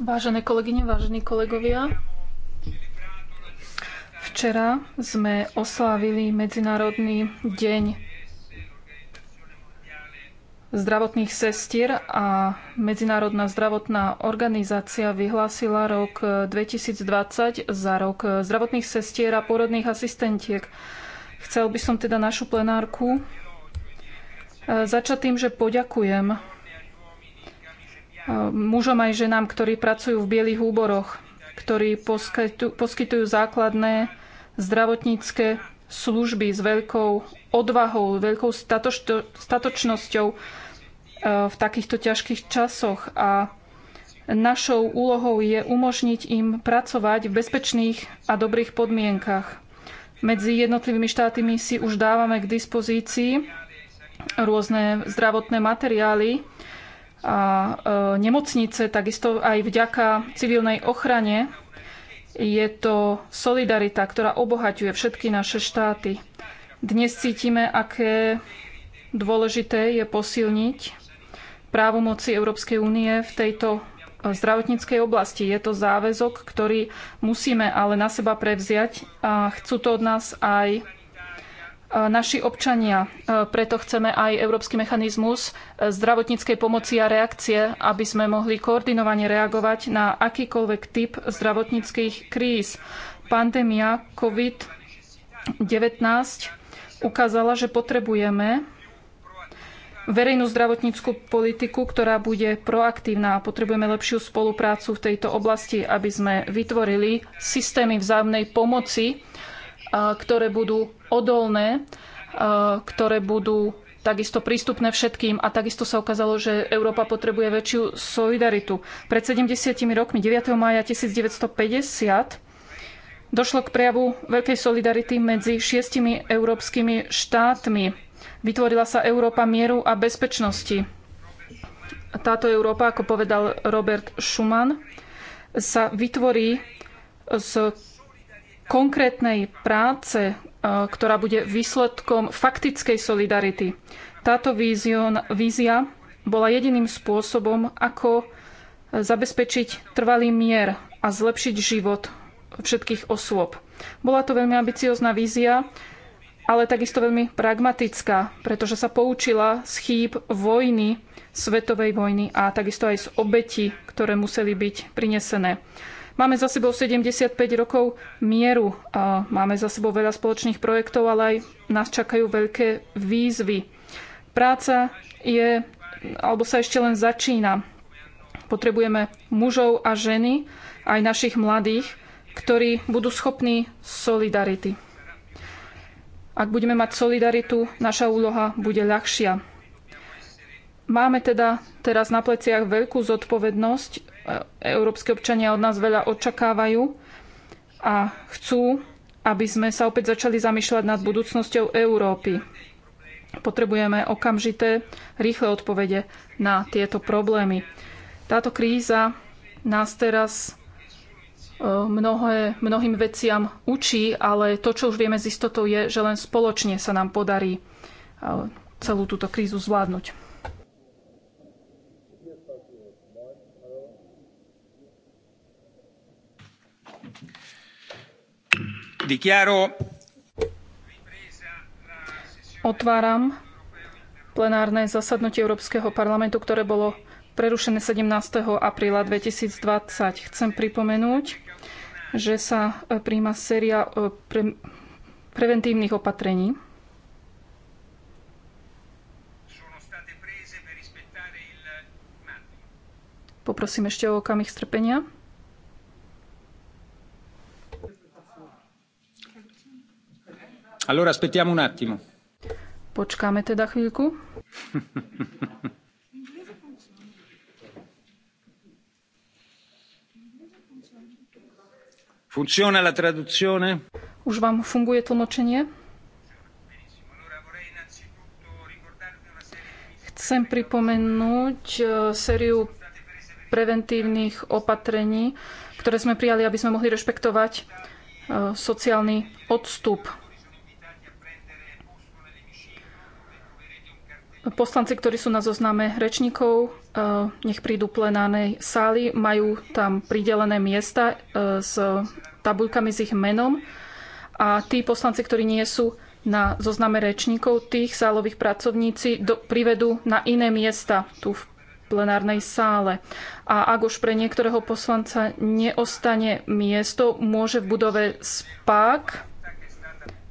Vážené kolegyne, vážení kolegovia, včera sme oslávili Medzinárodný deň zdravotných sestier a Medzinárodná zdravotná organizácia vyhlásila rok 2020 za rok zdravotných sestier a porodných asistentiek. Chcel by som teda našu plenárku e, začať tým, že poďakujem mužom aj ženám, ktorí pracujú v bielých úboroch, ktorí poskytujú základné zdravotnícke služby s veľkou odvahou, veľkou statočnosťou e, v takýchto ťažkých časoch a našou úlohou je umožniť im pracovať v bezpečných a dobrých podmienkach. Medzi jednotlivými štátmi si už dávame k dispozícii rôzne zdravotné materiály, a e, nemocnice, takisto aj vďaka civilnej ochrane je to solidarita, ktorá obohaťuje všetky naše štáty. Dnes cítime, aké dôležité je posilniť právomoci Európskej únie v tejto e, zdravotníckej oblasti. Je to záväzok, ktorý musíme ale na seba prevziať a chcú to od nás aj E, naši občania. E, preto chceme aj Európsky mechanizmus e, zdravotníckej pomoci a reakcie, aby sme mohli koordinovane reagovať na akýkoľvek typ zdravotníckých kríz. Pandémia COVID-19 ukázala, že potrebujeme verejnú zdravotníckú politiku, ktorá bude proaktívna a potrebujeme lepšiu spoluprácu v tejto oblasti, aby sme vytvorili systémy vzájomnej pomoci, ktoré budú odolné, eh, ktoré budú takisto prístupné všetkým a takisto sa ukázalo, že Európa potrebuje väčšiu solidaritu. Pred 70 rokmi, 9. mája 1950, došlo k prejavu veľkej solidarity medzi šiestimi európskymi štátmi. Vytvorila sa Európa mieru a bezpečnosti. Táto Európa, ako povedal Robert Schuman, sa vytvorí z konkrétnej práce ktorá bude výsledkom faktickej solidarity. Táto vízion, vízia bola jediným spôsobom, ako zabezpečiť trvalý mier a zlepšiť život všetkých osôb. Bola to veľmi ambiciózna vízia, ale takisto veľmi pragmatická, pretože sa poučila z chýb vojny, svetovej vojny a takisto aj z obeti, ktoré museli byť prinesené. Máme za sebou 75 rokov mieru, a máme za sebou veľa spoločných projektov, ale aj nás čakajú veľké výzvy. Práca je, alebo sa ešte len začína. Potrebujeme mužov a ženy, aj našich mladých, ktorí budú schopní solidarity. Ak budeme mať solidaritu, naša úloha bude ľahšia. Máme teda teraz na pleciach veľkú zodpovednosť E, európske občania od nás veľa očakávajú a chcú, aby sme sa opäť začali zamýšľať nad budúcnosťou Európy. Potrebujeme okamžité, rýchle odpovede na tieto problémy. Táto kríza nás teraz e, mnohé, mnohým veciam učí, ale to, čo už vieme s istotou, je, že len spoločne sa nám podarí e, celú túto krízu zvládnuť. Otváram plenárne zasadnutie Európskeho parlamentu, ktoré bolo prerušené 17. apríla 2020. Chcem pripomenúť, že sa e, príjma séria e, pre, preventívnych opatrení. Poprosím ešte o okamih strpenia. Allora aspettiamo un attimo. Počkáme teda chvíľku. Funziona la traduzione? Už vám funguje tlmočenie? Chcem pripomenúť e, sériu preventívnych opatrení, ktoré sme prijali, aby sme mohli rešpektovať e, sociálny odstup Poslanci, ktorí sú na zozname rečníkov, e, nech prídu plenárnej sály. Majú tam pridelené miesta e, s tabuľkami s ich menom. A tí poslanci, ktorí nie sú na zozname rečníkov, tých sálových pracovníci do, privedú na iné miesta tu v plenárnej sále. A ak už pre niektorého poslanca neostane miesto, môže v budove SPAK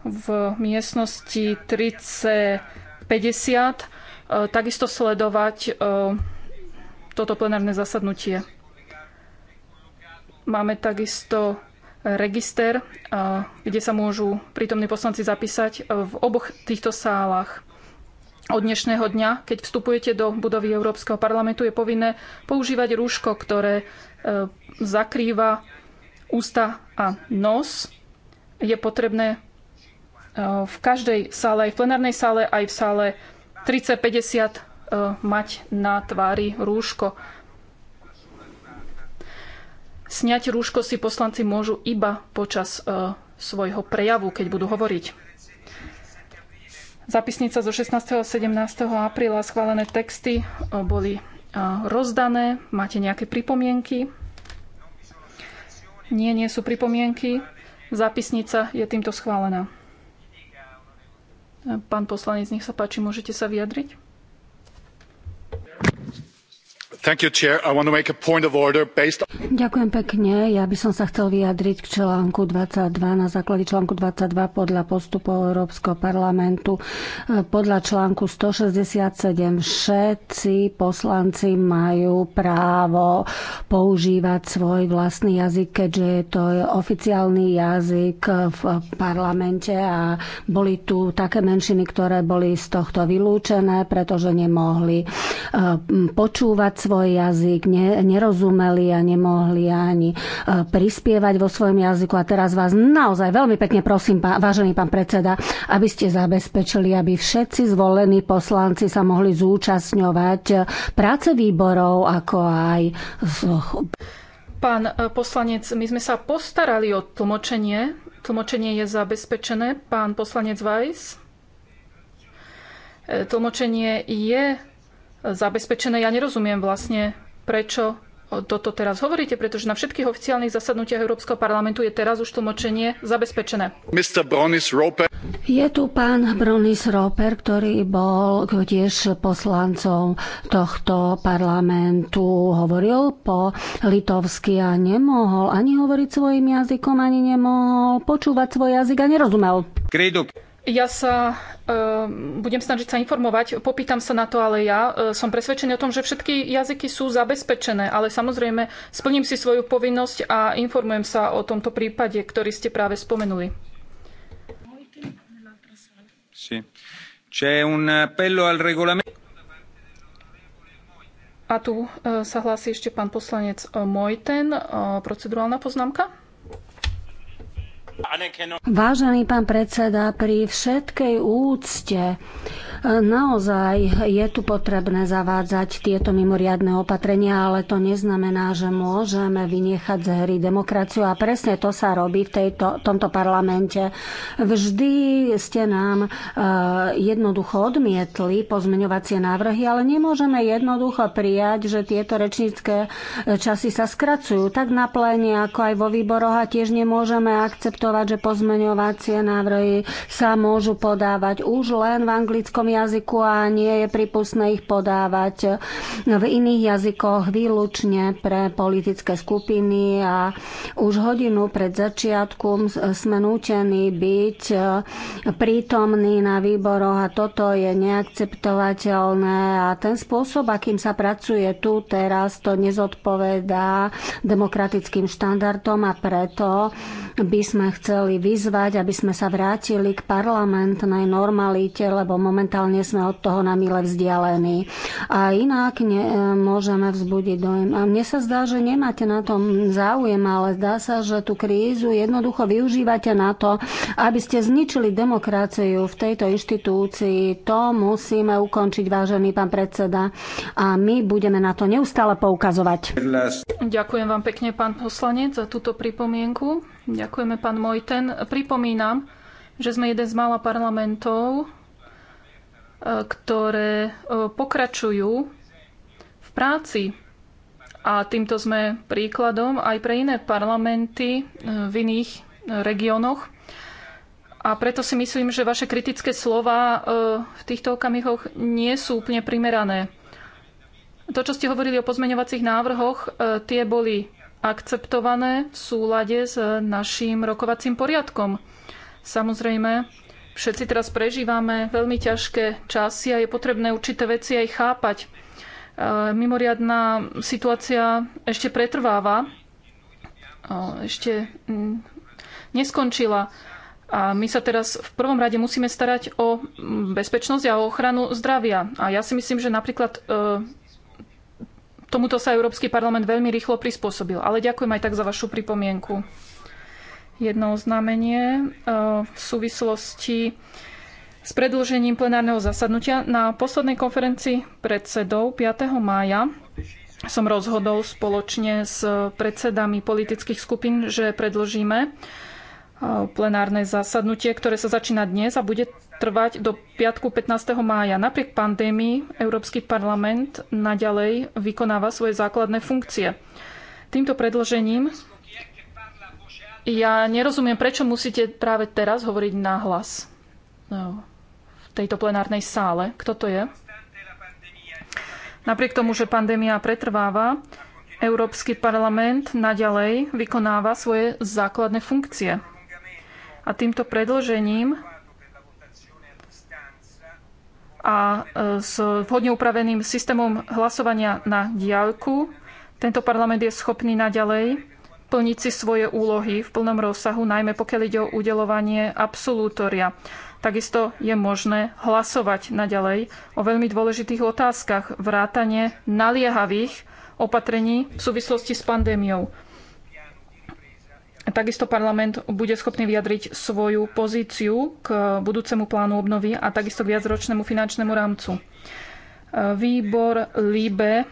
v miestnosti 3050 E, takisto sledovať e, toto plenárne zasadnutie. Máme takisto register, e, kde sa môžu prítomní poslanci zapísať v oboch týchto sálach. Od dnešného dňa, keď vstupujete do budovy Európskeho parlamentu, je povinné používať rúško, ktoré zakrýva ústa a nos. Je potrebné v každej sále, aj v plenárnej sále, aj v sále 30-50 e, mať na tvári rúško. Sňať rúško si poslanci môžu iba počas e, svojho prejavu, keď budú hovoriť. Zápisnica zo 16. a 17. apríla schválené texty e, boli rozdané. Máte nejaké pripomienky? Nie, nie sú pripomienky. Zápisnica je týmto schválená. Pán poslanec, nech sa páči, môžete sa vyjadriť? Ďakujem pekne. Ja by som sa chcel vyjadriť k článku 22 na základe článku 22 podľa postupov Európskeho parlamentu. E, podľa článku 167 všetci poslanci majú právo používať svoj vlastný jazyk, keďže je to oficiálny jazyk v parlamente a boli tu také menšiny, ktoré boli z tohto vylúčené, pretože nemohli e, počúvať svoj jazyk, ne, nerozumeli a nemohli ani e, prispievať vo svojom jazyku. A teraz vás naozaj veľmi pekne prosím, pán, vážený pán predseda, aby ste zabezpečili, aby všetci zvolení poslanci sa mohli zúčastňovať e, práce výborov, ako aj... Pán e, poslanec, my sme sa postarali o tlmočenie. Tlmočenie je zabezpečené. Pán poslanec Weiss? Tlmočenie je zabezpečené. Ja nerozumiem vlastne, prečo toto teraz hovoríte, pretože na všetkých oficiálnych zasadnutiach Európskeho parlamentu je teraz už tlmočenie zabezpečené. Je tu pán Bronis Roper, ktorý bol tiež poslancom tohto parlamentu. Hovoril po litovsky a nemohol ani hovoriť svojim jazykom, ani nemohol počúvať svoj jazyk a nerozumel. Kredok. Ja sa e, budem snažiť sa informovať, popýtam sa na to, ale ja e, som presvedčený o tom, že všetky jazyky sú zabezpečené, ale samozrejme splním si svoju povinnosť a informujem sa o tomto prípade, ktorý ste práve spomenuli. A tu e, sa hlási ešte pán poslanec Mojten. Procedurálna poznámka? Vážený pán predseda, pri všetkej úcte e, naozaj je tu potrebné zavádzať tieto mimoriadne opatrenia, ale to neznamená, že môžeme vynechať z hry demokraciu a presne to sa robí v tejto, tomto parlamente. Vždy ste nám e, jednoducho odmietli pozmeňovacie návrhy, ale nemôžeme jednoducho prijať, že tieto rečnícke e, časy sa skracujú tak na pléne, ako aj vo výboroch a tiež nemôžeme akceptovať konštatovať, že pozmeňovacie návrhy sa môžu podávať už len v anglickom jazyku a nie je prípustné ich podávať v iných jazykoch výlučne pre politické skupiny a už hodinu pred začiatkom sme nútení byť eh, prítomní na výboroch a toto je neakceptovateľné a ten spôsob, akým sa pracuje tu teraz, to nezodpovedá demokratickým štandardom a preto by sme chceli chceli vyzvať, aby sme sa vrátili k parlamentnej normalite, lebo momentálne sme od toho na mile vzdialení. A inak ne, môžeme vzbudiť dojem. A mne sa zdá, že nemáte na tom záujem, ale zdá sa, že tú krízu jednoducho využívate na to, aby ste zničili demokraciu v tejto inštitúcii. To musíme ukončiť, vážený pán predseda. A my budeme na to neustále poukazovať. Ďakujem vám pekne, pán poslanec, za túto pripomienku. Ďakujeme, pán Mojten. Pripomínam, že sme jeden z mála parlamentov, e, ktoré e, pokračujú v práci. A týmto sme príkladom aj pre iné parlamenty e, v iných regiónoch. A preto si myslím, že vaše kritické slova v týchto okamihoch nie sú úplne primerané. To, čo ste hovorili o pozmeňovacích návrhoch, tie boli akceptované v súlade s naším rokovacím poriadkom. Samozrejme, všetci teraz prežívame veľmi ťažké časy a je potrebné určité veci aj chápať. E, mimoriadná situácia ešte pretrváva, e, ešte neskončila. A my sa teraz v prvom rade musíme starať o bezpečnosť a o ochranu zdravia. A ja si myslím, že napríklad e, Tomuto sa Európsky parlament veľmi rýchlo prispôsobil. Ale ďakujem aj tak za vašu pripomienku. Jedno oznámenie e, v súvislosti s predĺžením plenárneho zasadnutia. Na poslednej konferencii predsedov 5. mája som rozhodol spoločne s predsedami politických skupín, že predložíme e, plenárne zasadnutie, ktoré sa začína dnes a bude trvať do piatku 15. mája. Napriek pandémii Európsky parlament naďalej vykonáva svoje základné funkcie. Týmto predložením ja nerozumiem, prečo musíte práve teraz hovoriť nahlas no, v tejto plenárnej sále. Kto to je? Napriek tomu, že pandémia pretrváva, Európsky parlament naďalej vykonáva svoje základné funkcie. A týmto predložením a e, s vhodne upraveným systémom hlasovania na diaľku tento parlament je schopný naďalej plniť si svoje úlohy v plnom rozsahu, najmä pokiaľ ide o udelovanie absolútoria. Takisto je možné hlasovať naďalej o veľmi dôležitých otázkach vrátane naliehavých opatrení v súvislosti s pandémiou. Takisto parlament bude schopný vyjadriť svoju pozíciu k budúcemu plánu obnovy a takisto k viacročnému finančnému rámcu. Výbor LIBE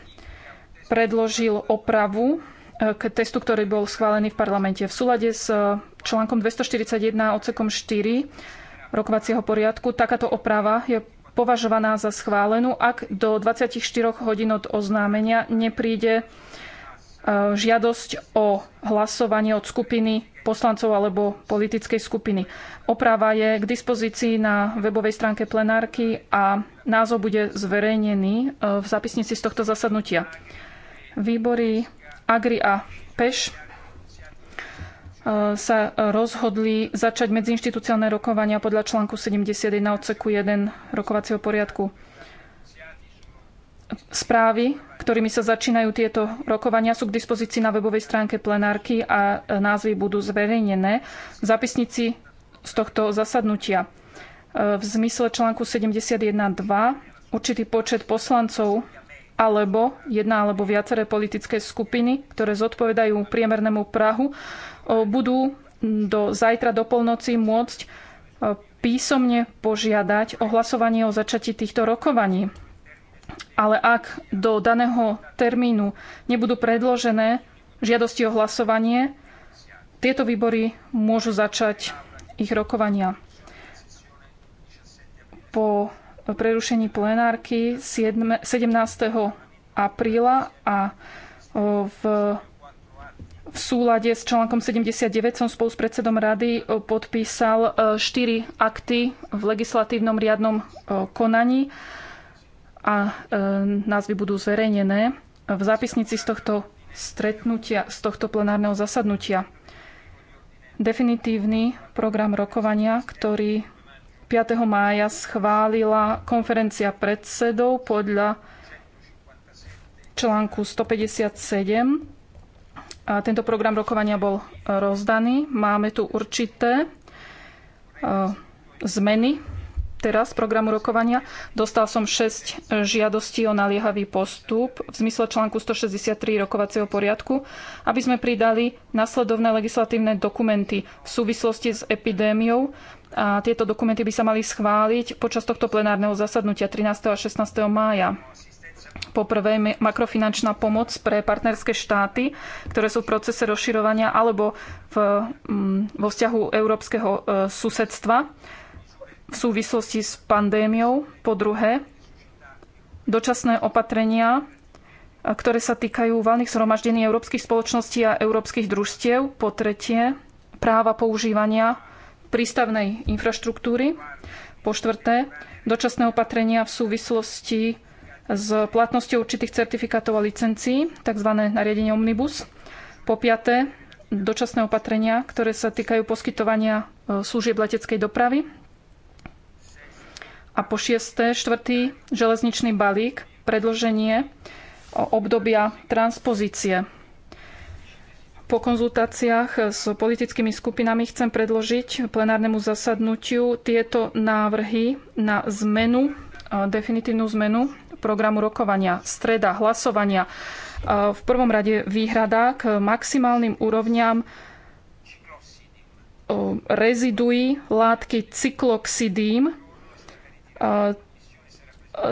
predložil opravu eh, k testu, ktorý bol schválený v parlamente. V súlade s eh, článkom 241 odsekom 4 rokovacieho poriadku takáto oprava je považovaná za schválenú, ak do 24 hodín od oznámenia nepríde E, žiadosť o hlasovanie od skupiny poslancov alebo politickej skupiny. Oprava je k dispozícii na webovej stránke plenárky a názov bude zverejnený e, v zápisnici z tohto zasadnutia. Výbory Agri a Peš e, sa rozhodli začať medziinštitucionálne rokovania podľa článku 71 odseku 1 rokovacieho poriadku. Správy, ktorými sa začínajú tieto rokovania, sú k dispozícii na webovej stránke plenárky a e, názvy budú zverejnené v zápisnici z tohto zasadnutia. E, v zmysle článku 71.2 určitý počet poslancov alebo jedna alebo viaceré politické skupiny, ktoré zodpovedajú priemernému Prahu, e, budú do zajtra do polnoci môcť písomne požiadať o hlasovanie o začatí týchto rokovaní ale ak do daného termínu nebudú predložené žiadosti o hlasovanie, tieto výbory môžu začať ich rokovania. Po prerušení plenárky 17. apríla a v, v súlade s článkom 79 som spolu s predsedom rady podpísal e, štyri akty v legislatívnom riadnom e, konaní a e, názvy budú zverejnené v zápisnici z tohto stretnutia, z tohto plenárneho zasadnutia. Definitívny program rokovania, ktorý 5. mája schválila konferencia predsedov podľa článku 157. A tento program rokovania bol rozdaný. Máme tu určité e, zmeny teraz programu rokovania. Dostal som 6 žiadostí o naliehavý postup v zmysle článku 163 rokovacieho poriadku, aby sme pridali nasledovné legislatívne dokumenty v súvislosti s epidémiou. A tieto dokumenty by sa mali schváliť počas tohto plenárneho zasadnutia 13. a 16. mája. Poprvé makrofinančná pomoc pre partnerské štáty, ktoré sú v procese rozširovania alebo v, mm, vo vzťahu európskeho e, susedstva v súvislosti s pandémiou. Po druhé, dočasné opatrenia, ktoré sa týkajú valných zhromaždení európskych spoločností a európskych družstiev. Po tretie, práva používania prístavnej infraštruktúry. Po štvrté, dočasné opatrenia v súvislosti s platnosťou určitých certifikátov a licencií, tzv. nariadenie Omnibus. Po piaté, dočasné opatrenia, ktoré sa týkajú poskytovania e, služieb leteckej dopravy a po šiesté, štvrtý železničný balík, predlženie obdobia transpozície. Po konzultáciách s politickými skupinami chcem predložiť plenárnemu zasadnutiu tieto návrhy na zmenu, definitívnu zmenu programu rokovania, streda, hlasovania. V prvom rade výhrada k maximálnym úrovňam reziduí látky cykloxidím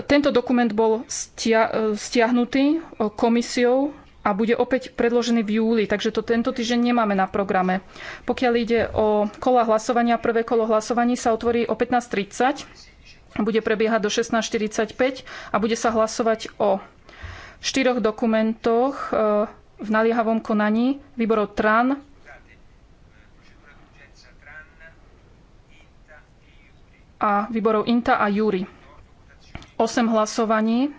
tento dokument bol stia- e, stiahnutý e, komisiou a bude opäť predložený v júli, takže to tento týždeň nemáme na programe. Pokiaľ ide o kola hlasovania, prvé kolo hlasovaní sa otvorí o 15.30, bude prebiehať do 16.45 a bude sa hlasovať o štyroch dokumentoch e, v naliehavom konaní výborov TRAN, a výborov INTA a JURY. 8 hlasovaní,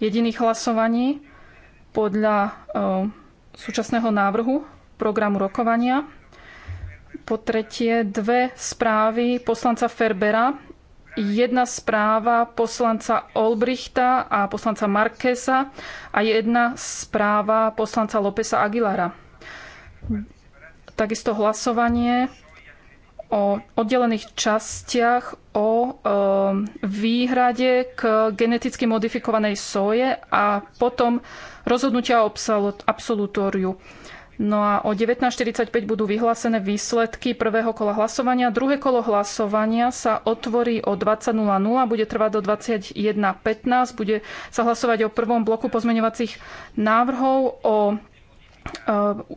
jediných hlasovaní podľa e, súčasného návrhu programu rokovania. Po tretie, dve správy poslanca Ferbera, jedna správa poslanca Olbrichta a poslanca Markesa a jedna správa poslanca Lópeza Aguilara. Takisto hlasovanie o oddelených častiach, o ehm, výhrade k geneticky modifikovanej soje a potom rozhodnutia o absolutóriu. No a o 19.45 budú vyhlásené výsledky prvého kola hlasovania. Druhé kolo hlasovania sa otvorí o 20.00, bude trvať do 21.15, bude sa hlasovať o prvom bloku pozmeňovacích návrhov, o Eh,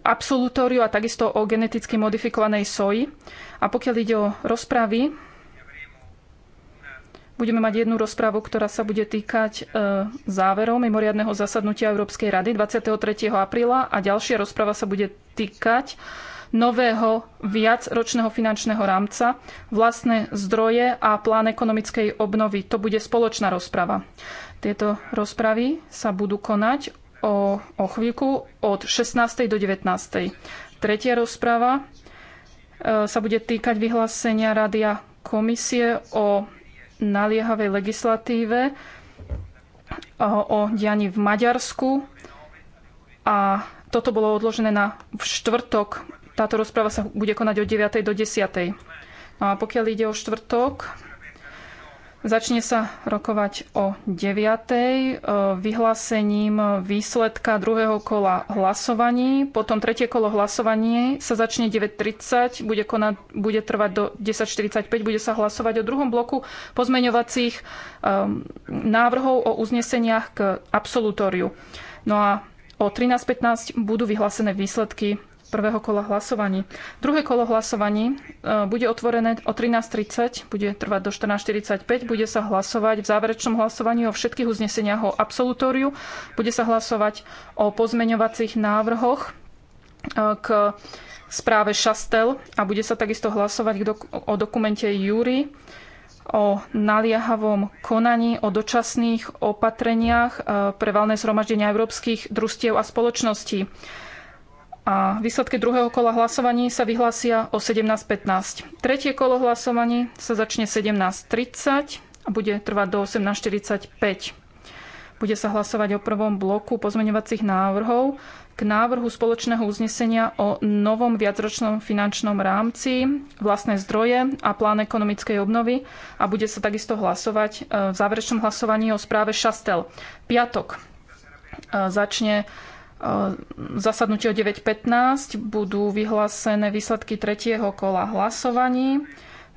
absolutóriu a takisto o geneticky modifikovanej soji. A pokiaľ ide o rozpravy, budeme mať jednu rozpravu, ktorá sa bude týkať eh, záverov mimoriadného zasadnutia Európskej rady 23. apríla a ďalšia rozprava sa bude týkať nového viacročného finančného rámca, vlastné zdroje a plán ekonomickej obnovy. To bude spoločná rozprava. Tieto rozpravy sa budú konať o, o chvíľku od 16. do 19. Tretia rozpráva e, sa bude týkať vyhlásenia Rádia komisie o naliehavej legislatíve o dianí v Maďarsku a toto bolo odložené na v štvrtok. Táto rozpráva sa bude konať od 9. do 10. No a pokiaľ ide o štvrtok, Začne sa rokovať o 9. E, vyhlásením výsledka druhého kola hlasovaní. Potom tretie kolo hlasovanie sa začne 9.30, bude, konať, bude trvať do 10.45, bude sa hlasovať o druhom bloku pozmeňovacích e, návrhov o uzneseniach k absolutóriu. No a o 13.15 budú vyhlásené výsledky prvého kola hlasovaní. Druhé kolo hlasovaní e, bude otvorené o 13.30, bude trvať do 14.45, bude sa hlasovať v záverečnom hlasovaní o všetkých uzneseniach o absolutóriu, bude sa hlasovať o pozmeňovacích návrhoch e, k správe Šastel a bude sa takisto hlasovať o dokumente Júri o naliehavom konaní, o dočasných opatreniach e, pre valné zhromaždenia európskych družstiev a spoločností a výsledky druhého kola hlasovaní sa vyhlásia o 17.15. Tretie kolo hlasovaní sa začne 17.30 a bude trvať do 18.45. Bude sa hlasovať o prvom bloku pozmeňovacích návrhov k návrhu spoločného uznesenia o novom viacročnom finančnom rámci, vlastné zdroje a plán ekonomickej obnovy a bude sa takisto hlasovať e, v záverečnom hlasovaní o správe Šastel. Piatok e, začne Ehm, zasadnutí o 9.15 budú vyhlásené výsledky tretieho kola hlasovaní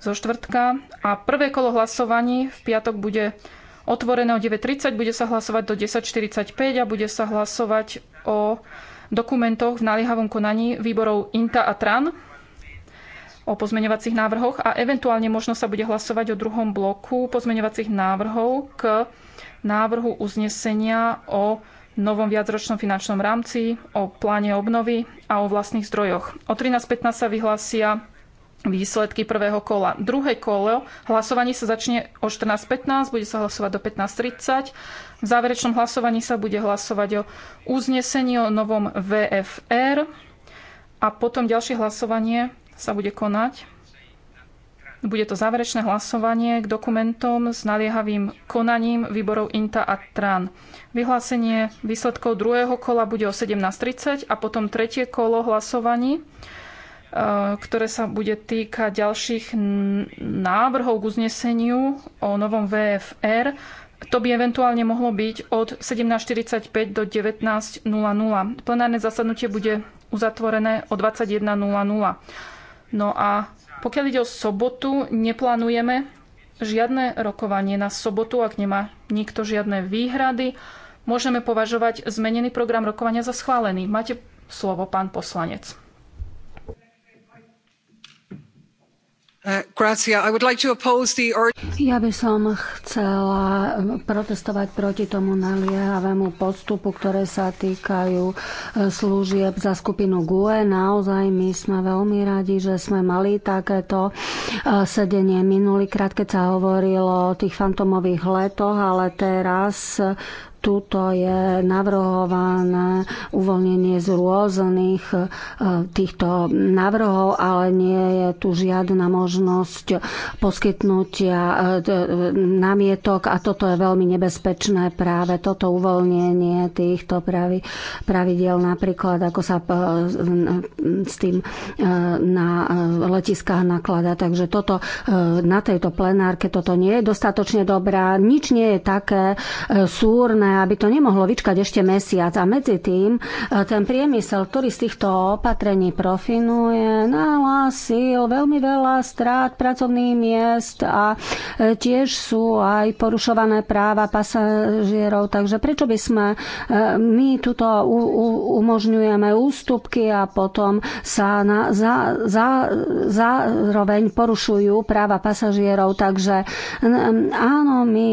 zo štvrtka a prvé kolo hlasovaní v piatok bude otvorené o 9.30, bude sa hlasovať do 10.45 a bude sa hlasovať o dokumentoch v naliehavom konaní výborov INTA a TRAN o pozmeňovacích návrhoch a eventuálne možno sa bude hlasovať o druhom bloku pozmeňovacích návrhov k návrhu uznesenia o novom viacročnom finančnom rámci, o pláne obnovy a o vlastných zdrojoch. O 13.15 sa vyhlásia výsledky prvého kola. Druhé kolo, hlasovanie sa začne o 14.15, bude sa hlasovať do 15.30. V záverečnom hlasovaní sa bude hlasovať o uznesení o novom VFR a potom ďalšie hlasovanie sa bude konať bude to záverečné hlasovanie k dokumentom s naliehavým konaním výborov INTA a TRAN. Vyhlásenie výsledkov druhého kola bude o 17.30 a potom tretie kolo hlasovaní, e, ktoré sa bude týkať ďalších návrhov k uzneseniu o novom VFR. To by eventuálne mohlo byť od 17.45 do 19.00. Plenárne zasadnutie bude uzatvorené o 21.00. No a pokiaľ ide o sobotu, neplánujeme žiadne rokovanie na sobotu, ak nemá nikto žiadne výhrady. Môžeme považovať zmenený program rokovania za schválený. Máte slovo, pán poslanec. Uh, ja by som chcela um, protestovať proti tomu naliehavému postupu, ktoré sa týkajú uh, služieb za skupinu GUE. Naozaj my sme veľmi radi, že sme mali takéto uh, sedenie minulýkrát, keď sa hovorilo o tých fantomových letoch, ale teraz Tuto je navrhované uvoľnenie z rôznych e, týchto navrhov, ale nie je tu žiadna možnosť poskytnutia e, e, namietok a toto je veľmi nebezpečné práve toto uvoľnenie týchto pravidel napríklad ako sa s tým na letiskách naklada. Takže toto na tejto plenárke toto nie je dostatočne dobrá. Nič nie je také súrne aby to nemohlo vyčkať ešte mesiac. A medzi tým e, ten priemysel, ktorý z týchto opatrení profinuje, nahlásil veľmi veľa strát pracovných miest a e, tiež sú aj porušované práva pasažierov. Takže prečo by sme e, my tuto umožňujeme ústupky a potom sa na, za, za, zároveň porušujú práva pasažierov. Takže áno, my,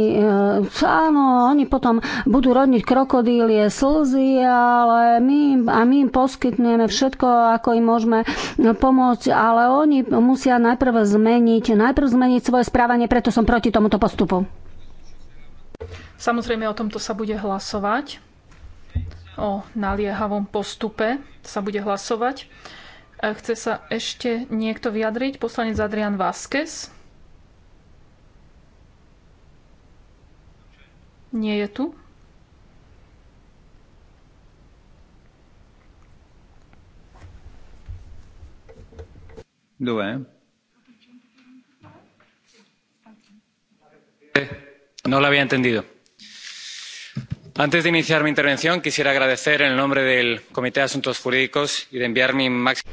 áno, oni potom budú rodniť krokodílie slzy, ale my, a my im poskytneme všetko, ako im môžeme pomôcť, ale oni musia najprv zmeniť, najprv zmeniť svoje správanie, preto som proti tomuto postupu. Samozrejme, o tomto sa bude hlasovať. O naliehavom postupe sa bude hlasovať. E, chce sa ešte niekto vyjadriť? Poslanec Adrian Vázquez. Nie je tu. No lo había entendido. Antes de iniciar mi intervención, quisiera agradecer en nombre del Comité de Asuntos Jurídicos y de enviar mi máximo.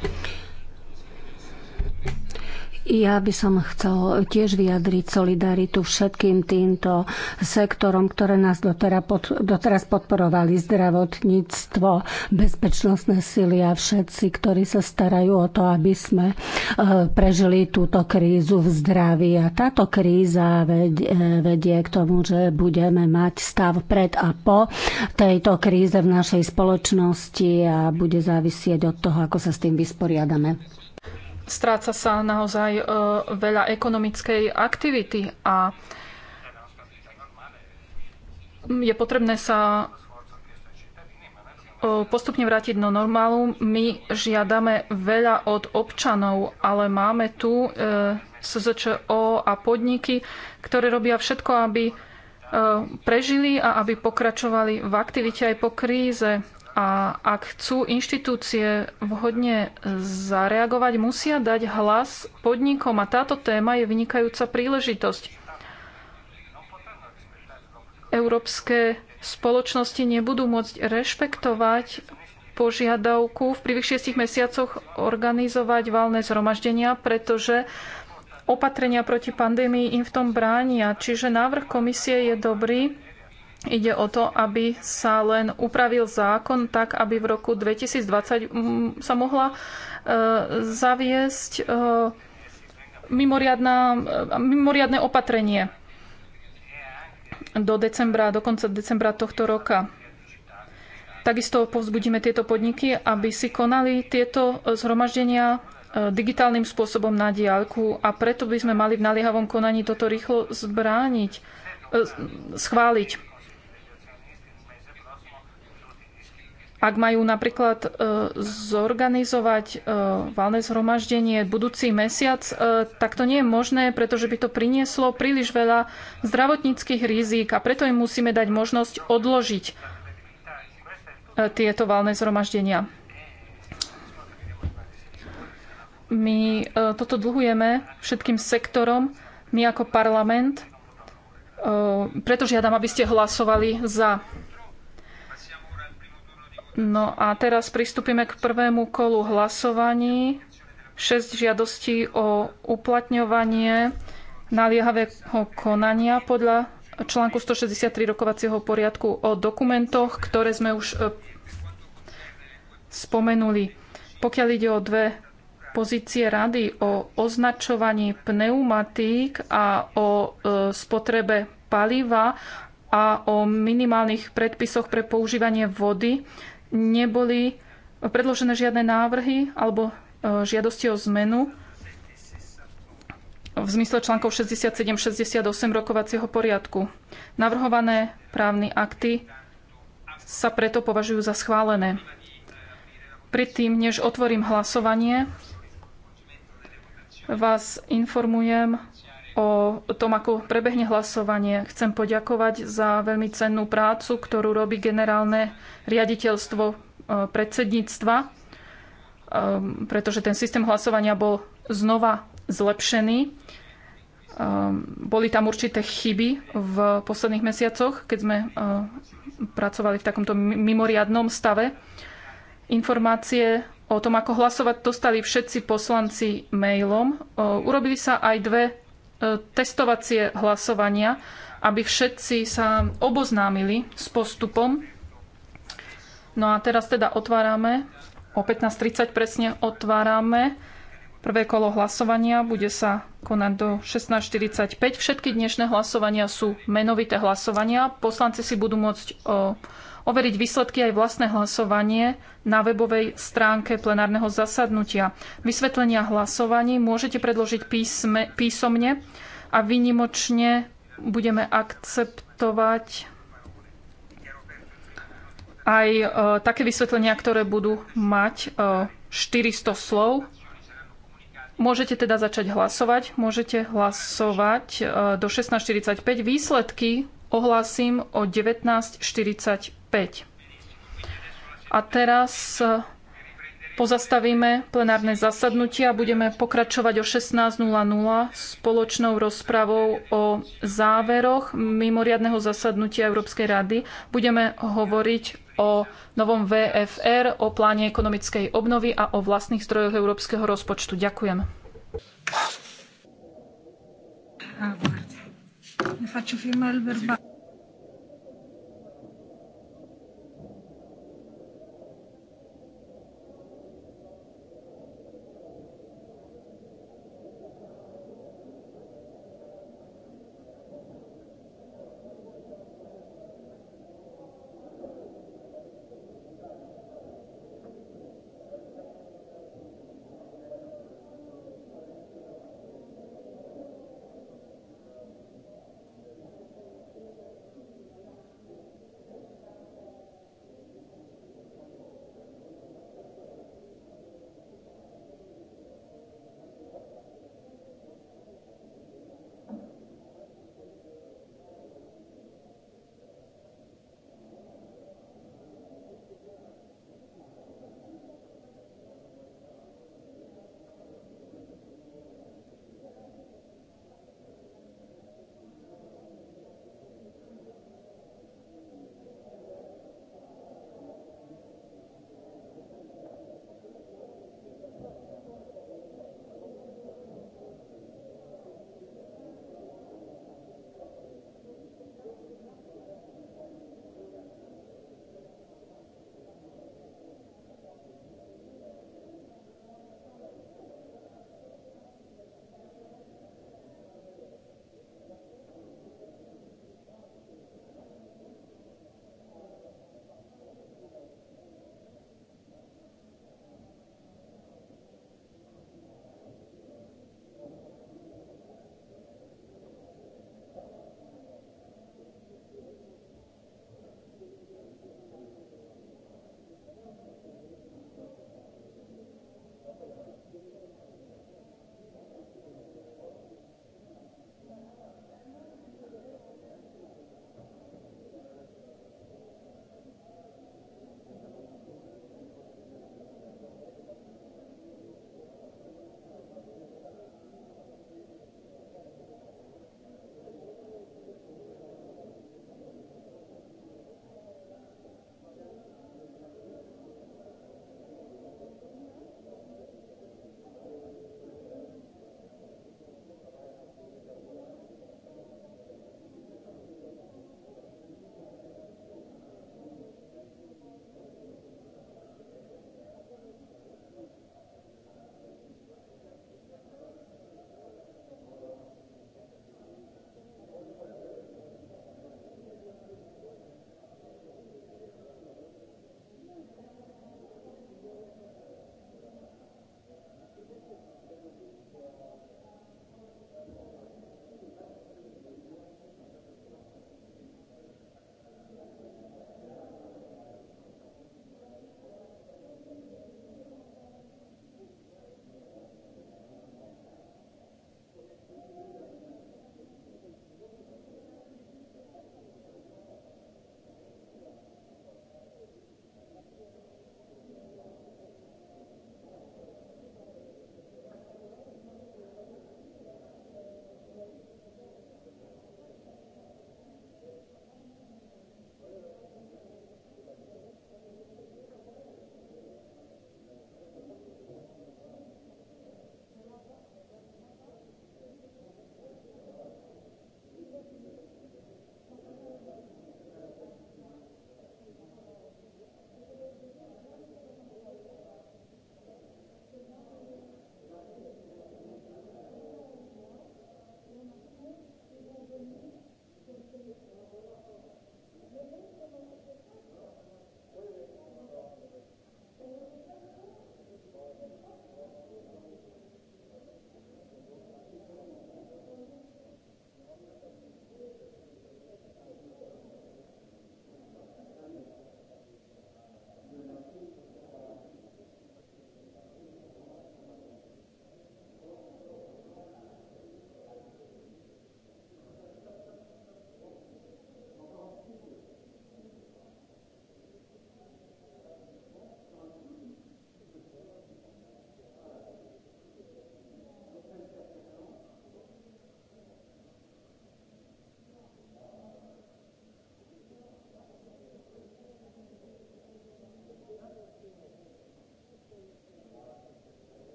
Ja by som chcel tiež vyjadriť solidaritu všetkým týmto sektorom, ktoré nás doteraz podporovali. Zdravotníctvo, bezpečnostné sily a všetci, ktorí sa starajú o to, aby sme e, prežili túto krízu v zdraví. A táto kríza e, vedie k tomu, že budeme mať stav pred a po tejto kríze v našej spoločnosti a bude závisieť od toho, ako sa s tým vysporiadame stráca sa naozaj e, veľa ekonomickej aktivity a je potrebné sa e, postupne vrátiť do normálu. My žiadame veľa od občanov, ale máme tu e, SZČO a podniky, ktoré robia všetko, aby prežili a aby pokračovali v aktivite aj po kríze. A ak chcú inštitúcie vhodne zareagovať, musia dať hlas podnikom a táto téma je vynikajúca príležitosť. Európske spoločnosti nebudú môcť rešpektovať požiadavku v prvých šiestich mesiacoch organizovať valné zhromaždenia, pretože opatrenia proti pandémii im v tom bránia. Čiže návrh komisie je dobrý Ide o to, aby sa len upravil zákon tak, aby v roku 2020 mm, sa mohla e, zaviesť e, e, mimoriadne opatrenie do decembra, do konca decembra tohto roka. Takisto povzbudíme tieto podniky, aby si konali tieto zhromaždenia digitálnym spôsobom na diálku a preto by sme mali v naliehavom konaní toto rýchlo zbrániť, schváliť. Ak majú napríklad e, zorganizovať e, valné zhromaždenie budúci mesiac, e, tak to nie je možné, pretože by to prinieslo príliš veľa zdravotníckých rizík a preto im musíme dať možnosť odložiť tieto valné zhromaždenia. My toto dlhujeme všetkým sektorom, my ako parlament, preto žiadam, aby ste hlasovali za No a teraz pristúpime k prvému kolu hlasovaní. 6 žiadostí o uplatňovanie naliehavého konania podľa článku 163 rokovacieho poriadku o dokumentoch, ktoré sme už e, spomenuli. Pokiaľ ide o dve pozície rady o označovaní pneumatík a o e, spotrebe paliva a o minimálnych predpisoch pre používanie vody, neboli predložené žiadne návrhy alebo e, žiadosti o zmenu v zmysle článkov 67-68 rokovacieho poriadku. Navrhované právne akty sa preto považujú za schválené. Predtým, než otvorím hlasovanie, vás informujem o tom, ako prebehne hlasovanie. Chcem poďakovať za veľmi cennú prácu, ktorú robí generálne riaditeľstvo e, predsedníctva, e, pretože ten systém hlasovania bol znova zlepšený. E, boli tam určité chyby v posledných mesiacoch, keď sme pracovali v takomto mimoriadnom stave. Informácie o tom, ako hlasovať, dostali všetci poslanci mailom. Urobili sa aj dve testovacie hlasovania, aby všetci sa oboznámili s postupom. No a teraz teda otvárame, o 15.30 presne otvárame prvé kolo hlasovania. Bude sa konať do 16.45. Všetky dnešné hlasovania sú menovité hlasovania. Poslanci si budú môcť overiť výsledky aj vlastné hlasovanie na webovej stránke plenárneho zasadnutia. Vysvetlenia hlasovaní môžete predložiť písme, písomne a výnimočne budeme akceptovať aj e, také vysvetlenia, ktoré budú mať e, 400 slov. Môžete teda začať hlasovať. Môžete hlasovať e, do 16.45. Výsledky ohlásim o 19.45. A teraz eh, pozastavíme plenárne zasadnutie a budeme pokračovať o 16.00 spoločnou rozpravou o záveroch mimoriadného zasadnutia Európskej rady. Budeme hovoriť o novom VFR, o pláne ekonomickej obnovy a o vlastných zdrojoch európskeho rozpočtu. Ďakujem. Ah, guarda, ne faccio firmare il verbale.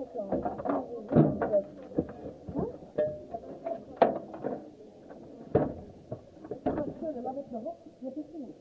Je je vais vais te te faire faire un un peu peu de de de de Thank you.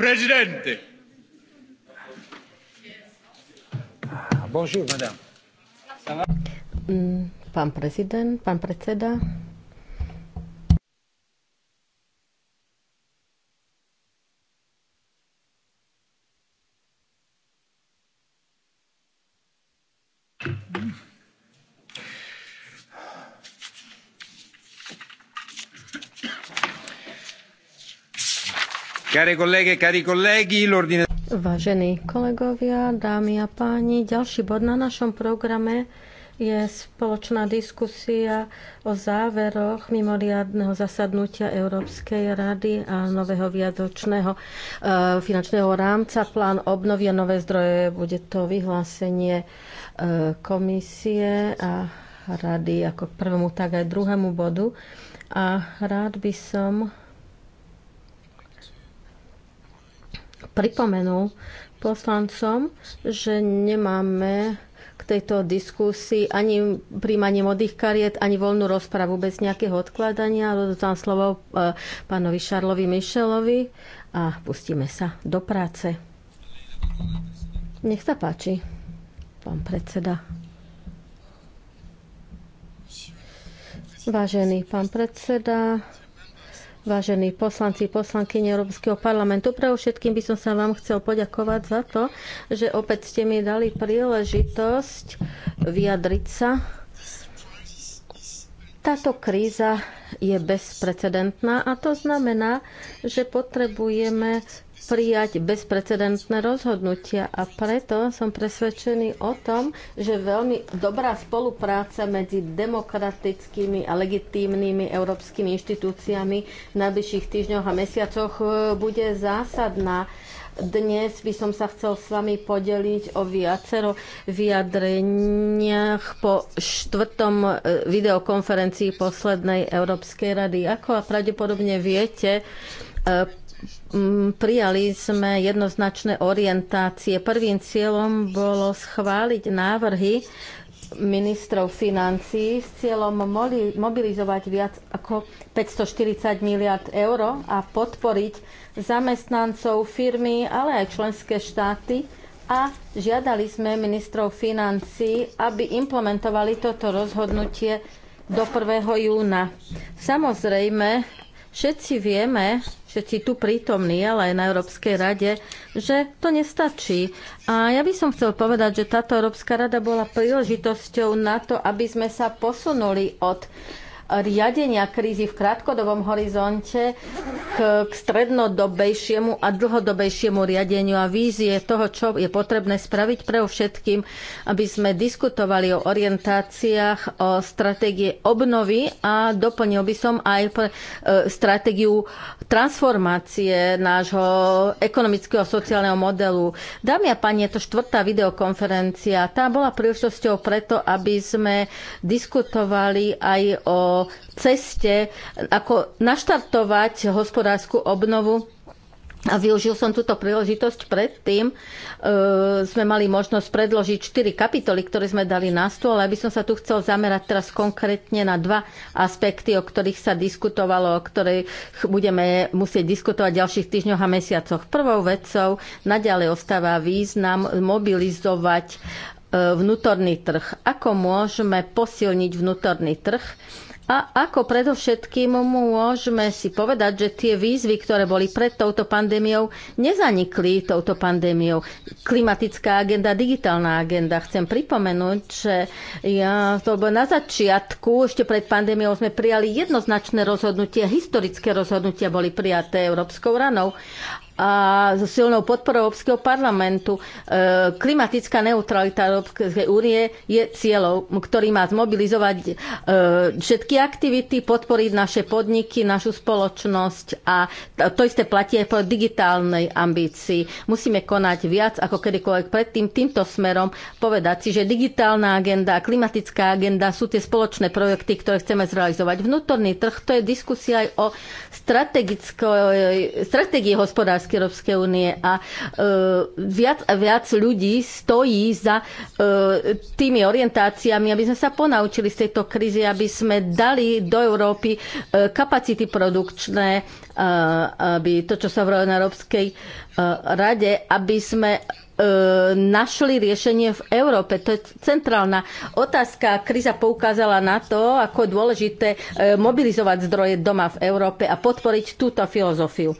Presidente. Ah, bonjour, madame. Mm, pán prezident, pán predseda. Care cari colleghi, l'ordine... Vážení kolegovia, dámy a páni, ďalší bod na našom programe je spoločná diskusia o záveroch mimoriadného zasadnutia Európskej rady a nového viadočného eh, finančného rámca, plán obnovy a nové zdroje. Bude to vyhlásenie eh, komisie a rady ako k prvému, tak aj druhému bodu. A rád by som pripomenul poslancom, že nemáme k tejto diskusii ani príjmanie modých kariet, ani voľnú rozpravu bez nejakého odkladania. Dodám slovo e, pánovi Šarlovi Mišelovi a pustíme sa do práce. Nech sa páči, pán predseda. Vážený pán predseda, vážení poslanci, poslanky Európskeho parlamentu. Pre všetkým by som sa vám chcel poďakovať za to, že opäť ste mi dali príležitosť vyjadriť sa. Táto kríza je bezprecedentná a to znamená, že potrebujeme prijať bezprecedentné rozhodnutia a preto som presvedčený o tom, že veľmi dobrá spolupráca medzi demokratickými a legitímnymi európskymi inštitúciami v najbližších týždňoch a mesiacoch e, bude zásadná. Dnes by som sa chcel s vami podeliť o viacero vyjadreniach po štvrtom e, videokonferencii poslednej Európskej rady. Ako a pravdepodobne viete, e, Mm, prijali sme jednoznačné orientácie. Prvým cieľom bolo schváliť návrhy ministrov financí s cieľom mobilizovať viac ako 540 miliard eur a podporiť zamestnancov firmy, ale aj členské štáty a žiadali sme ministrov financí, aby implementovali toto rozhodnutie do 1. júna. Samozrejme, všetci vieme, všetci tu prítomní, ale aj na Európskej rade, že to nestačí. A ja by som chcel povedať, že táto Európska rada bola príležitosťou na to, aby sme sa posunuli od riadenia krízy v krátkodobom horizonte k, k strednodobejšiemu a dlhodobejšiemu riadeniu a vízie toho, čo je potrebné spraviť pre všetkým, aby sme diskutovali o orientáciách, o stratégie obnovy a doplnil by som aj pre, e, stratégiu transformácie nášho ekonomického a sociálneho modelu. Dámy a páni, je to štvrtá videokonferencia. Tá bola príležitosťou preto, aby sme diskutovali aj o ceste, ako naštartovať hospodárskú obnovu. A využil som túto príležitosť predtým. E, sme mali možnosť predložiť 4 kapitoly, ktoré sme dali na stôl, aby som sa tu chcel zamerať teraz konkrétne na dva aspekty, o ktorých sa diskutovalo, o ktorých budeme musieť diskutovať v ďalších týždňoch a mesiacoch. Prvou vecou naďalej ostáva význam mobilizovať e, vnútorný trh. Ako môžeme posilniť vnútorný trh? A ako predovšetkým môžeme si povedať, že tie výzvy, ktoré boli pred touto pandémiou, nezanikli touto pandémiou. Klimatická agenda, digitálna agenda. Chcem pripomenúť, že ja, to bolo na začiatku, ešte pred pandémiou sme prijali jednoznačné rozhodnutie, historické rozhodnutia boli prijaté Európskou ranou a so silnou podporou Európskeho parlamentu. E, klimatická neutralita Európskej únie je cieľom, ktorý má zmobilizovať e, všetky aktivity, podporiť naše podniky, našu spoločnosť a to isté platí aj pro digitálnej ambícii. Musíme konať viac ako kedykoľvek predtým týmto smerom, povedať si, že digitálna agenda a klimatická agenda sú tie spoločné projekty, ktoré chceme zrealizovať. Vnútorný trh to je diskusia aj o strategii hospodárskej otázky Európskej únie a e, viac a viac ľudí stojí za e, tými orientáciami, aby sme sa ponaučili z tejto krízy, aby sme dali do Európy e, kapacity produkčné, aby to, čo sa hovorilo na Európskej rade, aby sme našli riešenie v Európe. To je centrálna otázka. Kríza poukázala na to, ako je dôležité mobilizovať zdroje doma v Európe a podporiť túto filozofiu.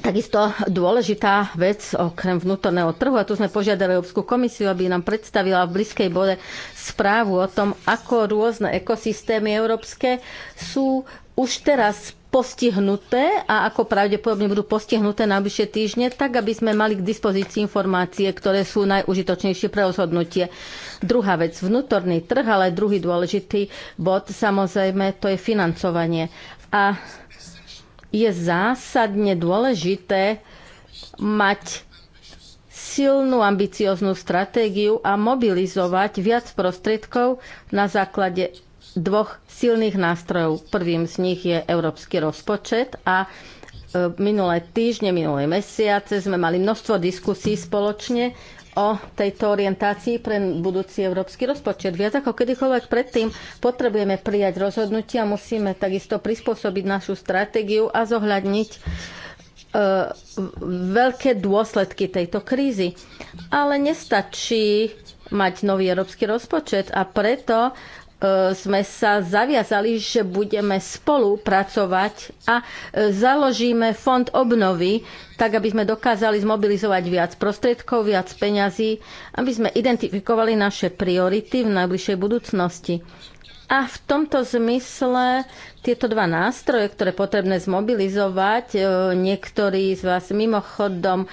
Takisto dôležitá vec okrem vnútorného trhu, a tu sme požiadali Európsku komisiu, aby nám predstavila v blízkej bode správu o tom, ako rôzne ekosystémy európske sú už teraz postihnuté a ako pravdepodobne budú postihnuté najbližšie týždne, tak aby sme mali k dispozícii informácie, ktoré sú najužitočnejšie pre rozhodnutie. Druhá vec, vnútorný trh, ale druhý dôležitý bod, samozrejme, to je financovanie. A je zásadne dôležité mať silnú ambicioznú stratégiu a mobilizovať viac prostriedkov na základe dvoch silných nástrojov. Prvým z nich je európsky rozpočet a e, minulé týždne, minulé mesiace sme mali množstvo diskusí spoločne o tejto orientácii pre budúci európsky rozpočet. Viac ako kedykoľvek predtým potrebujeme prijať rozhodnutia, musíme takisto prispôsobiť našu stratégiu a zohľadniť e, veľké dôsledky tejto krízy. Ale nestačí mať nový európsky rozpočet a preto E, sme sa zaviazali, že budeme spolupracovať a e, založíme fond obnovy, tak aby sme dokázali zmobilizovať viac prostriedkov, viac peňazí, aby sme identifikovali naše priority v najbližšej budúcnosti. A v tomto zmysle tieto dva nástroje, ktoré potrebné zmobilizovať, e, niektorí z vás mimochodom e,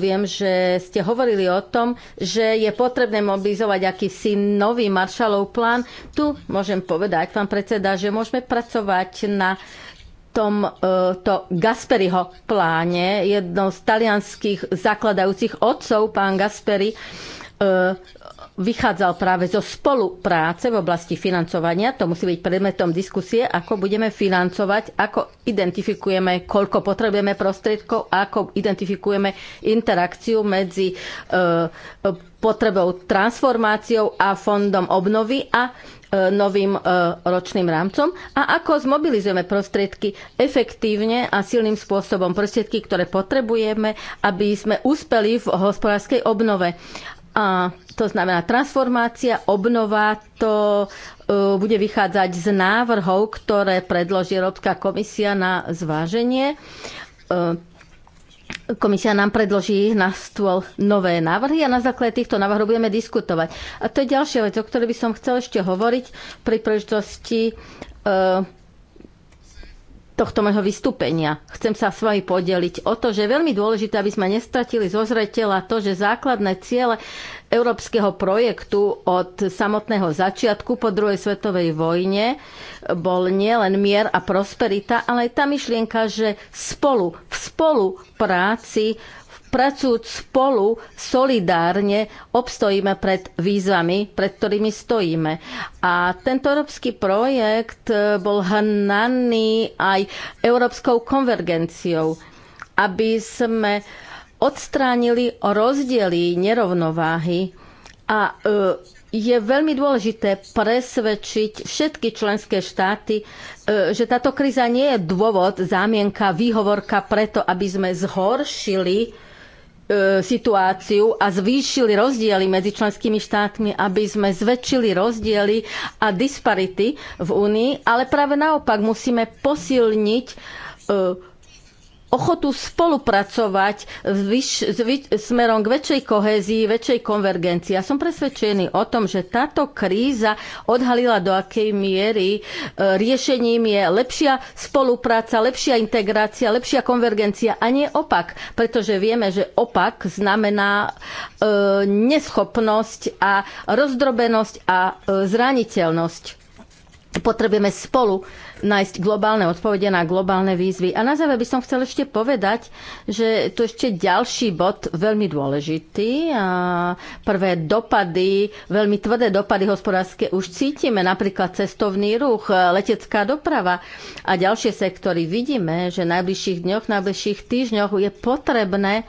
viem, že ste hovorili o tom, že je potrebné mobilizovať akýsi nový maršalov plán. Tu môžem povedať, pán predseda, že môžeme pracovať na tom e, to Gasperiho pláne, jednou z talianských zakladajúcich otcov, pán Gasperi, vychádzal práve zo spolupráce v oblasti financovania. To musí byť predmetom diskusie, ako budeme financovať, ako identifikujeme, koľko potrebujeme prostriedkov, ako identifikujeme interakciu medzi eh, potrebou transformáciou a fondom obnovy a eh, novým eh, ročným rámcom a ako zmobilizujeme prostriedky efektívne a silným spôsobom. Prostriedky, ktoré potrebujeme, aby sme úspeli v hospodárskej obnove. A to znamená transformácia, obnova, to e, bude vychádzať z návrhov, ktoré predloží Európska komisia na zváženie. E, komisia nám predloží na stôl nové návrhy a na základe týchto návrhov budeme diskutovať. A to je ďalšia vec, o ktorej by som chcel ešte hovoriť pri príležitosti e, tohto môjho vystúpenia. Chcem sa s vami podeliť o to, že je veľmi dôležité, aby sme nestratili zo zreteľa to, že základné ciele európskeho projektu od samotného začiatku po druhej svetovej vojne bol nielen mier a prosperita, ale aj tá myšlienka, že spolu, v spolupráci pracujúc spolu, solidárne, obstojíme pred výzvami, pred ktorými stojíme. A tento európsky projekt e, bol hnaný aj európskou konvergenciou, aby sme odstránili rozdiely, nerovnováhy a e, je veľmi dôležité presvedčiť všetky členské štáty, e, že táto kríza nie je dôvod, zámienka, výhovorka preto, aby sme zhoršili E, situáciu a zvýšili rozdiely medzi členskými štátmi, aby sme zväčšili rozdiely a disparity v Únii, ale práve naopak musíme posilniť e, ochotu spolupracovať vyš, vy, smerom k väčšej kohézii, väčšej konvergencii. Ja som presvedčený o tom, že táto kríza odhalila do akej miery e, riešením je lepšia spolupráca, lepšia integrácia, lepšia konvergencia a nie opak, pretože vieme, že opak znamená e, neschopnosť a rozdrobenosť a e, zraniteľnosť. Potrebujeme spolu nájsť globálne odpovede na globálne výzvy. A na záver by som chcel ešte povedať, že tu ešte ďalší bod veľmi dôležitý. A prvé dopady, veľmi tvrdé dopady hospodárske už cítime, napríklad cestovný ruch, letecká doprava a ďalšie sektory. Vidíme, že v najbližších dňoch, najbližších týždňoch je potrebné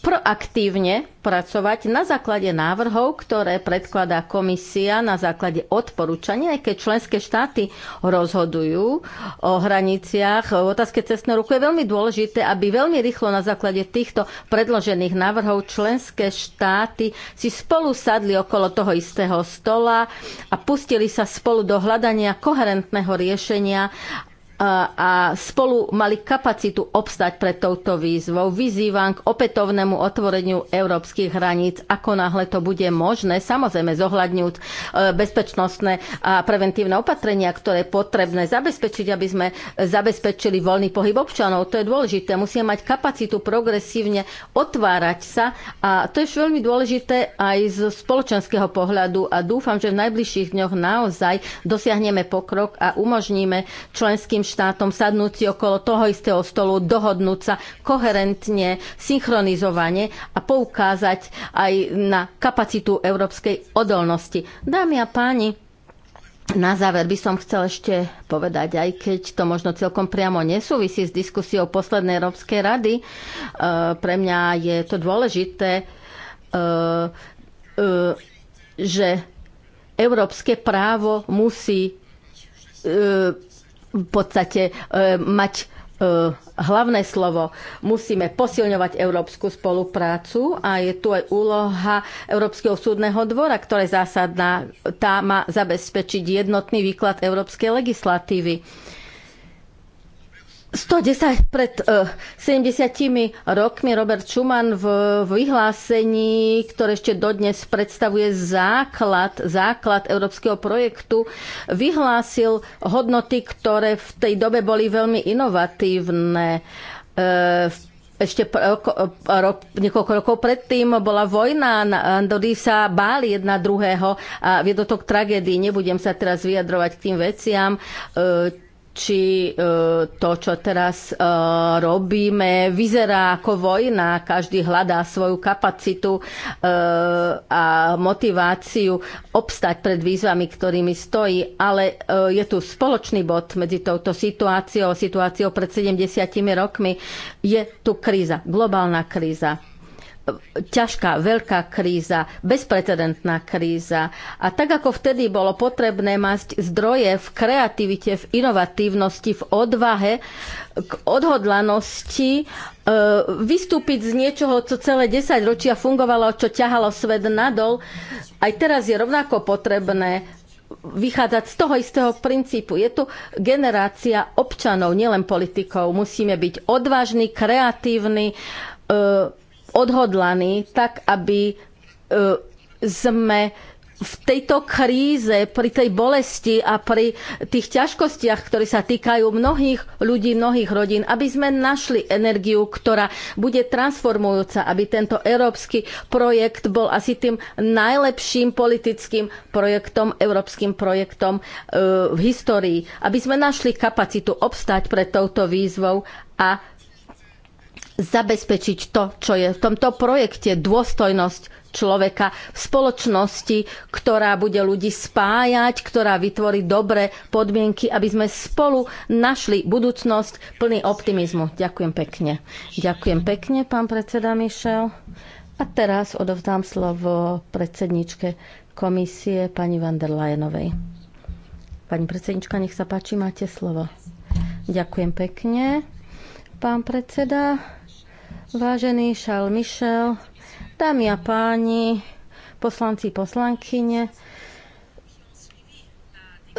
proaktívne pracovať na základe návrhov, ktoré predkladá komisia na základe odporúčania, aj keď členské štáty rozhodujú o hraniciach. V otázke cestného ruku je veľmi dôležité, aby veľmi rýchlo na základe týchto predložených návrhov členské štáty si spolu sadli okolo toho istého stola a pustili sa spolu do hľadania koherentného riešenia a spolu mali kapacitu obstať pred touto výzvou. Vyzývam k opätovnému otvoreniu európskych hraníc, ako náhle to bude možné, samozrejme zohľadňujúc e, bezpečnostné a preventívne opatrenia, ktoré je potrebné zabezpečiť, aby sme zabezpečili voľný pohyb občanov. To je dôležité. Musíme mať kapacitu progresívne otvárať sa a to je veľmi dôležité aj z spoločenského pohľadu a dúfam, že v najbližších dňoch naozaj dosiahneme pokrok a umožníme členským štátom sadnúť si okolo toho istého stolu, dohodnúť sa koherentne, synchronizovane a poukázať aj na kapacitu európskej odolnosti. Dámy a páni, na záver by som chcel ešte povedať, aj keď to možno celkom priamo nesúvisí s diskusiou poslednej Európskej rady, e, pre mňa je to dôležité, e, e, že európske právo musí v podstate e, mať e, hlavné slovo. Musíme posilňovať európsku spoluprácu a je tu aj úloha Európskeho súdneho dvora, ktorá je zásadná. Tá má zabezpečiť jednotný výklad európskej legislatívy. E, 110 pred uh, e, 70 rokmi Robert Schumann v vyhlásení, ktoré ešte dodnes predstavuje základ, základ európskeho projektu, vyhlásil hodnoty, ktoré v tej dobe boli veľmi inovatívne. Uh, ešte roko, e, rok, niekoľko rokov predtým bola vojna, Andori sa báli jedna druhého a viedlo to k tragédii. Nebudem sa teraz vyjadrovať k tým veciam. Uh, či e, to, čo teraz e, robíme, vyzerá ako vojna, každý hľadá svoju kapacitu e, a motiváciu obstať pred výzvami, ktorými stojí, ale je tu spoločný bod medzi touto situáciou a situáciou pred 70 rokmi. Je tu kríza, globálna kríza ťažká, veľká kríza, bezprecedentná kríza. A tak ako vtedy bolo potrebné mať zdroje v kreativite, v inovatívnosti, v odvahe, k odhodlanosti e, vystúpiť z niečoho, čo celé 10 ročia fungovalo, čo ťahalo svet nadol, aj teraz je rovnako potrebné vychádzať z toho istého princípu. Je tu generácia občanov, nielen politikov. Musíme byť odvážni, kreatívni, e, odhodlaní, tak aby e, sme v tejto kríze, pri tej bolesti a pri tých ťažkostiach, ktoré sa týkajú mnohých ľudí, mnohých rodín, aby sme našli energiu, ktorá bude transformujúca, aby tento európsky projekt bol asi tým najlepším politickým projektom, európskym projektom e, v histórii. Aby sme našli kapacitu obstať pred touto výzvou a zabezpečiť to, čo je v tomto projekte dôstojnosť človeka v spoločnosti, ktorá bude ľudí spájať, ktorá vytvorí dobré podmienky, aby sme spolu našli budúcnosť plný optimizmu. Ďakujem pekne. Ďakujem pekne, pán predseda Mišel. A teraz odovzdám slovo predsedničke komisie, pani van der Leyenovej. Pani predsednička, nech sa páči, máte slovo. Ďakujem pekne, pán predseda. Vážený Charles Michel, dámy a páni, poslanci, poslankyne,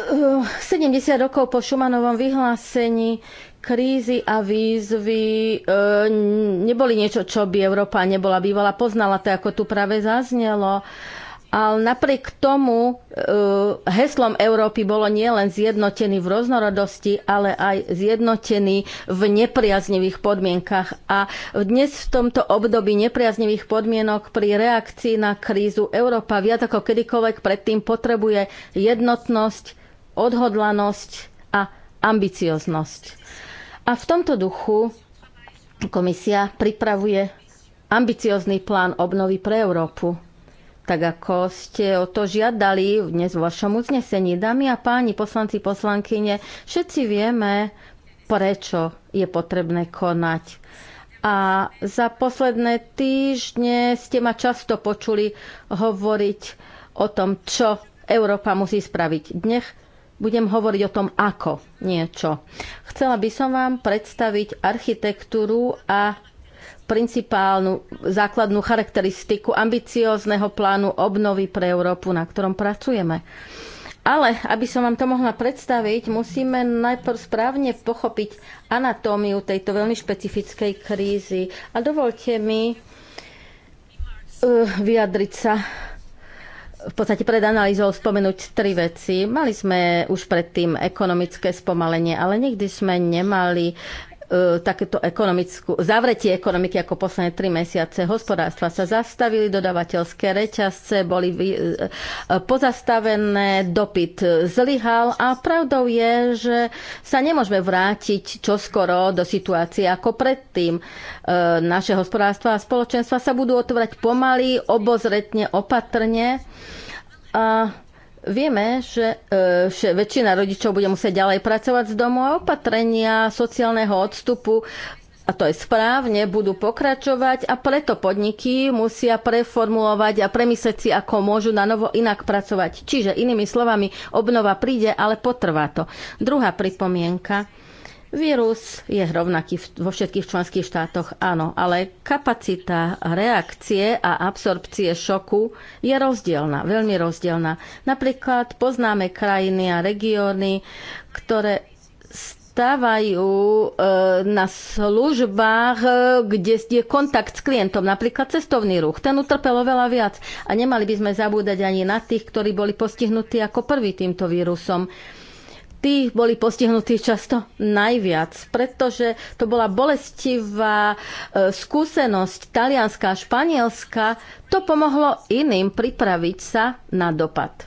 70 eh, rokov po Šumanovom vyhlásení krízy a výzvy eh, neboli niečo, čo by Európa nebola bývala poznala, to ako tu práve zaznelo. Ale napriek tomu e, heslom Európy bolo nielen zjednotený v rôznorodosti, ale aj zjednotený v nepriaznivých podmienkach. A dnes v tomto období nepriaznivých podmienok pri reakcii na krízu Európa viac ako kedykoľvek predtým potrebuje jednotnosť, odhodlanosť a ambicioznosť. A v tomto duchu komisia pripravuje ambiciózny plán obnovy pre Európu tak ako ste o to žiadali dnes v vašom uznesení. Dámy a páni, poslanci, poslankyne, všetci vieme, prečo je potrebné konať. A za posledné týždne ste ma často počuli hovoriť o tom, čo Európa musí spraviť. Dnes budem hovoriť o tom, ako niečo. Chcela by som vám predstaviť architektúru a principálnu základnú charakteristiku ambiciózneho plánu obnovy pre Európu, na ktorom pracujeme. Ale aby som vám to mohla predstaviť, musíme najprv správne pochopiť anatómiu tejto veľmi špecifickej krízy. A dovolte mi uh, vyjadriť sa v podstate pred analýzou spomenúť tri veci. Mali sme už predtým ekonomické spomalenie, ale nikdy sme nemali E, takéto ekonomickú, zavretie ekonomiky ako posledné tri mesiace hospodárstva sa zastavili, dodavateľské reťazce boli e, e, pozastavené, dopyt zlyhal a pravdou je, že sa nemôžeme vrátiť čoskoro do situácie ako predtým. Naše hospodárstva a spoločenstva sa budú otvárať pomaly, obozretne, opatrne. A Vieme, že, e, že väčšina rodičov bude musieť ďalej pracovať z domu a opatrenia sociálneho odstupu a to je správne, budú pokračovať a preto podniky musia preformulovať a premyslieť si, ako môžu na novo inak pracovať. Čiže inými slovami, obnova príde, ale potrvá to. Druhá pripomienka Vírus je rovnaký vo všetkých členských štátoch, áno, ale kapacita reakcie a absorpcie šoku je rozdielna, veľmi rozdielna. Napríklad poznáme krajiny a regióny, ktoré stávajú e, na službách, e, kde je kontakt s klientom, napríklad cestovný ruch. Ten utrpel oveľa viac a nemali by sme zabúdať ani na tých, ktorí boli postihnutí ako prví týmto vírusom tí boli postihnutí často najviac, pretože to bola bolestivá e, skúsenosť talianská a španielská. To pomohlo iným pripraviť sa na dopad.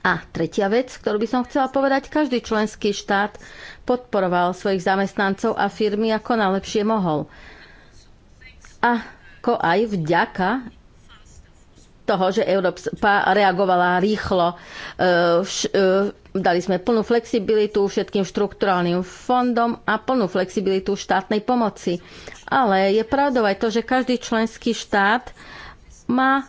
A tretia vec, ktorú by som chcela povedať, každý členský štát podporoval svojich zamestnancov a firmy ako najlepšie mohol. A Ako aj vďaka toho, že Európa reagovala rýchlo. E, vš, e, Dali sme plnú flexibilitu všetkým štrukturálnym fondom a plnú flexibilitu štátnej pomoci. Ale je pravdou aj to, že každý členský štát má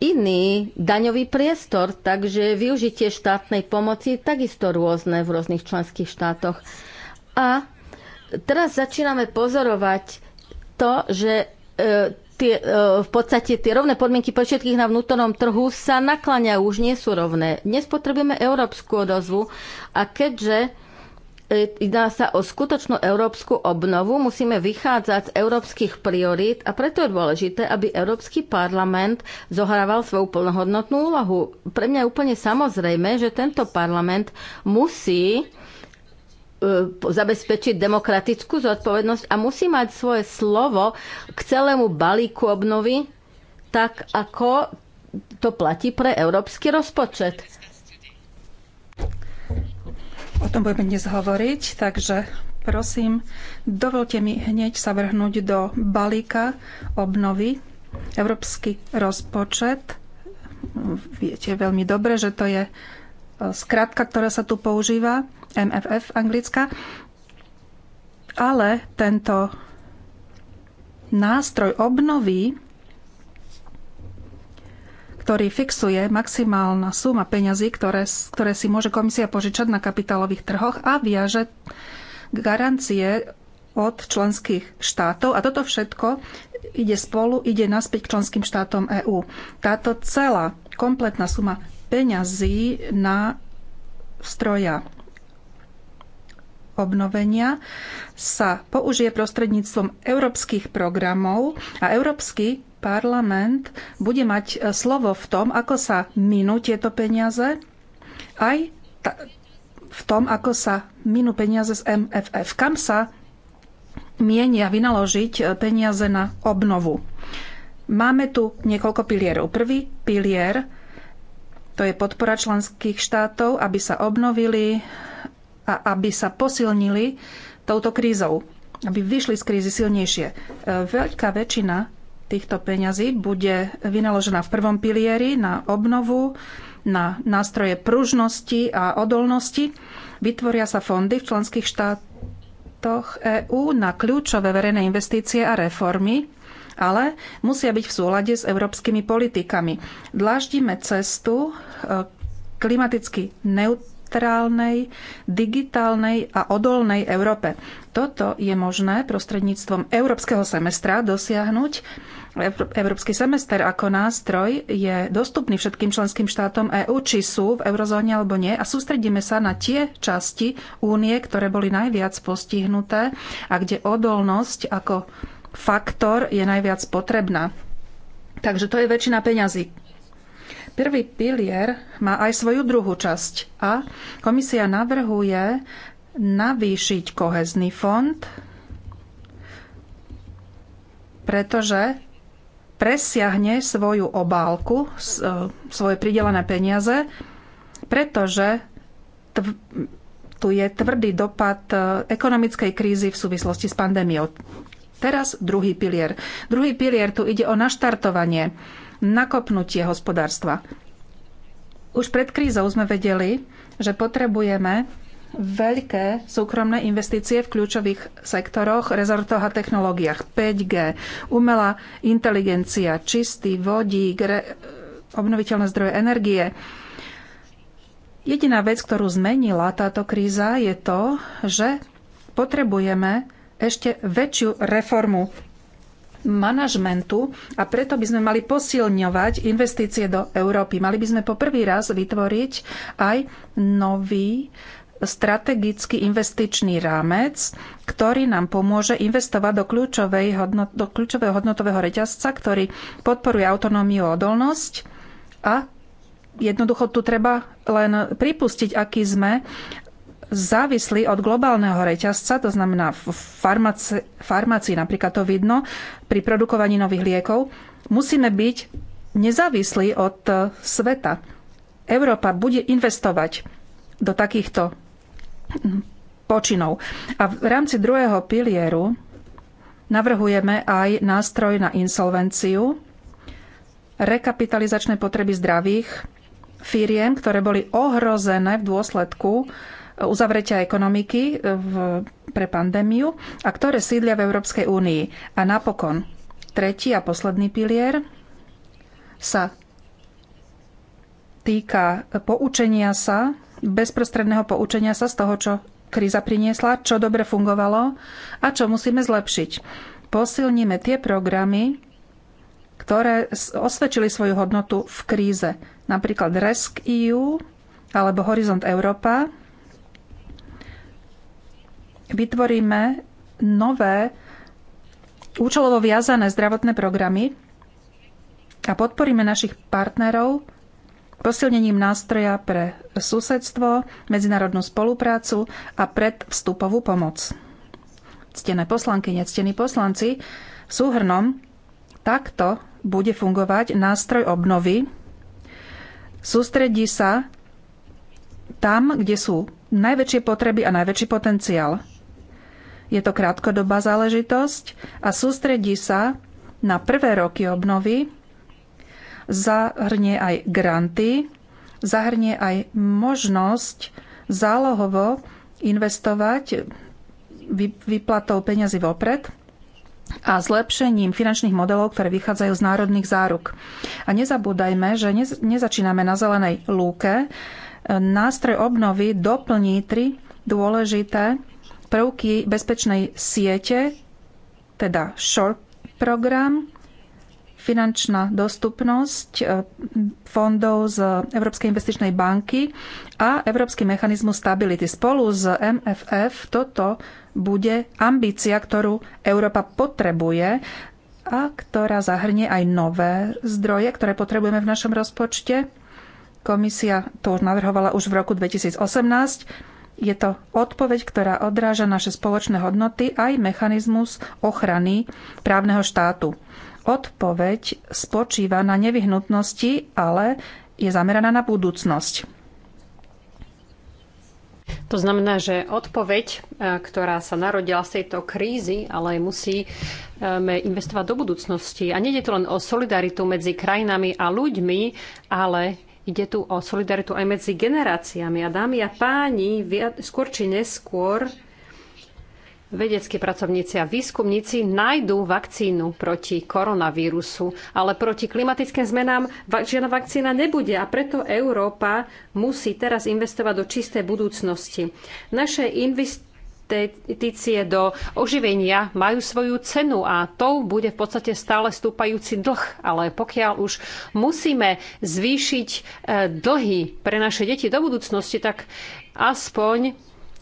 iný daňový priestor, takže využitie štátnej pomoci je takisto rôzne v rôznych členských štátoch. A teraz začíname pozorovať to, že e, tie, e, v podstate tie rovné podmienky pre všetkých na vnútornom trhu sa nakláňajú, už nie sú rovné. Dnes potrebujeme európsku odozvu a keďže e, Jedná sa o skutočnú európsku obnovu, musíme vychádzať z európskych priorít a preto je dôležité, aby Európsky parlament zohrával svoju plnohodnotnú úlohu. Pre mňa je úplne samozrejme, že tento parlament musí E, zabezpečiť demokratickú zodpovednosť a musí mať svoje slovo k celému balíku obnovy, tak ako to platí pre európsky rozpočet. O tom budeme dnes hovoriť, takže prosím, dovolte mi hneď sa vrhnúť do balíka obnovy. Európsky rozpočet, viete veľmi dobre, že to je e, skratka, ktorá sa tu používa MFF Anglická. Ale tento nástroj obnovy, ktorý fixuje maximálna suma peňazí, ktoré, ktoré si môže komisia požičať na kapitálových trhoch a viaže garancie od členských štátov. A toto všetko ide spolu, ide naspäť k členským štátom EÚ. Táto celá kompletná suma peňazí na stroja obnovenia sa použije prostredníctvom európskych programov a Európsky parlament bude mať e, slovo v tom, ako sa minú tieto peniaze, aj v tom, ako sa minú peniaze z MFF. Kam sa mienia vynaložiť e, peniaze na obnovu? Máme tu niekoľko pilierov. Prvý pilier to je podpora členských štátov, aby sa obnovili, a aby sa posilnili touto krízou, aby vyšli z krízy silnejšie. E, veľká väčšina týchto peňazí bude vynaložená v prvom pilieri na obnovu, na nástroje pružnosti a odolnosti. Vytvoria sa fondy v členských štátoch EÚ na kľúčové verejné investície a reformy, ale musia byť v súlade s európskymi politikami. Dláždime cestu e, klimaticky neutrálnej bilaterálnej, digitálnej a odolnej Európe. Toto je možné prostredníctvom európskeho semestra dosiahnuť. Európsky semester ako nástroj je dostupný všetkým členským štátom EÚ, či sú v eurozóne alebo nie, a sústredíme sa na tie časti únie, ktoré boli najviac postihnuté a kde odolnosť ako faktor je najviac potrebná. Takže to je väčšina peňazí, Prvý pilier má aj svoju druhú časť a komisia navrhuje navýšiť kohezný fond, pretože presiahne svoju obálku, e, svoje pridelené peniaze, pretože tu je tvrdý dopad e, ekonomickej krízy v súvislosti s pandémiou. Teraz druhý pilier. Druhý pilier tu ide o naštartovanie nakopnutie hospodárstva. Už pred krízou sme vedeli, že potrebujeme veľké súkromné investície v kľúčových sektoroch, rezortoch a technológiách. 5G, umelá inteligencia, čistý vodík, re, obnoviteľné zdroje energie. Jediná vec, ktorú zmenila táto kríza, je to, že potrebujeme ešte väčšiu reformu manažmentu a preto by sme mali posilňovať investície do Európy. Mali by sme po prvý raz vytvoriť aj nový strategický investičný rámec, ktorý nám pomôže investovať do, kľúčovej hodnot, do kľúčového hodnotového reťazca, ktorý podporuje autonómiu a odolnosť a jednoducho tu treba len pripustiť, aký sme závislí od globálneho reťazca, to znamená v farmácii, farmácii napríklad to vidno, pri produkovaní nových liekov, musíme byť nezávislí od e, sveta. Európa bude investovať do takýchto mm, počinov. A v rámci druhého pilieru navrhujeme aj nástroj na insolvenciu, rekapitalizačné potreby zdravých firiem, ktoré boli ohrozené v dôsledku uzavretia ekonomiky e, v, pre pandémiu a ktoré sídlia v Európskej únii. A napokon tretí a posledný pilier sa týka poučenia sa, bezprostredného poučenia sa z toho, čo kríza priniesla, čo dobre fungovalo a čo musíme zlepšiť. Posilníme tie programy, ktoré osvedčili svoju hodnotu v kríze. Napríklad RESC EU alebo Horizont Európa, vytvoríme nové účelovo viazané zdravotné programy a podporíme našich partnerov posilnením nástroja pre susedstvo, medzinárodnú spoluprácu a predvstupovú pomoc. Ctené poslanky, nectení poslanci, súhrnom takto bude fungovať nástroj obnovy. Sústredí sa tam, kde sú najväčšie potreby a najväčší potenciál je to krátkodobá záležitosť a sústredí sa na prvé roky obnovy, zahrnie aj granty, zahrnie aj možnosť zálohovo investovať vyplatou peňazí vopred a zlepšením finančných modelov, ktoré vychádzajú z národných záruk. A nezabúdajme, že nezačíname na zelenej lúke. Nástroj obnovy doplní tri dôležité prvky bezpečnej siete, teda SHORE program, finančná dostupnosť e, fondov z Európskej investičnej banky a Európsky mechanizmus stability. Spolu s MFF toto bude ambícia, ktorú Európa potrebuje a ktorá zahrnie aj nové zdroje, ktoré potrebujeme v našom rozpočte. Komisia to navrhovala už v roku 2018 je to odpoveď, ktorá odráža naše spoločné hodnoty aj mechanizmus ochrany právneho štátu. Odpoveď spočíva na nevyhnutnosti, ale je zameraná na budúcnosť. To znamená, že odpoveď, e, ktorá sa narodila z tejto krízy, ale musíme e, investovať do budúcnosti. A je to len o solidaritu medzi krajinami a ľuďmi, ale Ide tu o solidaritu aj medzi generáciami. A dámy a páni, skôr či neskôr vedeckí pracovníci a výskumníci nájdú vakcínu proti koronavírusu, ale proti klimatickým zmenám žiadna vakcína nebude a preto Európa musí teraz investovať do čistej budúcnosti. Naše invest investície do oživenia majú svoju cenu a tou bude v podstate stále stúpajúci dlh. Ale pokiaľ už musíme zvýšiť e, dlhy pre naše deti do budúcnosti, tak aspoň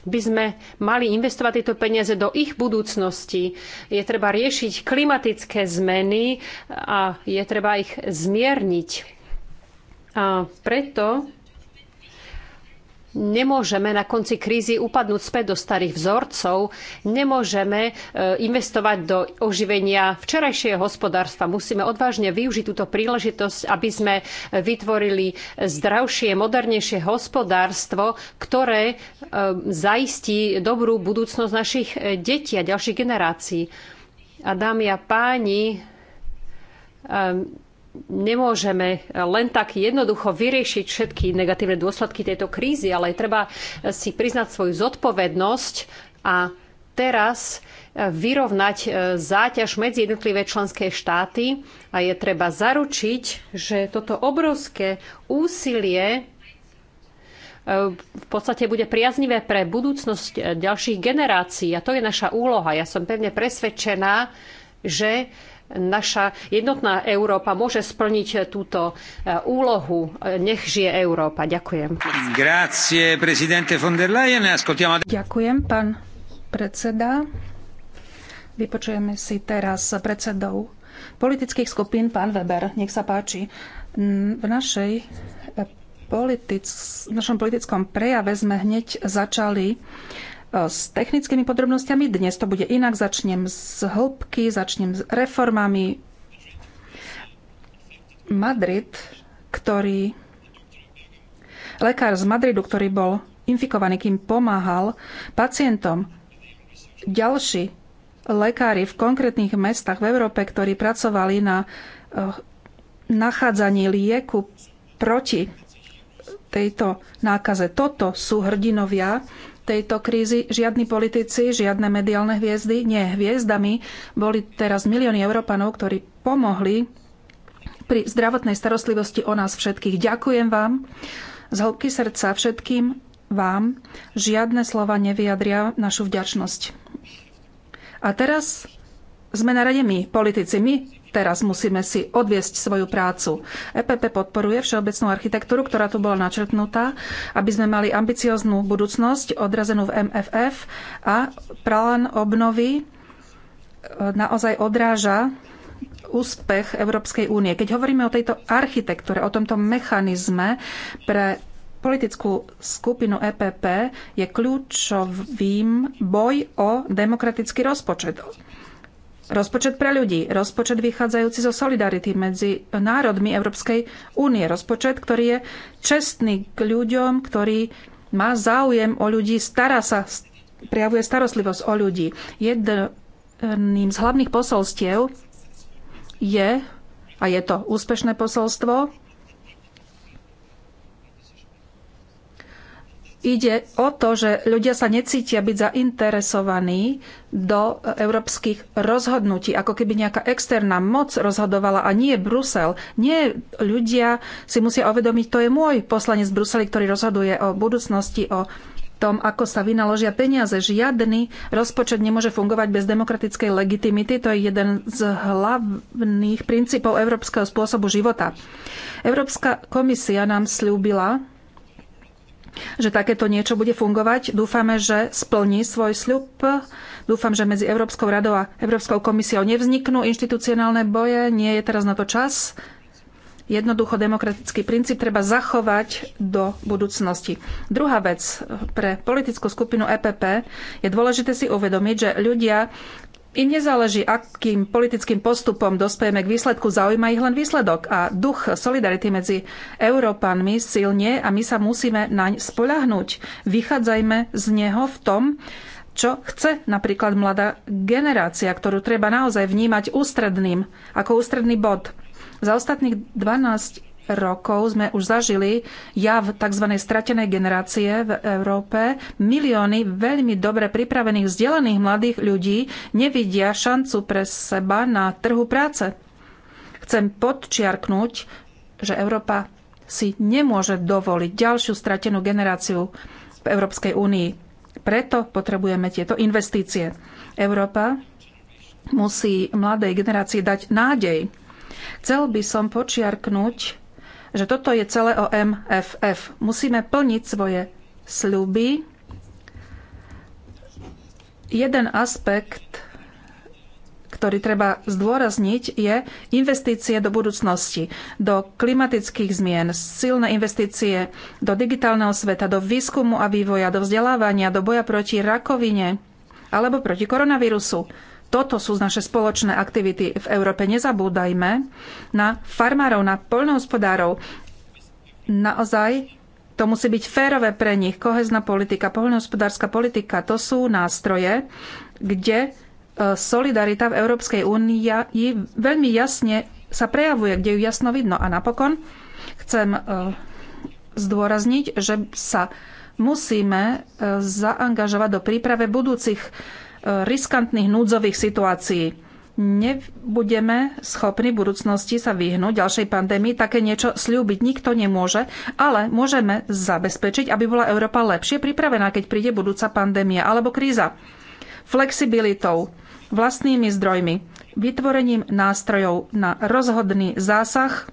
by sme mali investovať tieto peniaze do ich budúcnosti. Je treba riešiť klimatické zmeny a je treba ich zmierniť. A preto Nemôžeme na konci krízy upadnúť späť do starých vzorcov, nemôžeme e, investovať do oživenia včerajšieho hospodárstva. Musíme odvážne využiť túto príležitosť, aby sme vytvorili zdravšie, modernejšie hospodárstvo, ktoré e, zaistí dobrú budúcnosť našich e, detí a ďalších generácií. A dámy a páni, nemôžeme len tak jednoducho vyriešiť všetky negatívne dôsledky tejto krízy, ale treba si priznať svoju zodpovednosť a teraz vyrovnať e, záťaž medzi jednotlivé členské štáty a je treba zaručiť, že toto obrovské úsilie e, v podstate bude priaznivé pre budúcnosť e, ďalších generácií. A to je naša úloha. Ja som pevne presvedčená, že naša jednotná Európa môže splniť túto e, úlohu. Nech žije Európa. Ďakujem. Grazie, presidente von der Leyen. Ďakujem, pán predseda. Vypočujeme si teraz predsedov politických skupín. Pán Weber, nech sa páči. Mm, v našej e, politic, v našom politickom prejave sme hneď začali s technickými podrobnosťami. Dnes to bude inak. Začnem z hĺbky, začnem s reformami. Madrid, ktorý... Lekár z Madridu, ktorý bol infikovaný, kým pomáhal pacientom. Ďalší lekári v konkrétnych mestách v Európe, ktorí pracovali na eh, nachádzaní lieku proti tejto nákaze. Toto sú hrdinovia tejto krízy žiadni politici, žiadne mediálne hviezdy. Nie, hviezdami boli teraz milióny Európanov, ktorí pomohli pri zdravotnej starostlivosti o nás všetkých. Ďakujem vám z hĺbky srdca všetkým vám. Žiadne slova nevyjadria našu vďačnosť. A teraz sme na rade my, politici. My teraz musíme si odviesť svoju prácu. EPP podporuje všeobecnú architektúru, ktorá tu bola načrtnutá, aby sme mali ambicioznú budúcnosť odrazenú v MFF a plán obnovy e, naozaj odráža úspech Európskej únie. Keď hovoríme o tejto architektúre, o tomto mechanizme pre politickú skupinu EPP je kľúčovým boj o demokratický rozpočet Rozpočet pre ľudí, rozpočet vychádzajúci zo solidarity medzi národmi Európskej únie, rozpočet, ktorý je čestný k ľuďom, ktorý má záujem o ľudí, stará sa, prejavuje starostlivosť o ľudí. Jedným z hlavných posolstiev je, a je to úspešné posolstvo, ide o to, že ľudia sa necítia byť zainteresovaní do európskych rozhodnutí, ako keby nejaká externá moc rozhodovala a nie Brusel. Nie, ľudia si musia uvedomiť, to je môj poslanec z Bruseli, ktorý rozhoduje o budúcnosti, o tom, ako sa vynaložia peniaze. Žiadny rozpočet nemôže fungovať bez demokratickej legitimity. To je jeden z hlavných princípov európskeho spôsobu života. Európska komisia nám slúbila, že takéto niečo bude fungovať. Dúfame, že splní svoj sľub. Dúfam, že medzi Európskou radou a Európskou komisiou nevzniknú inštitucionálne boje. Nie je teraz na to čas. Jednoducho demokratický princíp treba zachovať do budúcnosti. Druhá vec pre politickú skupinu EPP je dôležité si uvedomiť, že ľudia im nezáleží, akým politickým postupom dospejeme k výsledku, zaujíma ich len výsledok. A duch solidarity medzi Európanmi silne a my sa musíme naň spoľahnúť. Vychádzajme z neho v tom, čo chce napríklad mladá generácia, ktorú treba naozaj vnímať ústredným, ako ústredný bod. Za ostatných 12 rokov sme už zažili jav tzv. stratenej generácie v Európe. Milióny veľmi dobre pripravených, vzdelaných mladých ľudí nevidia šancu pre seba na trhu práce. Chcem podčiarknúť, že Európa si nemôže dovoliť ďalšiu stratenú generáciu v Európskej únii. Preto potrebujeme tieto investície. Európa musí mladej generácii dať nádej. Chcel by som počiarknúť, že toto je celé o MFF. Musíme plniť svoje sľuby. Jeden aspekt, ktorý treba zdôrazniť, je investície do budúcnosti, do klimatických zmien, silné investície do digitálneho sveta, do výskumu a vývoja, do vzdelávania, do boja proti rakovine alebo proti koronavírusu toto sú naše spoločné aktivity v Európe. Nezabúdajme na farmárov, na poľnohospodárov. Naozaj to musí byť férové pre nich. Kohezná politika, poľnohospodárska politika, to sú nástroje, kde e, solidarita v Európskej únii veľmi jasne sa prejavuje, kde ju jasno vidno. A napokon chcem e, zdôrazniť, že sa musíme e, zaangažovať do príprave budúcich riskantných núdzových situácií. Nebudeme schopní v budúcnosti sa vyhnúť ďalšej pandémii, také niečo slúbiť nikto nemôže, ale môžeme zabezpečiť, aby bola Európa lepšie pripravená, keď príde budúca pandémia alebo kríza. Flexibilitou, vlastnými zdrojmi, vytvorením nástrojov na rozhodný zásah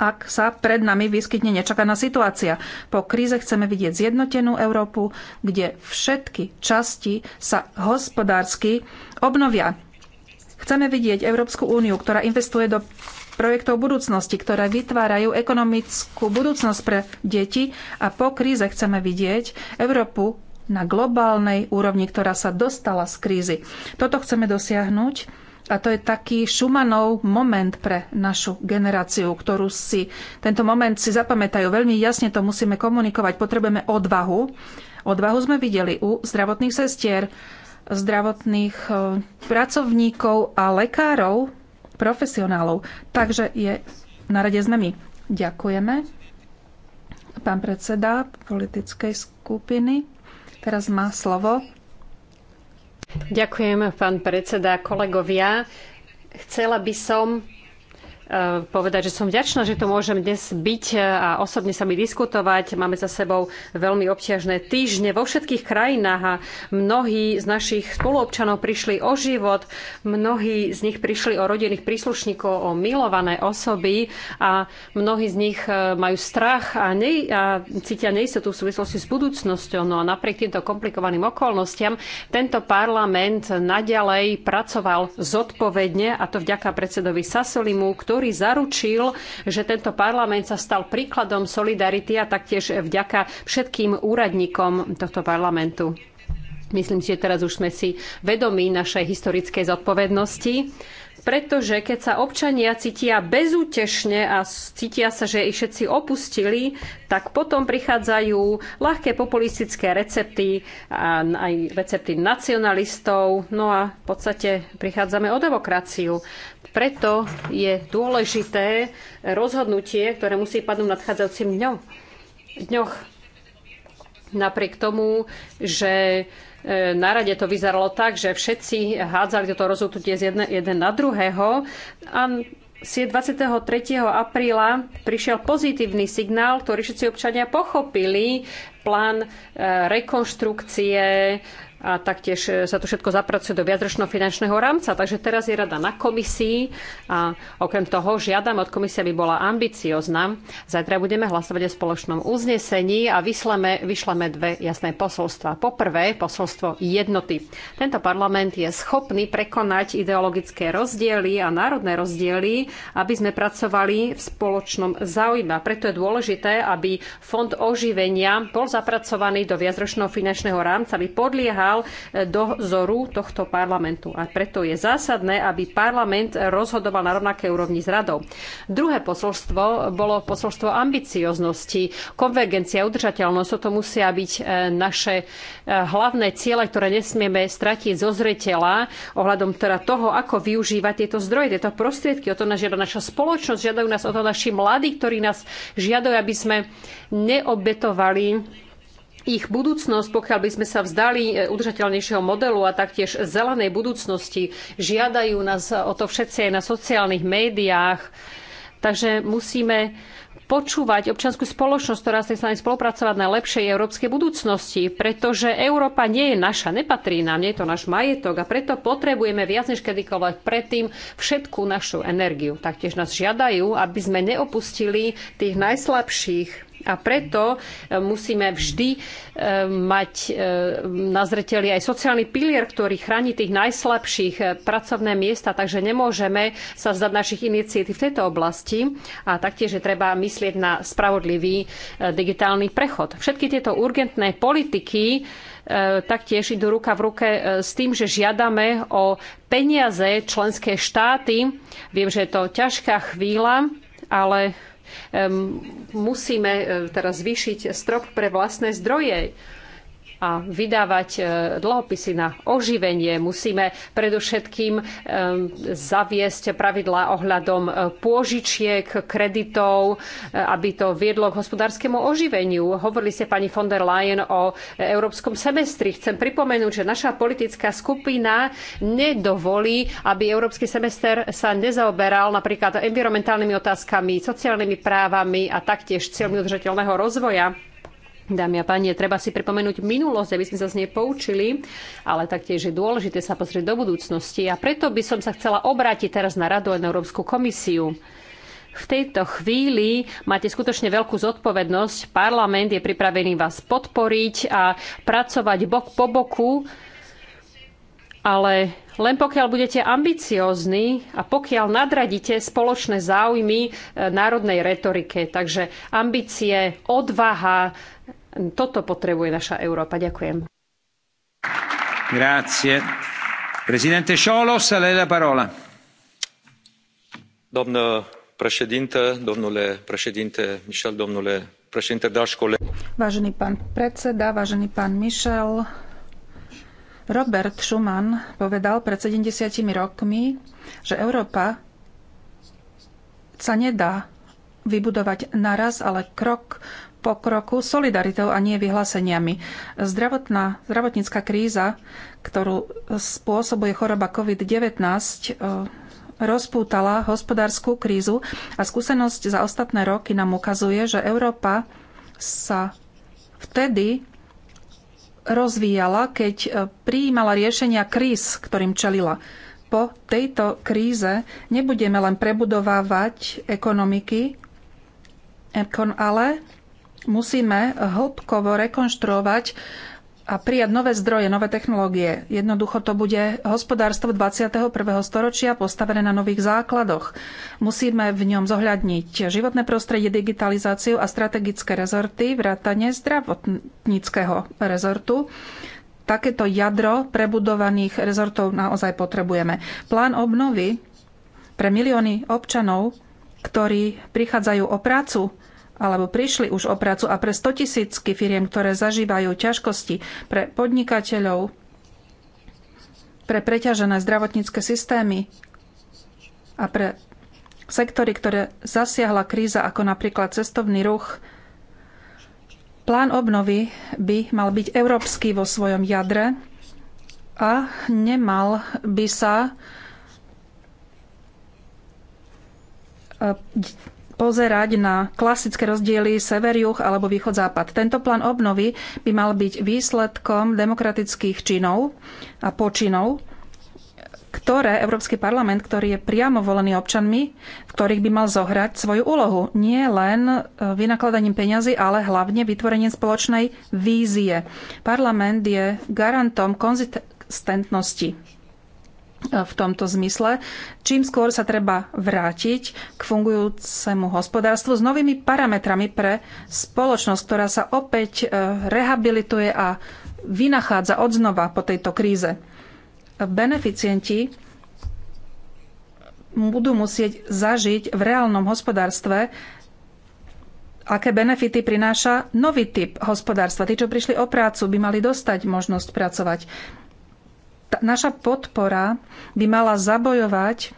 ak sa pred nami vyskytne nečakaná situácia. Po kríze chceme vidieť zjednotenú Európu, kde všetky časti sa hospodársky obnovia. Chceme vidieť Európsku úniu, ktorá investuje do projektov budúcnosti, ktoré vytvárajú ekonomickú budúcnosť pre deti a po kríze chceme vidieť Európu na globálnej úrovni, ktorá sa dostala z krízy. Toto chceme dosiahnuť a to je taký Šumanov moment pre našu generáciu, ktorú si tento moment si zapamätajú. Veľmi jasne to musíme komunikovať. Potrebujeme odvahu. Odvahu sme videli u zdravotných sestier, zdravotných e, pracovníkov a lekárov, profesionálov. Takže je na rade sme my Ďakujeme. Pán predseda politickej skupiny teraz má slovo Ďakujem, pán predseda, kolegovia. Chcela by som Eh, povedať, že som vďačná, že to môžem dnes byť eh, a osobne sa mi diskutovať. Máme za sebou veľmi obťažné týždne vo všetkých krajinách a mnohí z našich spoluobčanov prišli o život, mnohí z nich prišli o rodinných príslušníkov, o milované osoby a mnohí z nich eh, majú strach a, nej, a cítia neistotu v súvislosti s budúcnosťou. No a napriek týmto komplikovaným okolnostiam tento parlament naďalej pracoval zodpovedne a to vďaka predsedovi Sasolimu, ktorý ktorý zaručil, že tento parlament sa stal príkladom solidarity a taktiež vďaka všetkým úradníkom tohto parlamentu. Myslím si, že teraz už sme si vedomí našej historickej zodpovednosti pretože keď sa občania cítia bezútešne a cítia sa, že ich všetci opustili, tak potom prichádzajú ľahké populistické recepty, a aj recepty nacionalistov, no a v podstate prichádzame o demokraciu. Preto je dôležité rozhodnutie, ktoré musí padnúť v nadchádzajúcim dňom, dňoch. Napriek tomu, že e, na rade to vyzeralo tak, že všetci hádzali toto rozhodnutie z jedne, jeden na druhého a 23. apríla prišiel pozitívny signál, ktorý všetci občania pochopili, plán e, rekonštrukcie, a taktiež e, sa to všetko zapracuje do viacročného finančného rámca. Takže teraz je rada na komisii a okrem toho žiadam od komisie, aby bola ambiciozna. Zajtra budeme hlasovať o spoločnom uznesení a vyšleme, vyšleme dve jasné posolstva. Poprvé, posolstvo jednoty. Tento parlament je schopný prekonať ideologické rozdiely a národné rozdiely, aby sme pracovali v spoločnom záujme. Preto je dôležité, aby fond oživenia bol zapracovaný do viacročného finančného rámca, aby podliehal kanál e, dozoru tohto parlamentu. A preto je zásadné, aby parlament rozhodoval na rovnakej úrovni s radou. Druhé posolstvo bolo posolstvo ambicioznosti. Konvergencia, udržateľnosť, toto musia byť e, naše e, hlavné ciele, ktoré nesmieme stratiť zo zreteľa ohľadom teda toho, ako využívať tieto zdroje, tieto prostriedky. O to nás žiada naša spoločnosť, žiadajú nás o to naši mladí, ktorí nás žiadajú, aby sme neobetovali ich budúcnosť, pokiaľ by sme sa vzdali e, udržateľnejšieho modelu a taktiež zelenej budúcnosti. Žiadajú nás o to všetci aj na sociálnych médiách. Takže musíme počúvať občiansku spoločnosť, ktorá sa s nami spolupracovať na lepšej európskej budúcnosti, pretože Európa nie je naša, nepatrí nám, nie je to náš majetok a preto potrebujeme viac než kedykoľvek predtým všetku našu energiu. Taktiež nás žiadajú, aby sme neopustili tých najslabších a preto e, musíme vždy e, mať e, na zreteli aj sociálny pilier, ktorý chráni tých najslabších pracovné miesta, takže nemôžeme sa vzdať našich iniciatív v tejto oblasti. A taktiež je treba myslieť na spravodlivý digitálny prechod. Všetky tieto urgentné politiky taktiež idú ruka v ruke s tým, že žiadame o peniaze členské štáty. Viem, že je to ťažká chvíľa, ale musíme e, teraz zvýšiť strop pre vlastné zdroje a vydávať e, dlhopisy na oživenie. Musíme predovšetkým e, zaviesť pravidlá ohľadom e, pôžičiek, kreditov, aby to viedlo k hospodárskemu oživeniu. Hovorili ste pani von der Leyen o európskom semestri. Chcem pripomenúť, že naša politická skupina nedovolí, aby európsky semester sa nezaoberal napríklad environmentálnymi otázkami, sociálnymi právami a taktiež cieľmi udržateľného rozvoja Dámy a páni, treba si pripomenúť minulosť, aby sme sa z nej poučili, ale taktiež je dôležité sa pozrieť do budúcnosti. A preto by som sa chcela obrátiť teraz na Radu a na Európsku komisiu. V tejto chvíli máte skutočne veľkú zodpovednosť. Parlament je pripravený vás podporiť a pracovať bok po boku, ale len pokiaľ budete ambiciózni a pokiaľ nadradíte spoločné záujmy eh, národnej retorike. Takže ambície, odvaha, toto potrebuje naša Európa. Ďakujem. Grazie. la parola. domnule președinte Michel, domnule președinte, dragi colegi. Vážený pán predseda, vážený pán Michel, Robert Schuman povedal pred 70 rokmi, že Európa sa nedá vybudovať naraz, ale krok pokroku solidaritou a nie vyhláseniami. Zdravotná, zdravotnícka kríza, ktorú spôsobuje choroba COVID-19, e, rozpútala hospodárskú krízu a skúsenosť za ostatné roky nám ukazuje, že Európa sa vtedy rozvíjala, keď e, prijímala riešenia kríz, ktorým čelila. Po tejto kríze nebudeme len prebudovávať ekonomiky, ale Musíme hĺbkovo rekonštruovať a prijať nové zdroje, nové technológie. Jednoducho to bude hospodárstvo 21. storočia postavené na nových základoch. Musíme v ňom zohľadniť životné prostredie, digitalizáciu a strategické rezorty, vrátane zdravotníckého rezortu. Takéto jadro prebudovaných rezortov naozaj potrebujeme. Plán obnovy pre milióny občanov, ktorí prichádzajú o prácu, alebo prišli už o prácu a pre 100 tisícky firiem, ktoré zažívajú ťažkosti, pre podnikateľov, pre preťažené zdravotnícke systémy a pre sektory, ktoré zasiahla kríza, ako napríklad cestovný ruch, Plán obnovy by mal byť európsky vo svojom jadre a nemal by sa e, pozerať na klasické rozdiely sever-juh alebo východ-západ. Tento plán obnovy by mal byť výsledkom demokratických činov a počinov, ktoré Európsky parlament, ktorý je priamo volený občanmi, v ktorých by mal zohrať svoju úlohu. Nie len e, vynakladaním peňazí, ale hlavne vytvorením spoločnej vízie. Parlament je garantom konzistentnosti v tomto zmysle. Čím skôr sa treba vrátiť k fungujúcemu hospodárstvu s novými parametrami pre spoločnosť, ktorá sa opäť e, rehabilituje a vynachádza odznova po tejto kríze. Beneficienti budú musieť zažiť v reálnom hospodárstve, aké benefity prináša nový typ hospodárstva. Tí, čo prišli o prácu, by mali dostať možnosť pracovať naša podpora by mala zabojovať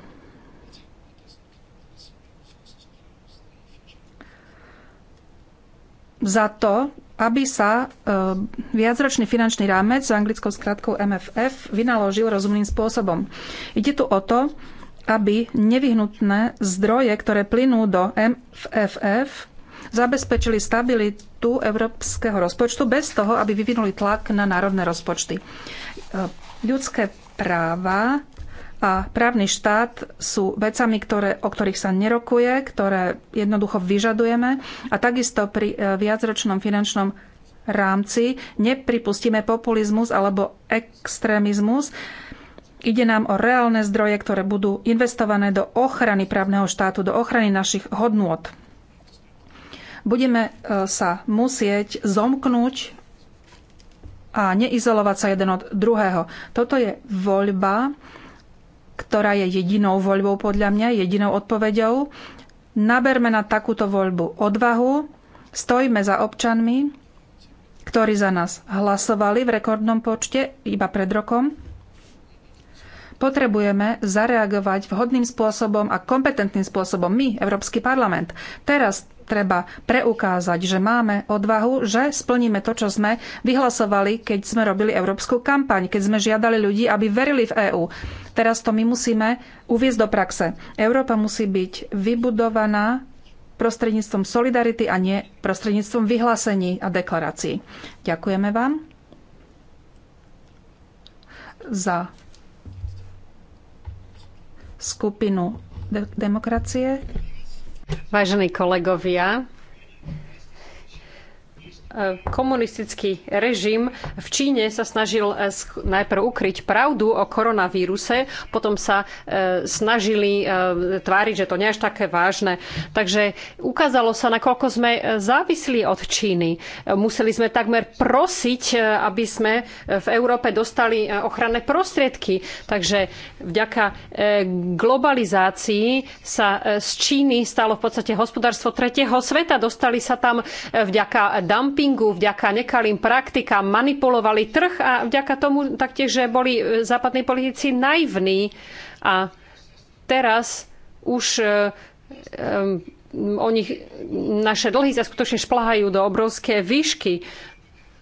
za to, aby sa e, viacročný finančný rámec s anglickou skratkou MFF vynaložil rozumným spôsobom. Ide tu o to, aby nevyhnutné zdroje, ktoré plynú do MFF, zabezpečili stabilitu európskeho rozpočtu bez toho, aby vyvinuli tlak na národné rozpočty. E, Ľudské práva a právny štát sú vecami, ktoré, o ktorých sa nerokuje, ktoré jednoducho vyžadujeme a takisto pri e, viacročnom finančnom rámci nepripustíme populizmus alebo extrémizmus. Ide nám o reálne zdroje, ktoré budú investované do ochrany právneho štátu, do ochrany našich hodnôt. Budeme e, sa musieť zomknúť a neizolovať sa jeden od druhého. Toto je voľba, ktorá je jedinou voľbou podľa mňa, jedinou odpoveďou. Naberme na takúto voľbu odvahu, stojíme za občanmi, ktorí za nás hlasovali v rekordnom počte iba pred rokom potrebujeme zareagovať vhodným spôsobom a kompetentným spôsobom my, Európsky parlament. Teraz treba preukázať, že máme odvahu, že splníme to, čo sme vyhlasovali, keď sme robili európsku kampaň, keď sme žiadali ľudí, aby verili v EÚ. Teraz to my musíme uviezť do praxe. Európa musí byť vybudovaná prostredníctvom solidarity a nie prostredníctvom vyhlásení a deklarácií. Ďakujeme vám za skupinu de- demokracie. Vážení kolegovia, komunistický režim v Číne sa snažil eh, najprv ukryť pravdu o koronavíruse, potom sa eh, snažili eh, tváriť, že to nie je až také vážne. Takže ukázalo sa, nakoľko sme závislí od Číny. Museli sme takmer prosiť, aby sme v Európe dostali ochranné prostriedky. Takže vďaka globalizácii sa z Číny stalo v podstate hospodárstvo tretieho sveta. Dostali sa tam vďaka dumpingu dumpingu, vďaka nekalým praktikám manipulovali trh a vďaka tomu taktiež, že boli e, západní politici naivní a teraz už e, e, o nich naše dlhy sa skutočne šplhajú do obrovské výšky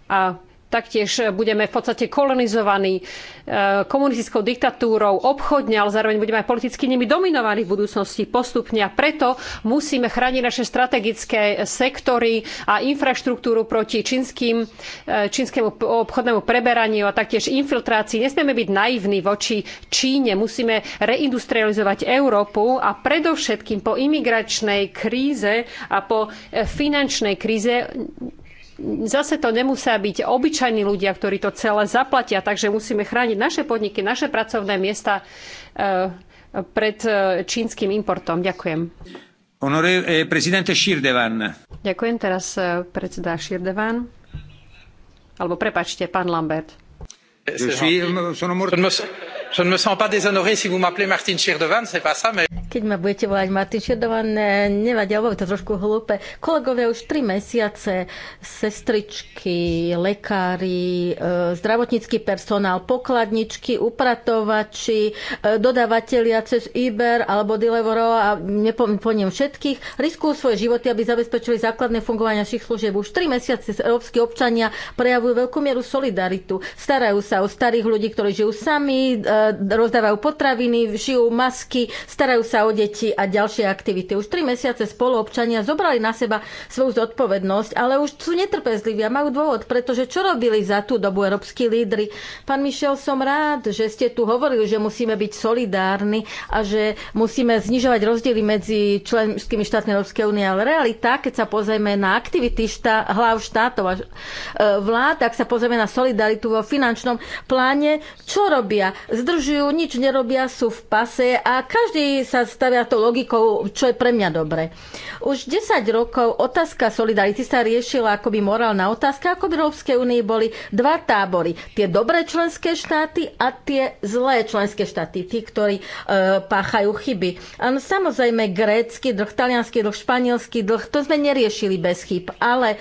a taktiež budeme v podstate kolonizovaní e, komunistickou diktatúrou obchodne, ale zároveň budeme aj politicky nimi dominovaní v budúcnosti postupne a preto musíme chrániť naše strategické sektory a infraštruktúru proti čínskym, e, čínskemu obchodnému preberaniu a taktiež infiltrácii. Nesmieme byť naivní voči Číne, musíme reindustrializovať Európu a predovšetkým po imigračnej kríze a po e, finančnej kríze zase to nemusia byť obyčajní ľudia, ktorí to celé zaplatia, takže musíme chrániť naše podniky, naše pracovné miesta eh, pred eh, čínskym importom. Ďakujem. eh, prezidente Širdevan. Ďakujem teraz eh, predseda Širdevan. Alebo prepačte, pán Lambert. Je je ne me sens pas déshonoré si vous m'appelez Martin Širdovan, c'est pas ça, mais... Keď ma budete volať Martin Širdovan, e, nevadí, alebo je to trošku hlúpe. Kolegovia už tri mesiace, sestričky, lekári, e, zdravotnícky personál, pokladničky, upratovači, e, dodávateľia cez Iber alebo Deliveroo a nepomínam všetkých, riskujú svoje životy, aby zabezpečili základné fungovanie našich služieb. Už tri mesiace európsky občania prejavujú veľkú mieru solidaritu. Starajú sa o starých ľudí, ktorí žijú sami, E, rozdávajú potraviny, žijú masky, starajú sa o deti a ďalšie aktivity. Už tri mesiace spoluobčania zobrali na seba svoju zodpovednosť, ale už sú netrpezliví a majú dôvod, pretože čo robili za tú dobu európsky lídry? Pán Mišel, som rád, že ste tu hovorili, že musíme byť solidárni a že musíme znižovať rozdiely medzi členskými štátmi Európskej únie, ale realita, keď sa pozrieme na aktivity štá, hlav štátov a e, vlád, ak sa pozrieme na solidaritu vo finančnom pláne, čo robia? Zdr- nedodržujú, nič nerobia, sú v pase a každý sa stavia to logikou, čo je pre mňa dobre. Už 10 rokov otázka solidarity sa riešila akoby morálna otázka, ako v Európskej únii boli dva tábory. Tie dobré členské štáty a tie zlé členské štáty, tí, ktorí e, páchajú chyby. Áno, samozrejme, grécky dlh, talianský dlh, španielský dlh, to sme neriešili bez chyb, ale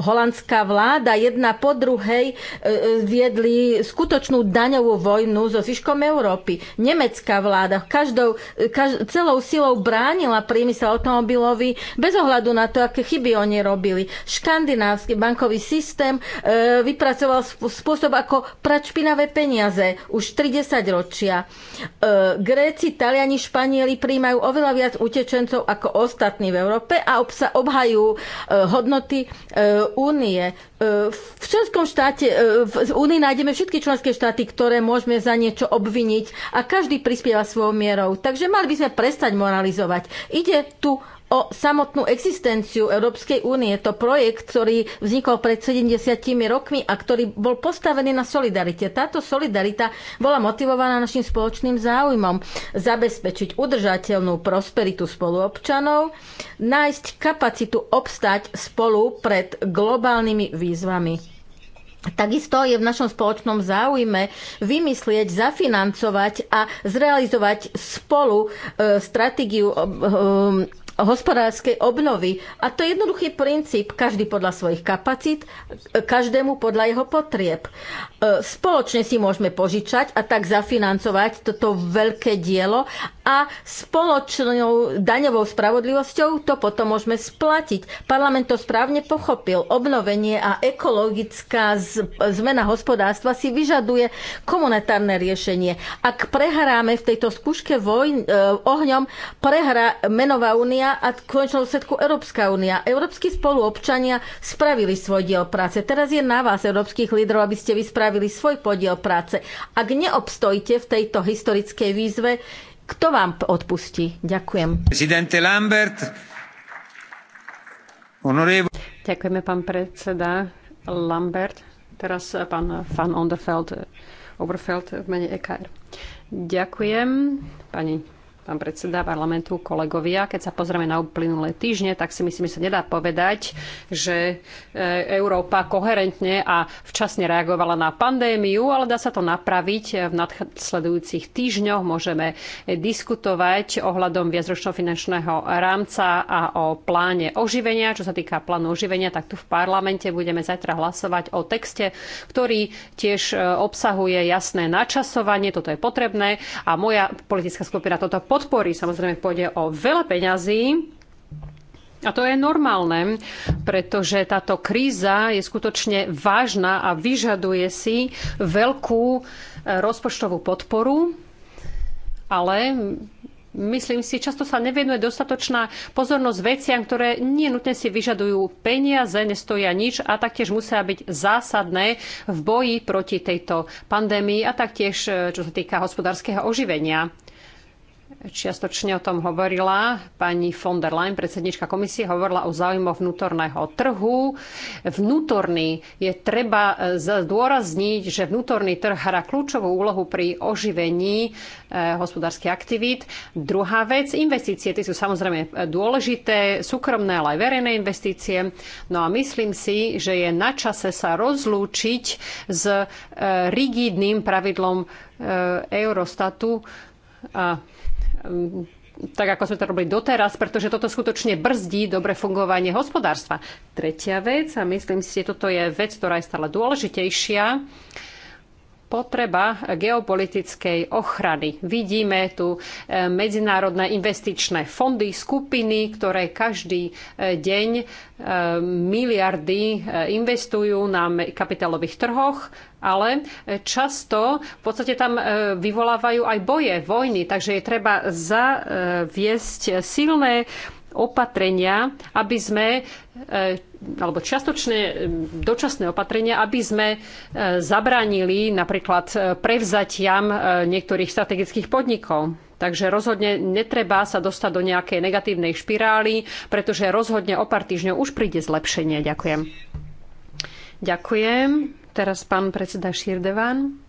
holandská vláda jedna po druhej e, e, viedli skutočnú daňovú vojnu so zvyškom Európy. Nemecká vláda každou, e, kaž, celou silou bránila priemysel automobilový bez ohľadu na to, aké chyby oni robili. Škandinávsky bankový systém vypracoval spôsob, ako prať špinavé peniaze už 30 ročia. Gréci, Taliani, Španieli príjmajú oveľa viac utečencov ako ostatní v Európe a obsa obhajú hodnoty únie. E, v členskom štáte, e, v únii nájdeme všetky členské štáty, ktoré môžeme za niečo obviniť a každý prispieva svojou mierou. Takže mali by sme prestať moralizovať. Ide tu o samotnú existenciu Európskej únie. To projekt, ktorý vznikol pred 70 rokmi a ktorý bol postavený na solidarite. Táto solidarita bola motivovaná našim spoločným záujmom zabezpečiť udržateľnú prosperitu spoluobčanov, nájsť kapacitu obstať spolu pred globálnymi výzvami. Takisto je v našom spoločnom záujme vymyslieť, zafinancovať a zrealizovať spolu e, stratégiu e, e, hospodárskej obnovy. A to je jednoduchý princíp, každý podľa svojich kapacít, e, každému podľa jeho potrieb. E, spoločne si môžeme požičať a tak zafinancovať toto veľké dielo a spoločnou daňovou spravodlivosťou to potom môžeme splatiť. Parlament to správne pochopil. Obnovenie a ekologická zmena hospodárstva si vyžaduje komunitárne riešenie. Ak prehráme v tejto skúške vojn, eh, ohňom, prehrá menová únia a v konečnom svetku Európska únia. Európsky spoluobčania spravili svoj diel práce. Teraz je na vás, európskych lídrov, aby ste vyspravili spravili svoj podiel práce. Ak neobstojíte v tejto historickej výzve, kto vám odpustí? Ďakujem. Prezidente Lambert. Honorevo. Ďakujeme, pán predseda Lambert. Teraz pán Van Onderveld, Overfeld v mene EKR. Ďakujem, pani pán predseda parlamentu, kolegovia. Keď sa pozrieme na uplynulé týždne, tak si myslím, že sa nedá povedať, že e, Európa koherentne a včasne reagovala na pandémiu, ale dá sa to napraviť v nadsledujúcich týždňoch. Môžeme diskutovať ohľadom viacročného finančného rámca a o pláne oživenia. Čo sa týka plánu oživenia, tak tu v parlamente budeme zajtra hlasovať o texte, ktorý tiež e, obsahuje jasné načasovanie, toto je potrebné a moja politická skupina toto podporuje podpory. Samozrejme, pôjde o veľa peňazí, a to je normálne, pretože táto kríza je skutočne vážna a vyžaduje si veľkú e, rozpočtovú podporu, ale myslím si, často sa nevenuje dostatočná pozornosť veciam, ktoré nie nutne si vyžadujú peniaze, nestoja nič a taktiež musia byť zásadné v boji proti tejto pandémii a taktiež e, čo sa týka hospodárskeho oživenia. Čiastočne o tom hovorila pani von der Leyen, predsednička komisie, hovorila o záujmoch vnútorného trhu. Vnútorný je treba e, zdôrazniť, že vnútorný trh hrá kľúčovú úlohu pri oživení e, hospodárskych aktivít. Druhá vec, investície, tie sú samozrejme dôležité, súkromné, ale aj verejné investície. No a myslím si, že je na čase sa rozlúčiť s e, rigidným pravidlom Eurostatu, a Ehm, tak ako sme to robili doteraz, pretože toto skutočne brzdí dobre fungovanie hospodárstva. Tretia vec, a myslím si, že toto je vec, ktorá je stále dôležitejšia, potreba geopolitickej ochrany. Vidíme tu e, medzinárodné investičné fondy, skupiny, ktoré každý e, deň e, miliardy investujú na kapitálových trhoch, ale často v podstate tam vyvolávajú aj boje, vojny, takže je treba zaviesť silné opatrenia, aby sme alebo čiastočné e, dočasné opatrenia, aby sme e, zabránili napríklad e, prevzatiam niektorých strategických podnikov. Takže rozhodne netreba sa dostať do nejakej negatívnej špirály, pretože rozhodne o pár týždňov už príde zlepšenie. Ďakujem. Ďakujem. Teraz pán predseda Širdevan.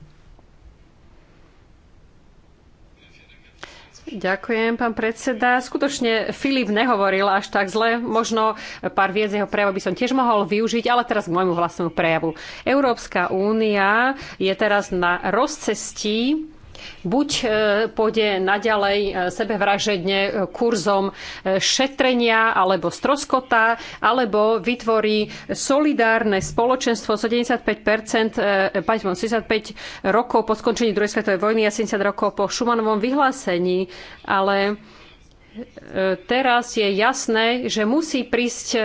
Ďakujem, pán predseda. Skutočne Filip nehovoril až tak zle. Možno pár viec z jeho prejavu by som tiež mohol využiť, ale teraz k môjmu vlastnému prejavu. Európska únia je teraz na rozcestí Buď e, pôjde naďalej e, sebevražedne e, kurzom šetrenia alebo stroskota, alebo vytvorí solidárne spoločenstvo 75%, 75 rokov po skončení druhej svetovej vojny a 70 rokov po Šumanovom vyhlásení, ale teraz je jasné, že musí prísť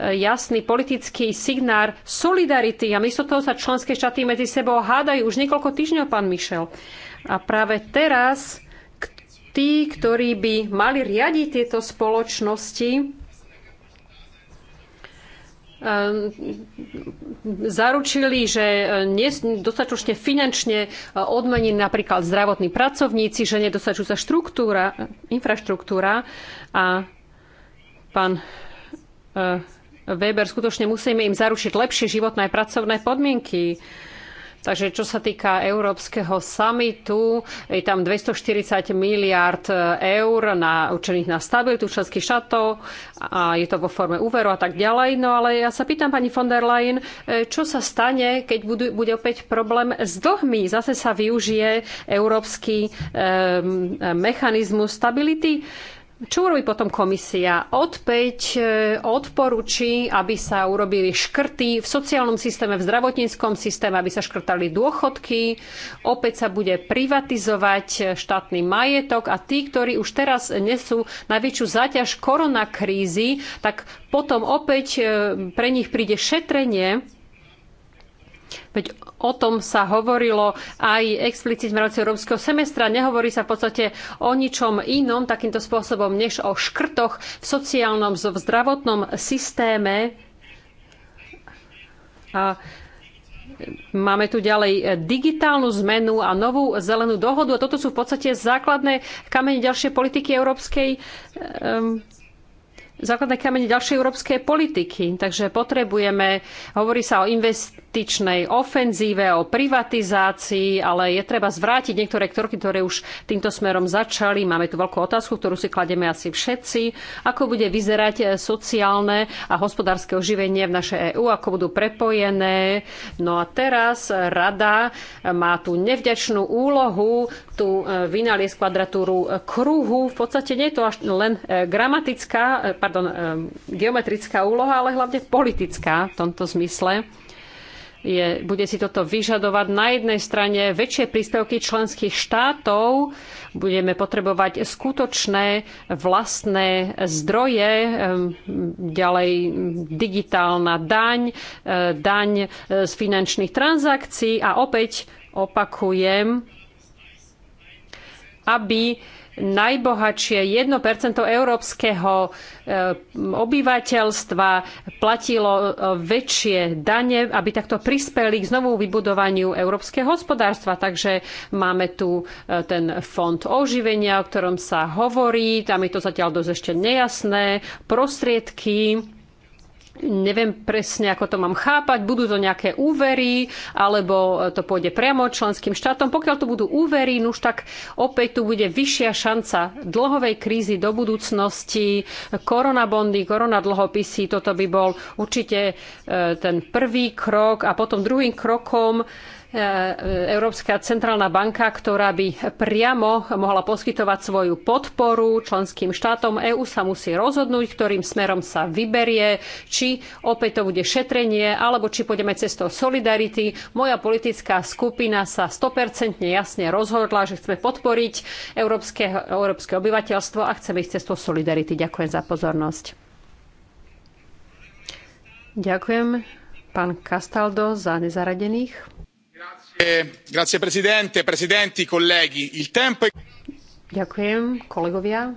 jasný politický signál solidarity a místo toho sa členské štáty medzi sebou hádajú už niekoľko týždňov, pán Michel. A práve teraz tí, ktorí by mali riadiť tieto spoločnosti, ehm, zaručili, že eh, nie sú dostatočne finančne eh, odmení napríklad zdravotní pracovníci, že nedostačujú sa štruktúra, infraštruktúra a pán eh, Weber, skutočne musíme im zaručiť lepšie životné a pracovné podmienky. Takže čo sa týka Európskeho samitu, je tam 240 miliard eur na, určených na stabilitu členských štátov a je to vo forme úveru a tak ďalej. No ale ja sa pýtam pani von der Leyen, čo sa stane, keď budú, bude opäť problém s dlhmi? Zase sa využije európsky ehm, mechanizmus stability? Čo urobí potom komisia? Odpäť e, odporúči, aby sa urobili škrty v sociálnom systéme, v zdravotníckom systéme, aby sa škrtali dôchodky. Opäť sa bude privatizovať štátny majetok a tí, ktorí už teraz nesú najväčšiu záťaž koronakrízy, tak potom opäť e, pre nich príde šetrenie Veď o tom sa hovorilo aj explicitne v rámci Európskeho semestra. Nehovorí sa v podstate o ničom inom takýmto spôsobom, než o škrtoch v sociálnom, v zdravotnom systéme. A Máme tu ďalej digitálnu zmenu a novú zelenú dohodu. A toto sú v podstate základné kamene ďalšej politiky Európskej um, základné kamene ďalšej európskej politiky. Takže potrebujeme, hovorí sa o investičnej ofenzíve, o privatizácii, ale je treba zvrátiť niektoré kroky, ktoré už týmto smerom začali. Máme tu veľkú otázku, ktorú si klademe asi všetci. Ako bude vyzerať sociálne a hospodárske oživenie v našej EÚ, ako budú prepojené. No a teraz rada má tú nevďačnú úlohu, tu e, vynaliesť kvadratúru kruhu. V podstate nie je to až len e, gramatická e, pardon, e, geometrická úloha, ale hlavne politická v tomto zmysle. Je, bude si toto vyžadovať na jednej strane väčšie príspevky členských štátov, budeme potrebovať skutočné vlastné zdroje, e, ďalej digitálna daň, e, daň z finančných transakcií a opäť opakujem, aby najbohatšie 1% európskeho eh, obyvateľstva platilo eh, väčšie dane, aby takto prispeli k znovu vybudovaniu európskeho hospodárstva. Takže máme tu eh, ten fond oživenia, o ktorom sa hovorí, tam je to zatiaľ dosť ešte nejasné, prostriedky neviem presne, ako to mám chápať, budú to nejaké úvery, alebo to pôjde priamo členským štátom. Pokiaľ to budú úvery, no už tak opäť tu bude vyššia šanca dlhovej krízy do budúcnosti, koronabondy, koronadlhopisy, toto by bol určite e, ten prvý krok a potom druhým krokom E, Európska centrálna banka, ktorá by priamo mohla poskytovať svoju podporu členským štátom. EÚ sa musí rozhodnúť, ktorým smerom sa vyberie, či opäť to bude šetrenie, alebo či pôjdeme cestou solidarity. Moja politická skupina sa 100% jasne rozhodla, že chceme podporiť európske, európske obyvateľstvo a chceme ich cestou solidarity. Ďakujem za pozornosť. Ďakujem pán Castaldo za nezaradených. Grazie presidente, colleghi. Il tempo è... Ďakujem, kolegovia.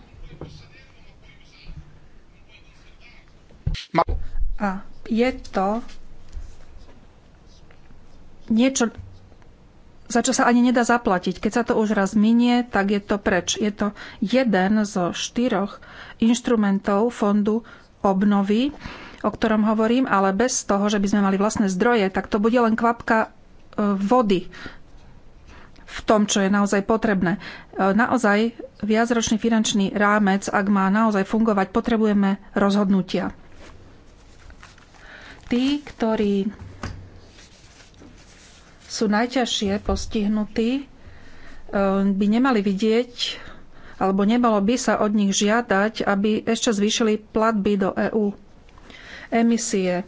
A je to niečo, za čo sa ani nedá zaplatiť. Keď sa to už raz minie, tak je to preč. Je to jeden zo štyroch inštrumentov fondu obnovy, o ktorom hovorím, ale bez toho, že by sme mali vlastné zdroje, tak to bude len kvapka E, vody v tom, čo je naozaj potrebné. E, naozaj viacročný finančný rámec, ak má naozaj fungovať, potrebujeme rozhodnutia. Tí, ktorí sú najťažšie postihnutí, e, by nemali vidieť alebo nemalo by sa od nich žiadať, aby ešte zvýšili platby do EÚ. Emisie,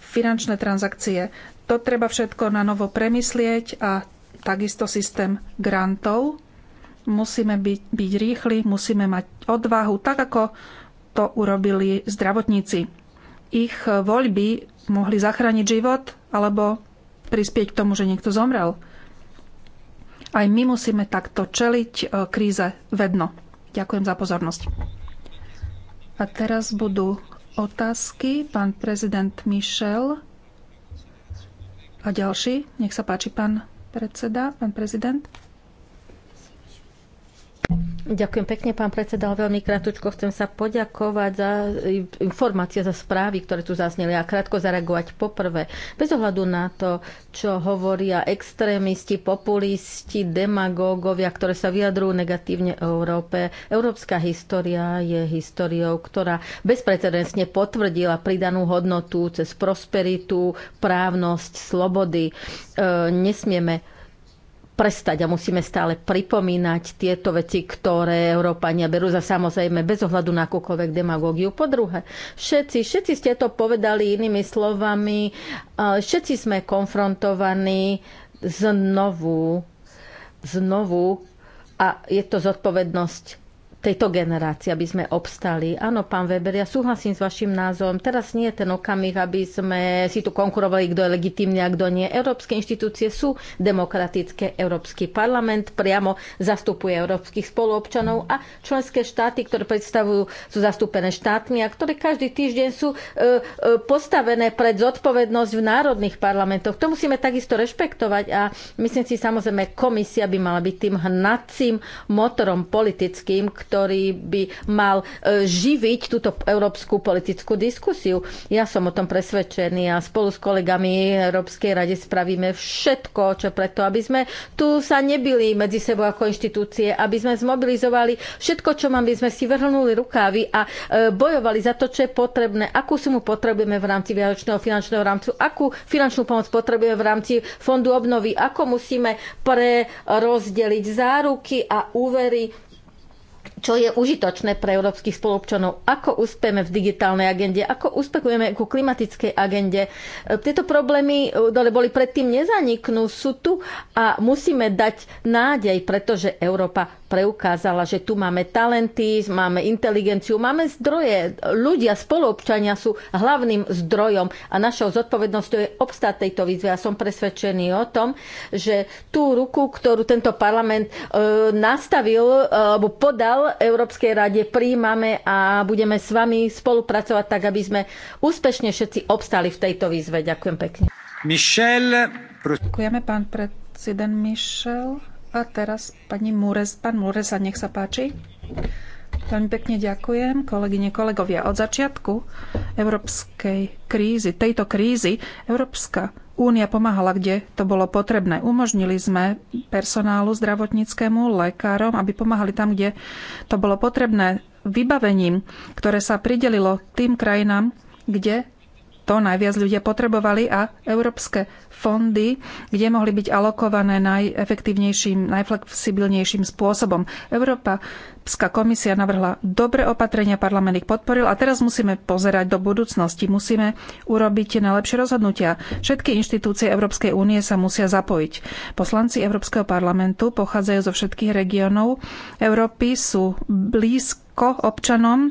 finančné transakcie. To treba všetko na novo premyslieť a takisto systém grantov. Musíme byť, byť rýchli, musíme mať odvahu, tak ako to urobili zdravotníci. Ich voľby mohli zachrániť život alebo prispieť k tomu, že niekto zomrel. Aj my musíme takto čeliť e, kríze vedno. Ďakujem za pozornosť. A teraz budú otázky. Pán prezident Michel. A ďalší, nech sa páči, pán predseda, pán prezident. Ďakujem pekne, pán predseda. Veľmi krátko chcem sa poďakovať za informácie, za správy, ktoré tu zazneli a krátko zareagovať poprvé. Bez ohľadu na to, čo hovoria extrémisti, populisti, demagógovia, ktoré sa vyjadrujú negatívne Európe, európska história je históriou, ktorá bezprecedensne potvrdila pridanú hodnotu cez prosperitu, právnosť, slobody. E, nesmieme prestať a musíme stále pripomínať tieto veci, ktoré Európania berú za samozrejme bez ohľadu na akúkoľvek demagógiu. Po druhé, všetci, všetci ste to povedali inými slovami, e, všetci sme konfrontovaní znovu, znovu a je to zodpovednosť tejto generácie, aby sme obstali. Áno, pán Weber, ja súhlasím s vašim názorom. Teraz nie je ten okamih, aby sme si tu konkurovali, kto je legitimný a kto nie. Európske inštitúcie sú demokratické. Európsky parlament priamo zastupuje európskych spoluobčanov a členské štáty, ktoré predstavujú, sú zastúpené štátmi a ktoré každý týždeň sú e, e, postavené pred zodpovednosť v národných parlamentoch. To musíme takisto rešpektovať a myslím si samozrejme, komisia by mala byť tým hnacím motorom politickým, ktorý by mal e, živiť túto európsku politickú diskusiu. Ja som o tom presvedčený a spolu s kolegami Európskej rade spravíme všetko, čo preto, aby sme tu sa nebili medzi sebou ako inštitúcie, aby sme zmobilizovali všetko, čo mám, aby sme si vrhnuli rukávy a e, bojovali za to, čo je potrebné, akú sumu potrebujeme v rámci vianočného finančného rámcu, akú finančnú pomoc potrebujeme v rámci fondu obnovy, ako musíme prerozdeliť záruky a úvery čo je užitočné pre európskych spolupčanov, ako uspeme v digitálnej agende, ako uspekujeme ku klimatickej agende. E, tieto problémy, e, ktoré boli predtým, nezaniknú, sú tu a musíme dať nádej, pretože Európa preukázala, že tu máme talenty, máme inteligenciu, máme zdroje. Ľudia, spoluobčania sú hlavným zdrojom a našou zodpovednosťou je obstáť tejto výzve. Ja som presvedčený o tom, že tú ruku, ktorú tento parlament e, nastavil e, alebo e, podal, Európskej rade príjmame a budeme s vami spolupracovať tak, aby sme úspešne všetci obstali v tejto výzve. Ďakujem pekne. Michel. Ďakujeme, pán prezident Michel. A teraz pani Mures, pán Mures, a nech sa páči. Veľmi pekne ďakujem, kolegyne, kolegovia. Od začiatku európskej krízy, tejto krízy, Európska Únia pomáhala, kde to bolo potrebné. Umožnili sme personálu zdravotníckému, lekárom, aby pomáhali tam, kde to bolo potrebné, vybavením, ktoré sa pridelilo tým krajinám, kde to najviac ľudia potrebovali a európske fondy, kde mohli byť alokované najefektívnejším, najflexibilnejším spôsobom. Európska komisia navrhla dobre opatrenia, parlament ich podporil a teraz musíme pozerať do budúcnosti. Musíme urobiť najlepšie rozhodnutia. Všetky inštitúcie Európskej únie sa musia zapojiť. Poslanci Európskeho parlamentu pochádzajú zo všetkých regiónov Európy, sú blízko občanom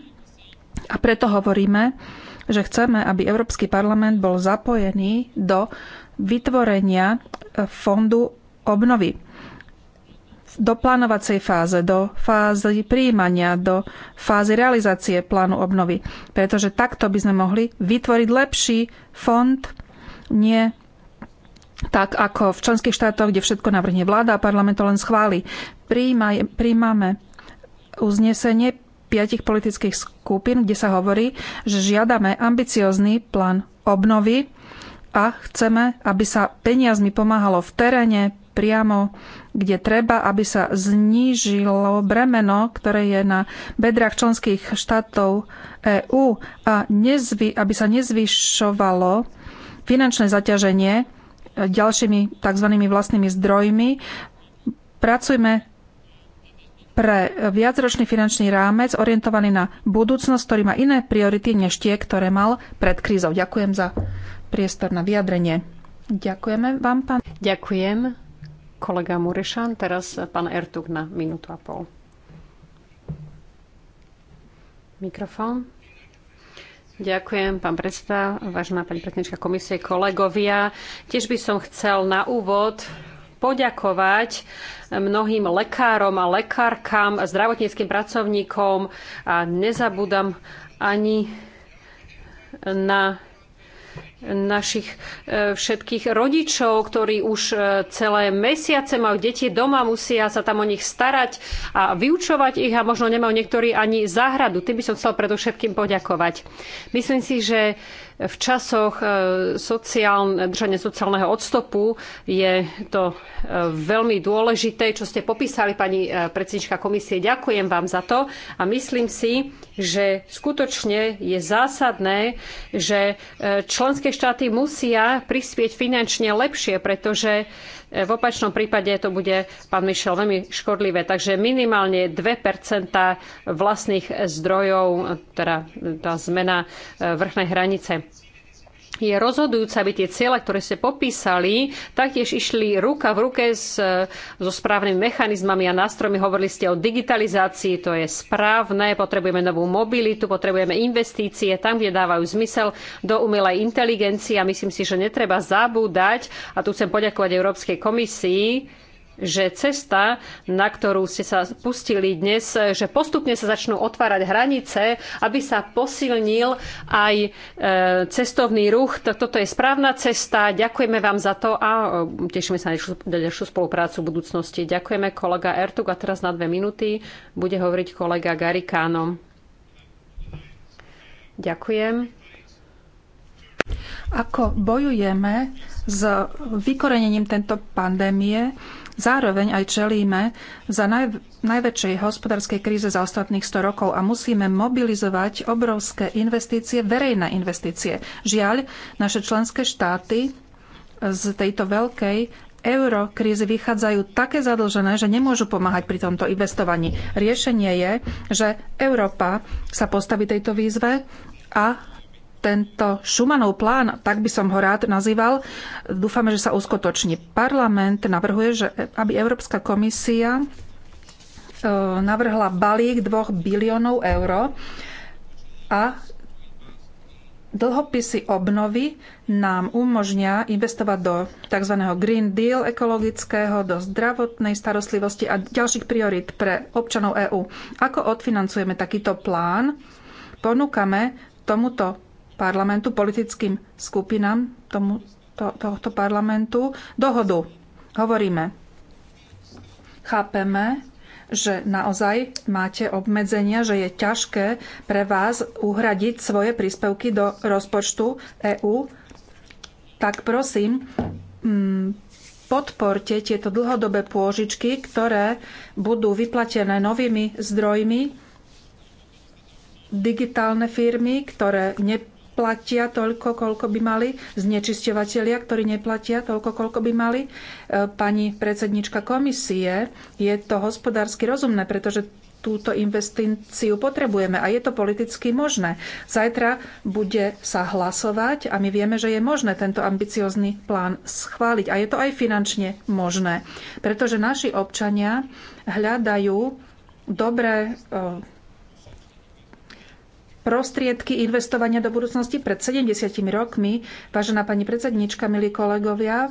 a preto hovoríme, že chceme, aby Európsky parlament bol zapojený do vytvorenia e, fondu obnovy do plánovacej fáze, do fázy príjmania, do fázy realizácie plánu obnovy. Pretože takto by sme mohli vytvoriť lepší fond, nie tak ako v členských štátoch, kde všetko navrhne vláda a parlament to len schváli. Príjmaj, príjmame uznesenie piatich politických skupín, kde sa hovorí, že žiadame ambiciózny plán obnovy a chceme, aby sa peniazmi pomáhalo v teréne, priamo, kde treba, aby sa znížilo bremeno, ktoré je na bedrách členských štátov EÚ a nezvy, aby sa nezvyšovalo finančné zaťaženie ďalšími tzv. vlastnými zdrojmi. Pracujme pre viacročný finančný rámec orientovaný na budúcnosť, ktorý má iné priority než tie, ktoré mal pred krízou. Ďakujem za priestor na vyjadrenie. Ďakujeme vám, pán. Ďakujem, kolega Murešan. Teraz pán Ertug na minútu a pol. Mikrofón. Ďakujem, pán predseda, vážená pani predsednička komisie, kolegovia. Tiež by som chcel na úvod poďakovať mnohým lekárom a lekárkam, zdravotníckým pracovníkom a nezabúdam ani na našich e, všetkých rodičov, ktorí už e, celé mesiace majú deti doma, musia sa tam o nich starať a vyučovať ich a možno nemajú niektorí ani záhradu. Tým by som chcel predovšetkým poďakovať. Myslím si, že v časoch e, držania sociálneho odstopu je to e, veľmi dôležité, čo ste popísali, pani e, predsednička komisie. Ďakujem vám za to a myslím si, že skutočne je zásadné, že členské štáty musia prispieť finančne lepšie, pretože v opačnom prípade to bude, pán Mišel, veľmi škodlivé. Takže minimálne 2 vlastných zdrojov, teda tá zmena e, vrchnej hranice je rozhodujúce, aby tie ciele, ktoré ste popísali, taktiež išli ruka v ruke s, so správnymi mechanizmami a nástrojmi. Hovorili ste o digitalizácii, to je správne, potrebujeme novú mobilitu, potrebujeme investície tam, kde dávajú zmysel do umelej inteligencie a myslím si, že netreba zabúdať, a tu chcem poďakovať Európskej komisii, že cesta, na ktorú ste sa pustili dnes, že postupne sa začnú otvárať hranice, aby sa posilnil aj e, cestovný ruch. Toto je správna cesta. Ďakujeme vám za to a e, tešíme sa na ďalšiu spoluprácu v budúcnosti. Ďakujeme kolega Ertug a teraz na dve minúty bude hovoriť kolega Garikáno. Ďakujem. Ako bojujeme s vykorenením tento pandémie, Zároveň aj čelíme za naj, najväčšej hospodárskej kríze za ostatných 100 rokov a musíme mobilizovať obrovské investície, verejné investície. Žiaľ, naše členské štáty z tejto veľkej eurokrízy vychádzajú také zadlžené, že nemôžu pomáhať pri tomto investovaní. Riešenie je, že Európa sa postaví tejto výzve a tento Šumanov plán, tak by som ho rád nazýval, dúfame, že sa uskutoční. Parlament navrhuje, že aby Európska komisia e, navrhla balík 2 biliónov eur a dlhopisy obnovy nám umožňa investovať do tzv. Green Deal ekologického, do zdravotnej starostlivosti a ďalších priorit pre občanov EÚ. Ako odfinancujeme takýto plán? Ponúkame tomuto parlamentu, politickým skupinám tomu, to, tohto parlamentu dohodu. Hovoríme, chápeme, že naozaj máte obmedzenia, že je ťažké pre vás uhradiť svoje príspevky do rozpočtu EÚ, tak prosím, mm, podporte tieto dlhodobé pôžičky, ktoré budú vyplatené novými zdrojmi, digitálne firmy, ktoré ne, Platia toľko, koľko by mali, znečisťovateľia, ktorí neplatia toľko, koľko by mali. E, pani predsednička komisie, je to hospodársky rozumné, pretože túto investíciu potrebujeme a je to politicky možné. Zajtra bude sa hlasovať a my vieme, že je možné tento ambiciózny plán schváliť a je to aj finančne možné, pretože naši občania hľadajú dobré e, prostriedky investovania do budúcnosti pred 70 rokmi, vážená pani predsednička, milí kolegovia,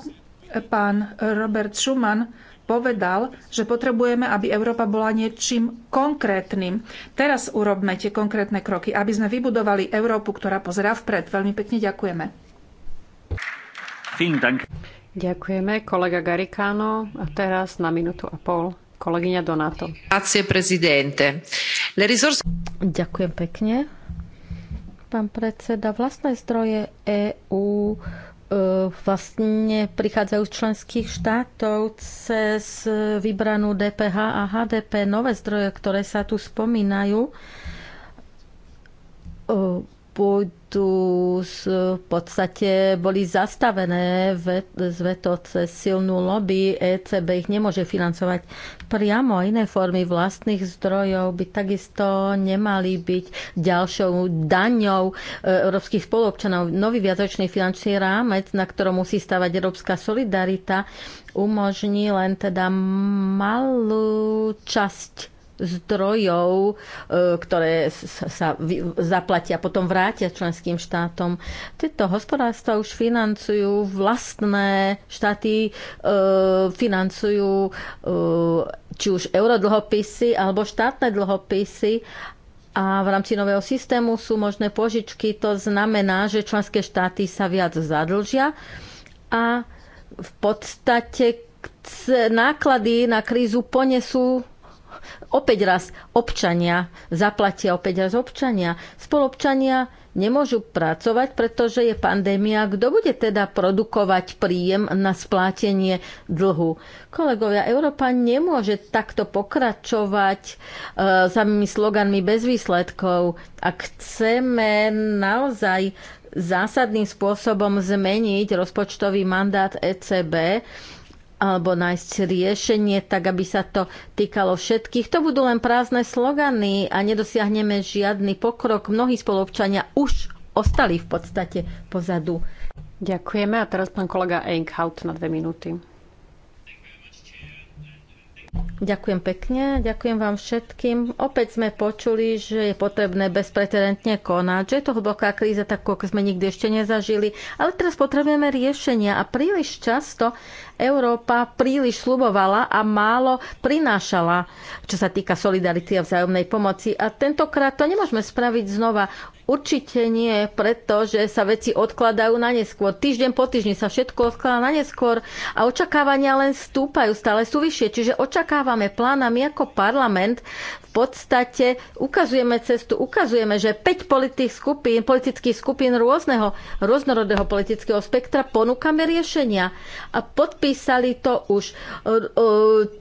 pán Robert Schumann povedal, že potrebujeme, aby Európa bola niečím konkrétnym. Teraz urobme tie konkrétne kroky, aby sme vybudovali Európu, ktorá pozerá vpred. Veľmi pekne ďakujeme. Ďakujeme, kolega Garikáno. A teraz na minútu a pol kolegyňa Donato. Ďakujem pekne pán predseda. Vlastné zdroje EÚ e, vlastne prichádzajú z členských štátov cez vybranú DPH a HDP. Nové zdroje, ktoré sa tu spomínajú, e, budú v podstate boli zastavené z veto cez silnú lobby. ECB ich nemôže financovať priamo. Iné formy vlastných zdrojov by takisto nemali byť ďalšou daňou e, európskych spoluobčanov. Nový viacočný finančný rámec, na ktorom musí stavať európska solidarita, umožní len teda malú časť zdrojov, e, ktoré sa zaplatia, a potom vrátia členským štátom. Tieto hospodárstva už financujú vlastné štáty, e, financujú e, či už eurodlhopisy alebo štátne dlhopisy a v rámci nového systému sú možné požičky. To znamená, že členské štáty sa viac zadlžia a v podstate náklady na krízu ponesú opäť raz občania, zaplatia opäť raz občania. Spolobčania nemôžu pracovať, pretože je pandémia. Kto bude teda produkovať príjem na splátenie dlhu? Kolegovia, Európa nemôže takto pokračovať e, samými sloganmi bez výsledkov. Ak chceme naozaj zásadným spôsobom zmeniť rozpočtový mandát ECB, alebo nájsť riešenie, tak aby sa to týkalo všetkých. To budú len prázdne slogany a nedosiahneme žiadny pokrok. Mnohí spolupčania už ostali v podstate pozadu. Ďakujeme a teraz pán kolega Enkhout na dve minúty. Ďakujem pekne, ďakujem vám všetkým. Opäť sme počuli, že je potrebné bezprecedentne konať, že je to hlboká kríza, tak ako sme nikdy ešte nezažili. Ale teraz potrebujeme riešenia a príliš často Európa príliš slubovala a málo prinášala, čo sa týka solidarity a vzájomnej pomoci. A tentokrát to nemôžeme spraviť znova. Určite nie, pretože sa veci odkladajú na neskôr. Týždeň po týždni sa všetko odkladá na neskôr a očakávania len stúpajú, stále sú vyššie. Čiže očakávame plán a my ako parlament, podstate ukazujeme cestu, ukazujeme, že 5 politických skupín, politických skupín rôzneho, rôznorodého politického spektra ponúkame riešenia. A podpísali to už e, e,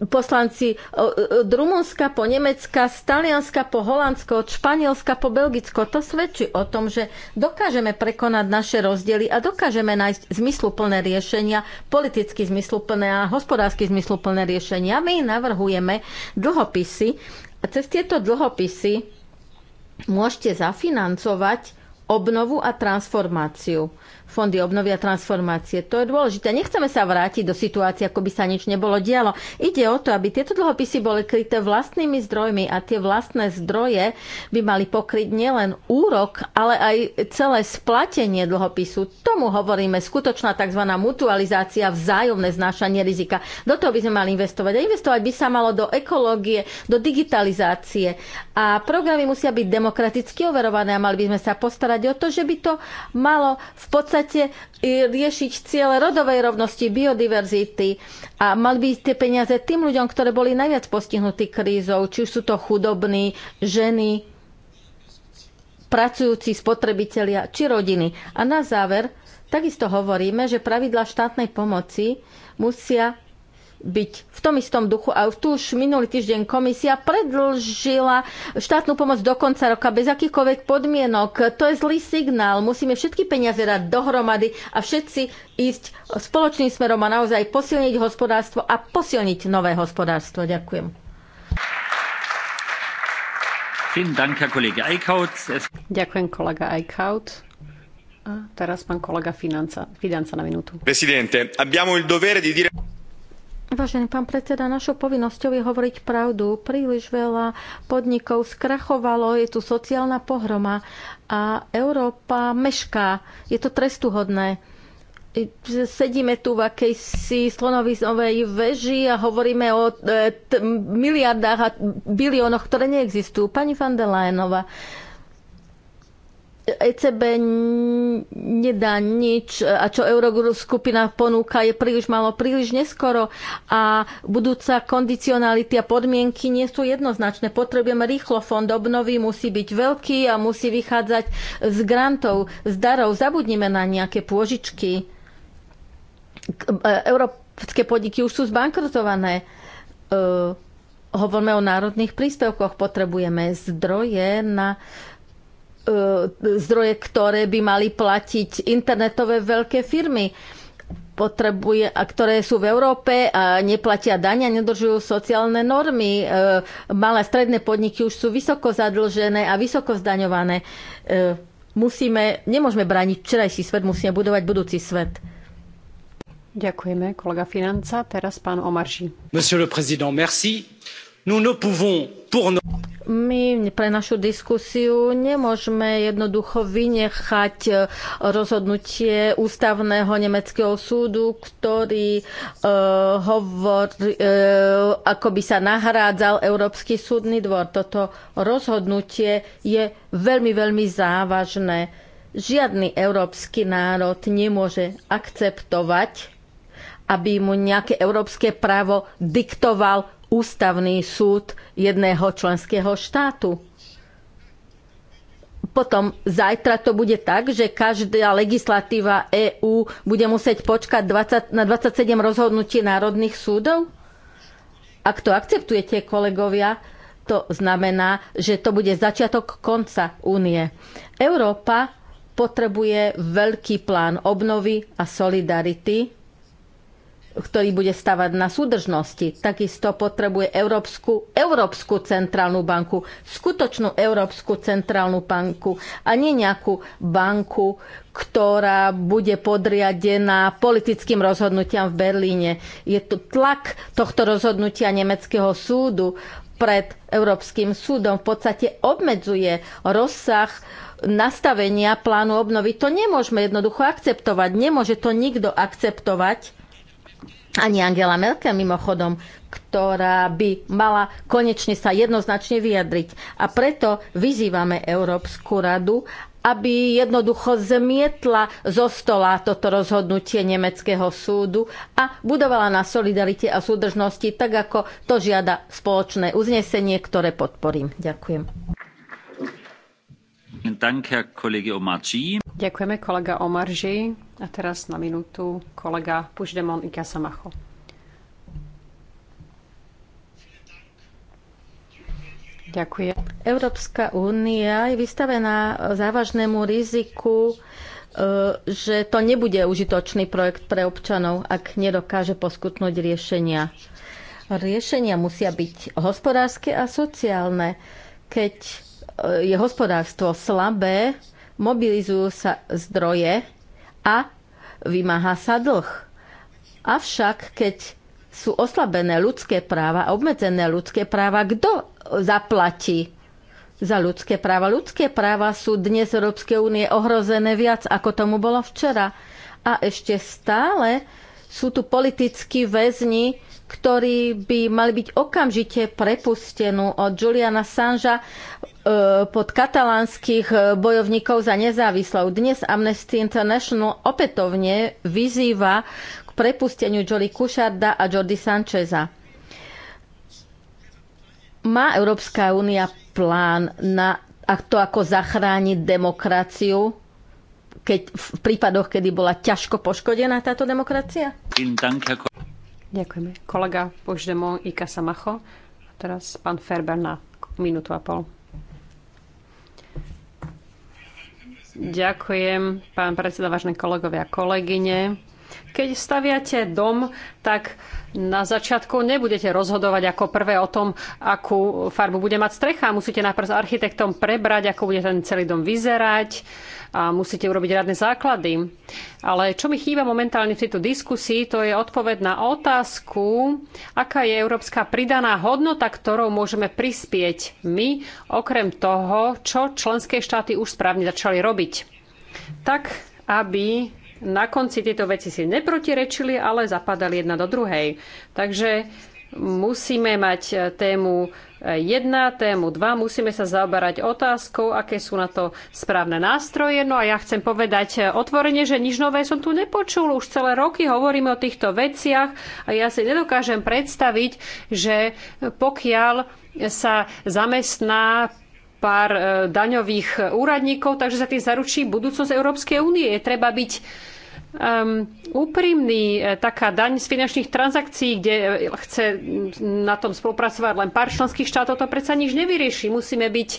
poslanci od e, Rumunska po Nemecka, z Talianska po Holandsko, od Španielska po Belgicko. To svedčí o tom, že dokážeme prekonať naše rozdiely a dokážeme nájsť zmysluplné riešenia, politicky zmysluplné a hospodársky zmysluplné riešenia. My navrhujeme dlhopisy cez tieto dlhopisy môžete zafinancovať obnovu a transformáciu fondy obnovia transformácie. To je dôležité. Nechceme sa vrátiť do situácie, ako by sa nič nebolo dialo. Ide o to, aby tieto dlhopisy boli kryté vlastnými zdrojmi a tie vlastné zdroje by mali pokryť nielen úrok, ale aj celé splatenie dlhopisu. Tomu hovoríme skutočná tzv. mutualizácia, vzájomné znášanie rizika. Do toho by sme mali investovať. A investovať by sa malo do ekológie, do digitalizácie. A programy musia byť demokraticky overované a mali by sme sa postarať o to, že by to malo v podstate podstate e, riešiť ciele rodovej rovnosti, biodiverzity a mali by tie peniaze tým ľuďom, ktoré boli najviac postihnutí krízou, či už sú to chudobní, ženy, pracujúci spotrebitelia či rodiny. A na záver, takisto hovoríme, že pravidla štátnej pomoci musia byť v tom istom duchu. A tu už minulý týždeň komisia predlžila štátnu pomoc do konca roka bez akýchkoľvek podmienok. To je zlý signál. Musíme všetky peniaze dať dohromady a všetci ísť spoločným smerom a naozaj posilniť hospodárstvo a posilniť nové hospodárstvo. Ďakujem. Ďakujem, kolega Eichhout. A teraz pán kolega Financa, Financa na minútu. Presidente, abbiamo il dovere di dire... Vážený pán predseda, našou povinnosťou je hovoriť pravdu. Príliš veľa podnikov skrachovalo, je tu sociálna pohroma a Európa mešká. Je to trestuhodné. Sedíme tu v akejsi slonovizovej veži a hovoríme o e, miliardách a biliónoch, ktoré neexistujú. Pani van der Leyenová, ECB nedá nič e, a čo Euroguru skupina ponúka je príliš malo, príliš neskoro a budúca kondicionality a podmienky nie sú jednoznačné. Potrebujeme rýchlo fond obnovy, musí byť veľký a musí vychádzať z grantov, z darov. Zabudnime na nejaké pôžičky. E, európske podniky už sú zbankrotované e, hovoríme o národných príspevkoch, potrebujeme zdroje na E, zdroje, ktoré by mali platiť internetové veľké firmy potrebuje, a ktoré sú v Európe a neplatia dania, nedržujú sociálne normy. E, malé stredné podniky už sú vysoko zadlžené a vysoko zdaňované. E, musíme, nemôžeme brániť včerajší svet, musíme budovať budúci svet. Ďakujeme, kolega Financa. Teraz pán Omarší. Monsieur le président, merci. No- My pre našu diskusiu nemôžeme jednoducho vynechať e, rozhodnutie ústavného nemeckého súdu, ktorý e, hovorí, e, ako by sa nahrádzal Európsky súdny dvor. Toto rozhodnutie je veľmi, veľmi závažné. Žiadny európsky národ nemôže akceptovať, aby mu nejaké európske právo diktoval ústavný súd jedného členského štátu. Potom zajtra to bude tak, že každá legislatíva EÚ bude musieť počkať 20, na 27 rozhodnutí národných súdov? Ak to akceptujete, kolegovia, to znamená, že to bude začiatok konca únie. Európa potrebuje veľký plán obnovy a solidarity ktorý bude stavať na súdržnosti. Takisto potrebuje Európsku, Európsku centrálnu banku, skutočnú Európsku centrálnu banku a nie nejakú banku, ktorá bude podriadená politickým rozhodnutiam v Berlíne. Je tu tlak tohto rozhodnutia nemeckého súdu pred Európskym súdom v podstate obmedzuje rozsah nastavenia plánu obnovy. To nemôžeme jednoducho akceptovať. Nemôže to nikto akceptovať ani Angela Merkel mimochodom, ktorá by mala konečne sa jednoznačne vyjadriť. A preto vyzývame Európsku radu, aby jednoducho zmietla zo stola toto rozhodnutie nemeckého súdu a budovala na solidarite a súdržnosti, tak ako to žiada spoločné uznesenie, ktoré podporím. Ďakujem. Ďakujeme kolega Omarži. A teraz na minútu kolega Puždemon Ikasamacho. Ďakujem. Európska únia je vystavená závažnému riziku, e, že to nebude užitočný projekt pre občanov, ak nedokáže poskutnúť riešenia. Riešenia musia byť hospodárske a sociálne. Keď E, je hospodárstvo slabé, mobilizujú sa zdroje a vymáha sa dlh. Avšak, keď sú oslabené ľudské práva, a obmedzené ľudské práva, kto zaplatí za ľudské práva? Ľudské práva sú dnes Európskej únie ohrozené viac, ako tomu bolo včera. A ešte stále sú tu politickí väzni, ktorí by mali byť okamžite prepustenú od Juliana Sanža E, pod katalánskych e, bojovníkov za nezávislou. Dnes Amnesty International opätovne vyzýva k prepusteniu Jolly Kušarda a Jordi Sancheza. Má Európska únia plán na to, ako zachrániť demokraciu, keď v prípadoch, kedy bola ťažko poškodená táto demokracia? Ďakujeme. Kolega Poždemo Ika Samacho. A teraz pán Ferber na minútu a pol. Ďakujem, pán predseda, vážne kolegovia a kolegyne. Keď staviate dom, tak na začiatku nebudete rozhodovať ako prvé o tom, akú farbu bude mať strecha. Musíte najprv s architektom prebrať, ako bude ten celý dom vyzerať a musíte urobiť radné základy. Ale čo mi chýba momentálne v tejto diskusii, to je odpoved na otázku, aká je európska pridaná hodnota, ktorou môžeme prispieť my, okrem toho, čo členské štáty už správne začali robiť. Tak, aby na konci tieto veci si neprotirečili, ale zapadali jedna do druhej. Takže musíme mať e, tému 1, e, tému 2, musíme sa zaoberať otázkou, aké sú na to správne nástroje. No a ja chcem povedať e, otvorene, že nič nové som tu nepočul. Už celé roky hovoríme o týchto veciach a ja si nedokážem predstaviť, že pokiaľ sa zamestná pár daňových úradníkov, takže sa tým zaručí budúcnosť Európskej únie. Treba byť um, úprimný, e, taká daň z finančných transakcií, kde e, chce na tom spolupracovať len pár členských štátov, to predsa nič nevyrieši. Musíme byť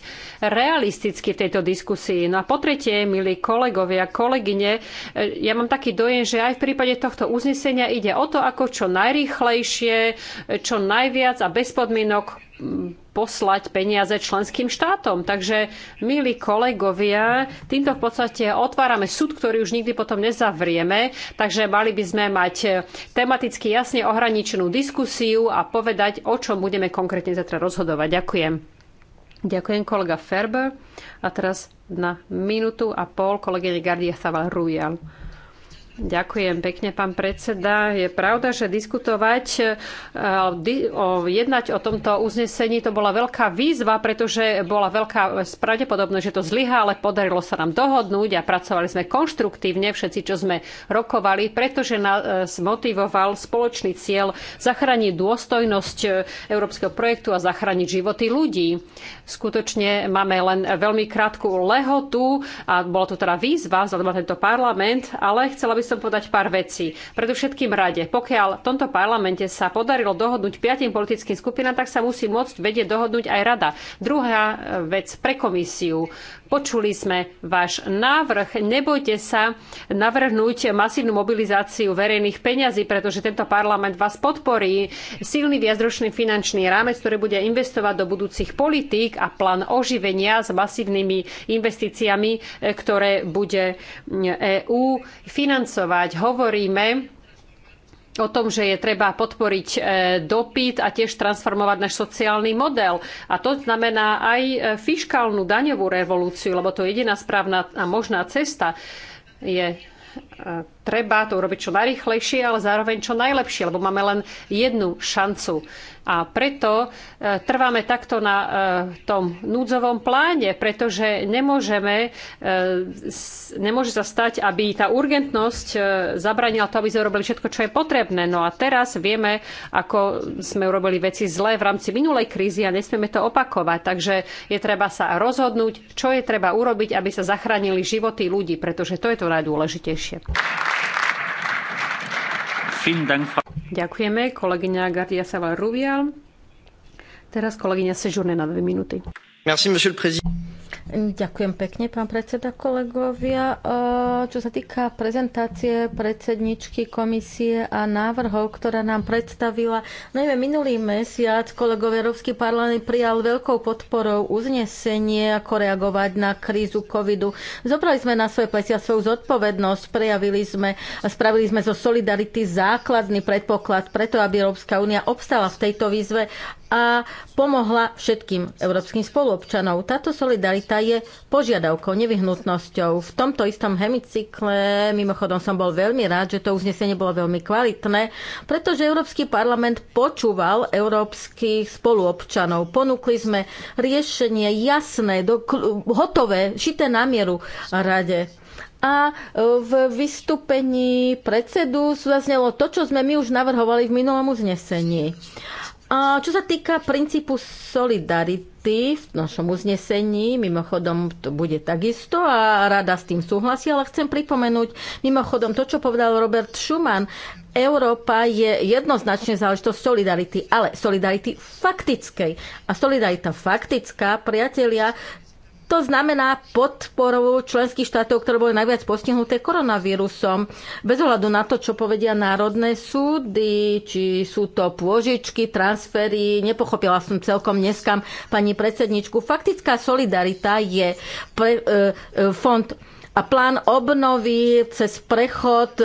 realisticky v tejto diskusii. No a po tretie, milí kolegovia, kolegyne, e, ja mám taký dojem, že aj v prípade tohto uznesenia ide o to, ako čo najrýchlejšie, čo najviac a bez podmienok poslať peniaze členským štátom. Takže, milí kolegovia, týmto v podstate otvárame súd, ktorý už nikdy potom nezavrieme, takže mali by sme mať tematicky jasne ohraničenú diskusiu a povedať, o čom budeme konkrétne zatra rozhodovať. Ďakujem. Ďakujem kolega Ferber. A teraz na minútu a pol kolegyne Gardia Saval Rujal. Ďakujem pekne, pán predseda. Je pravda, že diskutovať, e, jednať o tomto uznesení, to bola veľká výzva, pretože bola veľká e, pravdepodobnosť, že to zlyhá, ale podarilo sa nám dohodnúť a pracovali sme konštruktívne všetci, čo sme rokovali, pretože nás e, motivoval spoločný cieľ zachrániť dôstojnosť európskeho projektu a zachrániť životy ľudí. Skutočne máme len veľmi krátku lehotu a bola to teda výzva vzhľadom na tento parlament, ale chcela by som chcem podať pár vecí. Predovšetkým rade. Pokiaľ v tomto parlamente sa podarilo dohodnúť piatim politickým skupinám, tak sa musí môcť vedieť dohodnúť aj rada. Druhá eh, vec pre komisiu. Počuli sme váš návrh. Nebojte sa navrhnúť masívnu mobilizáciu verejných peňazí, pretože tento parlament vás podporí. Silný viacročný finančný rámec, ktorý bude investovať do budúcich politík a plán oživenia s masívnymi investíciami, ktoré bude EÚ financovať. Hovoríme o tom, že je treba podporiť e, dopyt a tiež transformovať náš sociálny model. A to znamená aj e, fiškálnu daňovú revolúciu, lebo to je jediná správna a možná cesta je treba to urobiť čo najrychlejšie, ale zároveň čo najlepšie, lebo máme len jednu šancu. A preto e, trváme takto na e, tom núdzovom pláne, pretože nemôžeme, e, nemôže sa stať, aby tá urgentnosť zabranila to, aby sme urobili všetko, čo je potrebné. No a teraz vieme, ako sme urobili veci zlé v rámci minulej krízy a nesmieme to opakovať. Takže je treba sa rozhodnúť, čo je treba urobiť, aby sa zachránili životy ľudí, pretože to je to najdôležitejšie. Ďakujeme, kolegyňa Gardia Saval Rubial. Teraz kolegyňa Sežurne na dve minúty. Merci, Ďakujem pekne, pán predseda, kolegovia. E, čo sa týka prezentácie predsedničky komisie a návrhov, ktorá nám predstavila, najmä minulý mesiac kolegovia Európsky parlament prijal veľkou podporou uznesenie, ako reagovať na krízu covidu. Zobrali sme na svoje plecia svoju zodpovednosť, prejavili sme a spravili sme zo solidarity základný predpoklad preto, aby Európska únia obstala v tejto výzve a pomohla všetkým európskym spoluobčanom. Táto solidarita Solidarita je požiadavkou, nevyhnutnosťou. V tomto istom hemicykle, mimochodom som bol veľmi rád, že to uznesenie bolo veľmi kvalitné, pretože Európsky parlament počúval európskych spoluobčanov. Ponúkli sme riešenie jasné, do, hotové, šité na mieru rade a e, v vystúpení predsedu zaznelo to, čo sme my už navrhovali v minulom uznesení. Čo sa týka princípu solidarity v našom uznesení, mimochodom to bude takisto a rada s tým súhlasí, ale chcem pripomenúť mimochodom to, čo povedal Robert Schumann, Európa je jednoznačne záležitosť solidarity, ale solidarity faktickej. A solidarita faktická, priatelia, to znamená podporu členských štátov, ktoré boli najviac postihnuté koronavírusom. Bez ohľadu na to, čo povedia národné súdy, či sú to pôžičky, transfery, nepochopila som celkom dneskam pani predsedničku. Faktická solidarita je pre, e, e, fond a plán obnovy cez prechod, e,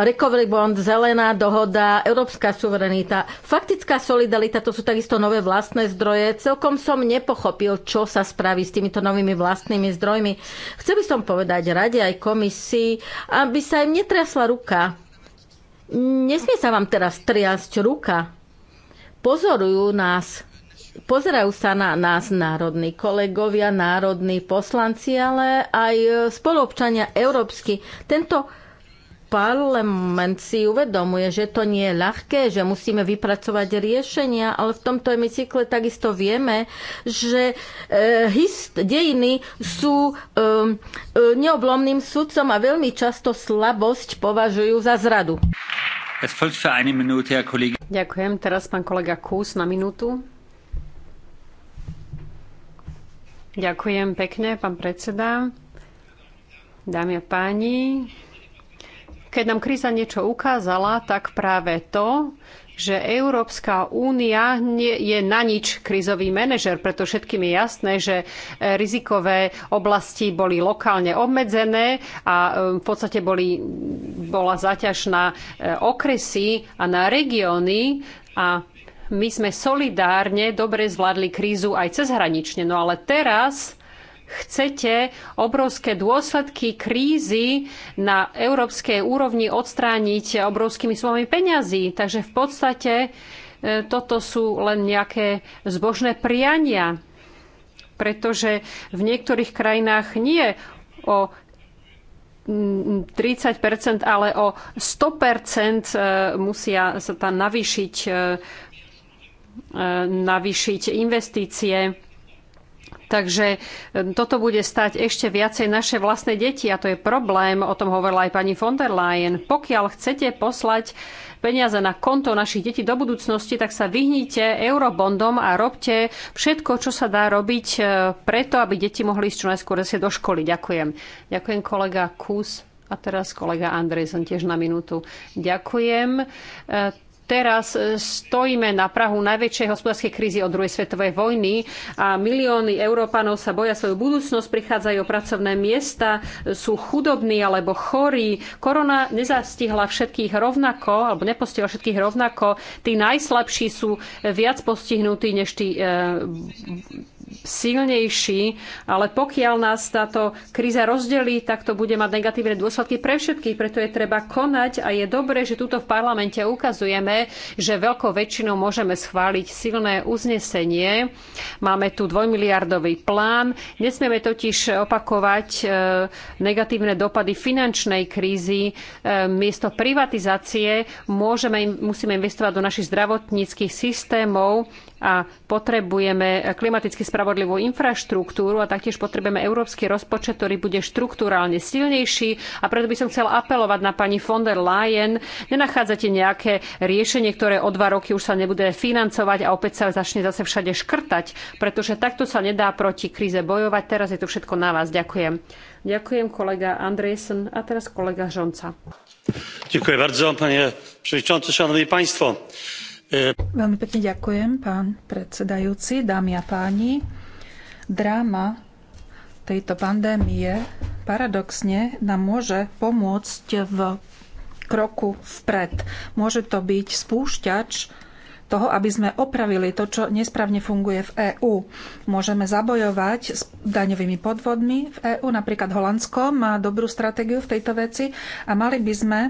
recovery bond, zelená dohoda, európska suverenita, faktická solidarita, to sú takisto nové vlastné zdroje. Celkom som nepochopil, čo sa spraví s týmito novými vlastnými zdrojmi. Chcel by som povedať rade aj komisii, aby sa im netriasla ruka. Nesmie sa vám teraz triasť ruka. Pozorujú nás pozerajú sa na nás národní kolegovia, národní poslanci, ale aj spoluobčania európsky. Tento parlament si uvedomuje, že to nie je ľahké, že musíme vypracovať riešenia, ale v tomto hemicykle takisto vieme, že e, hist, dejiny sú e, e, neoblomným sudcom a veľmi často slabosť považujú za zradu. Ďakujem. Teraz pán kolega Kús na minútu. Ďakujem pekne, pán predseda. Dámy a páni, keď nám kríza niečo ukázala, tak práve to, že Európska únia je na nič krízový manažer, pretože všetkým je jasné, že e, rizikové oblasti boli lokálne obmedzené a e, v podstate boli, bola zaťažná na e, okresy a na regióny a my sme solidárne dobre zvládli krízu aj cezhranične. No ale teraz chcete obrovské dôsledky krízy na európskej úrovni odstrániť obrovskými sumami peňazí. Takže v podstate e, toto sú len nejaké zbožné priania, pretože v niektorých krajinách nie o 30%, ale o 100% e, musia sa tam navýšiť e, navýšiť investície. Takže e, toto bude stať ešte viacej naše vlastné deti a to je problém, o tom hovorila aj pani von der Leyen. Pokiaľ chcete poslať peniaze na konto našich detí do budúcnosti, tak sa vyhnite eurobondom a robte všetko, čo sa dá robiť e, preto, aby deti mohli ísť čo najskôr zase do školy. Ďakujem. Ďakujem kolega Kus. A teraz kolega Andrej, som tiež na minútu. Ďakujem. E, Teraz e, stojíme na Prahu najväčšej hospodárskej krízy od druhej svetovej vojny a milióny Európanov sa boja svoju budúcnosť, prichádzajú o pracovné miesta, sú chudobní alebo chorí. Korona nezastihla všetkých rovnako, alebo nepostihla všetkých rovnako. Tí najslabší sú viac postihnutí než tí e, silnejší, ale pokiaľ nás táto kríza rozdelí, tak to bude mať negatívne dôsledky pre všetkých, preto je treba konať a je dobré, že tuto v parlamente ukazujeme, že veľkou väčšinou môžeme schváliť silné uznesenie. Máme tu dvojmiliardový plán. Nesmieme totiž opakovať e, negatívne dopady finančnej krízy. E, miesto privatizácie môžeme, musíme investovať do našich zdravotníckých systémov, a potrebujeme klimaticky spravodlivú infraštruktúru a taktiež potrebujeme európsky rozpočet, ktorý bude štruktúrálne silnejší a preto by som chcela apelovať na pani von der Leyen. Nenachádzate nejaké riešenie, ktoré o dva roky už sa nebude financovať a opäť sa začne zase všade škrtať, pretože takto sa nedá proti kríze bojovať. Teraz je to všetko na vás. Ďakujem. Ďakujem kolega Andresen a teraz kolega Žonca. Ďakujem bardzo, panie przewodniczący, szanowni państwo. E, Veľmi pekne ďakujem, pán predsedajúci, dámy a páni. Dráma tejto pandémie paradoxne nám môže pomôcť v kroku vpred. Môže to byť spúšťač toho, aby sme opravili to, čo nesprávne funguje v EÚ. Môžeme zabojovať s daňovými podvodmi v EÚ. Napríklad Holandsko má dobrú stratégiu v tejto veci a mali by sme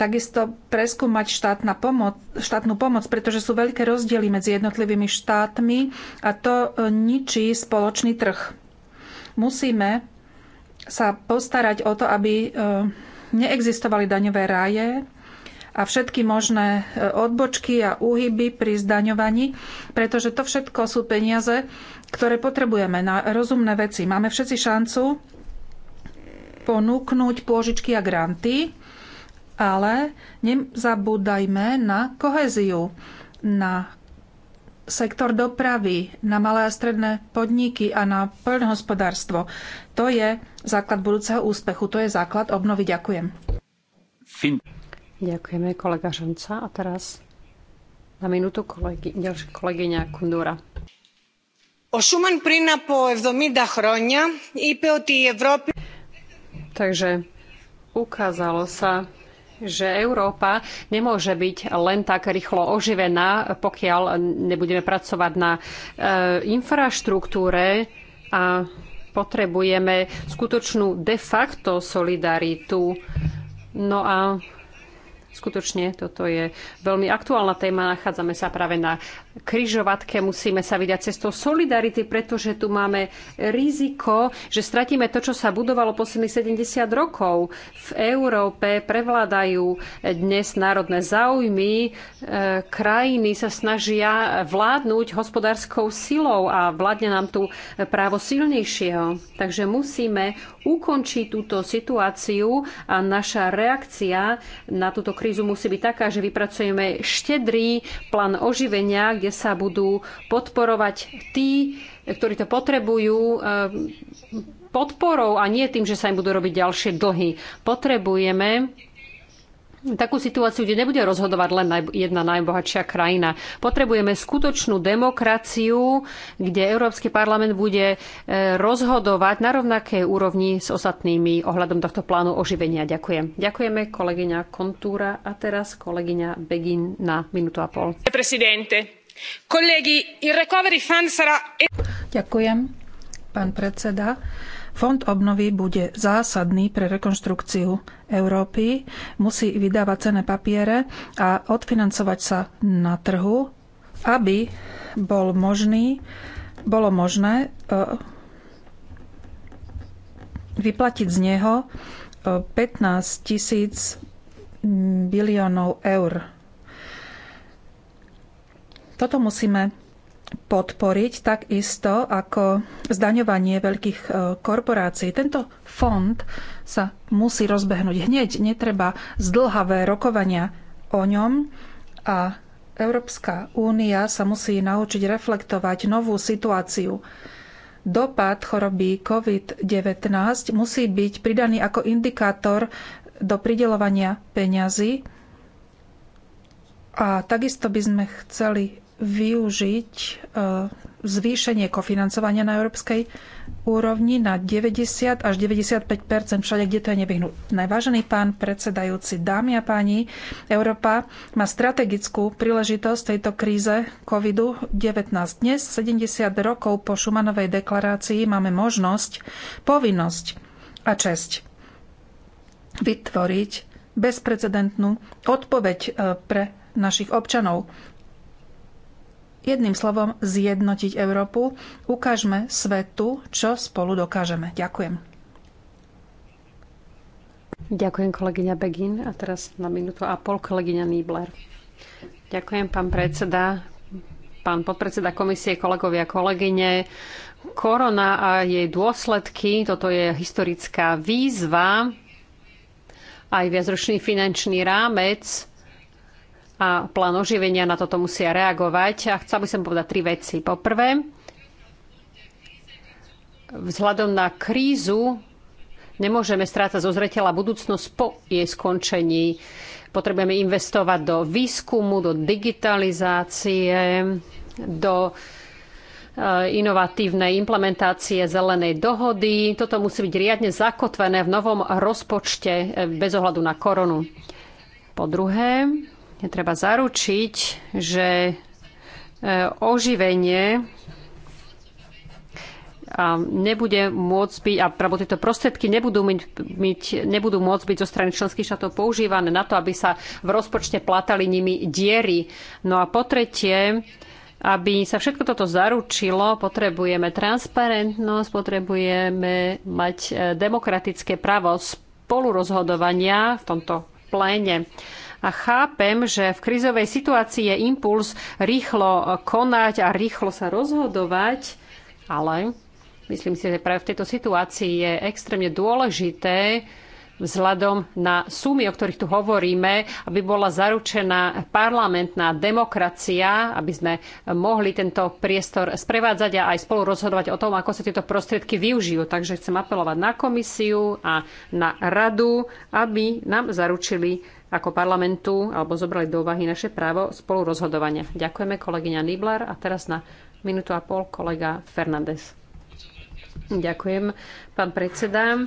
takisto preskúmať štátna pomoc, štátnu pomoc, pretože sú veľké rozdiely medzi jednotlivými štátmi a to e, ničí spoločný trh. Musíme sa postarať o to, aby e, neexistovali daňové ráje a všetky možné e, odbočky a úhyby pri zdaňovaní, pretože to všetko sú peniaze, ktoré potrebujeme na rozumné veci. Máme všetci šancu ponúknuť pôžičky a granty, ale nezabúdajme na koheziu, na sektor dopravy, na malé a stredné podniky a na poľnohospodárstvo. To je základ budúceho úspechu, to je základ obnovy. Ďakujem. Fin. Ďakujeme kolega Žonca a teraz na minútu kolegy, ďalšia kolegyňa Kundúra. O Šuman prina po 70 chronia είπε ότι Takže ukázalo sa, že Európa nemôže byť len tak rýchlo oživená, pokiaľ nebudeme pracovať na e, infraštruktúre a potrebujeme skutočnú de facto solidaritu. No a skutočne toto je veľmi aktuálna téma. Nachádzame sa práve na križovatke musíme sa vydať cestou solidarity, pretože tu máme riziko, že stratíme to, čo sa budovalo posledných 70 rokov. V Európe prevládajú dnes národné záujmy, e, krajiny sa snažia vládnuť hospodárskou silou a vládne nám tu právo silnejšieho. Takže musíme ukončiť túto situáciu a naša reakcia na túto krízu musí byť taká, že vypracujeme štedrý plán oživenia, kde sa budú podporovať tí, ktorí to potrebujú eh, podporou a nie tým, že sa im budú robiť ďalšie dlhy. Potrebujeme takú situáciu, kde nebude rozhodovať len jedna najbohatšia krajina. Potrebujeme skutočnú demokraciu, kde Európsky parlament bude eh, rozhodovať na rovnakej úrovni s ostatnými ohľadom tohto plánu oživenia. Ďakujem. Ďakujeme kolegyňa Kontúra a teraz kolegyňa Begin na minútu a pol. Presidente. Kolegi, il recovery fund sarà... E- Ďakujem, pán predseda. Fond obnovy bude zásadný pre rekonštrukciu Európy, musí vydávať cené papiere a odfinancovať sa na trhu, aby bol možný, bolo možné e, vyplatiť z neho 15 e, tisíc biliónov eur toto musíme podporiť takisto ako zdaňovanie veľkých e, korporácií. Tento fond sa musí rozbehnúť hneď, netreba zdlhavé rokovania o ňom a Európska únia sa musí naučiť reflektovať novú situáciu. Dopad choroby COVID-19 musí byť pridaný ako indikátor do pridelovania peňazí a takisto by sme chceli využiť e, zvýšenie kofinancovania na európskej úrovni na 90 až 95 všade, kde to je nevyhnutné. Vážený pán predsedajúci, dámy a páni, Európa má strategickú príležitosť tejto kríze COVID-19. Dnes, 70 rokov po Šumanovej deklarácii, máme možnosť, povinnosť a česť vytvoriť bezprecedentnú odpoveď e, pre našich občanov. Jedným slovom, zjednotiť Európu. Ukážme svetu, čo spolu dokážeme. Ďakujem. Ďakujem kolegyňa Begin a teraz na minútu a pol kolegyňa Nibler. Ďakujem pán predseda, pán podpredseda komisie, kolegovia, kolegyne. Korona a jej dôsledky, toto je historická výzva, aj viacročný finančný rámec a plán oživenia na toto musia reagovať. A chcela by som povedať tri veci. Poprvé, vzhľadom na krízu nemôžeme strácať zo zretela budúcnosť po jej skončení. Potrebujeme investovať do výskumu, do digitalizácie, do e, inovatívnej implementácie zelenej dohody. Toto musí byť riadne zakotvené v novom rozpočte e, bez ohľadu na koronu. Po druhé, treba zaručiť, že e, oživenie a nebude môcť byť, a tieto prostriedky nebudú, myť, myť, nebudú môcť byť zo strany členských štátov používané na to, aby sa v rozpočte platali nimi diery. No a po tretie, aby sa všetko toto zaručilo, potrebujeme transparentnosť, potrebujeme mať e, demokratické právo spolurozhodovania v tomto pléne. A chápem, že v krizovej situácii je impuls rýchlo konať a rýchlo sa rozhodovať, ale myslím si, že práve v tejto situácii je extrémne dôležité, vzhľadom na sumy, o ktorých tu hovoríme, aby bola zaručená parlamentná demokracia, aby sme mohli tento priestor sprevádzať a aj spolu rozhodovať o tom, ako sa tieto prostriedky využijú. Takže chcem apelovať na komisiu a na radu, aby nám zaručili ako parlamentu alebo zobrali do úvahy naše právo spolu rozhodovania. Ďakujeme kolegyňa Nibler a teraz na minútu a pol kolega Fernández. Ďakujem, pán predseda.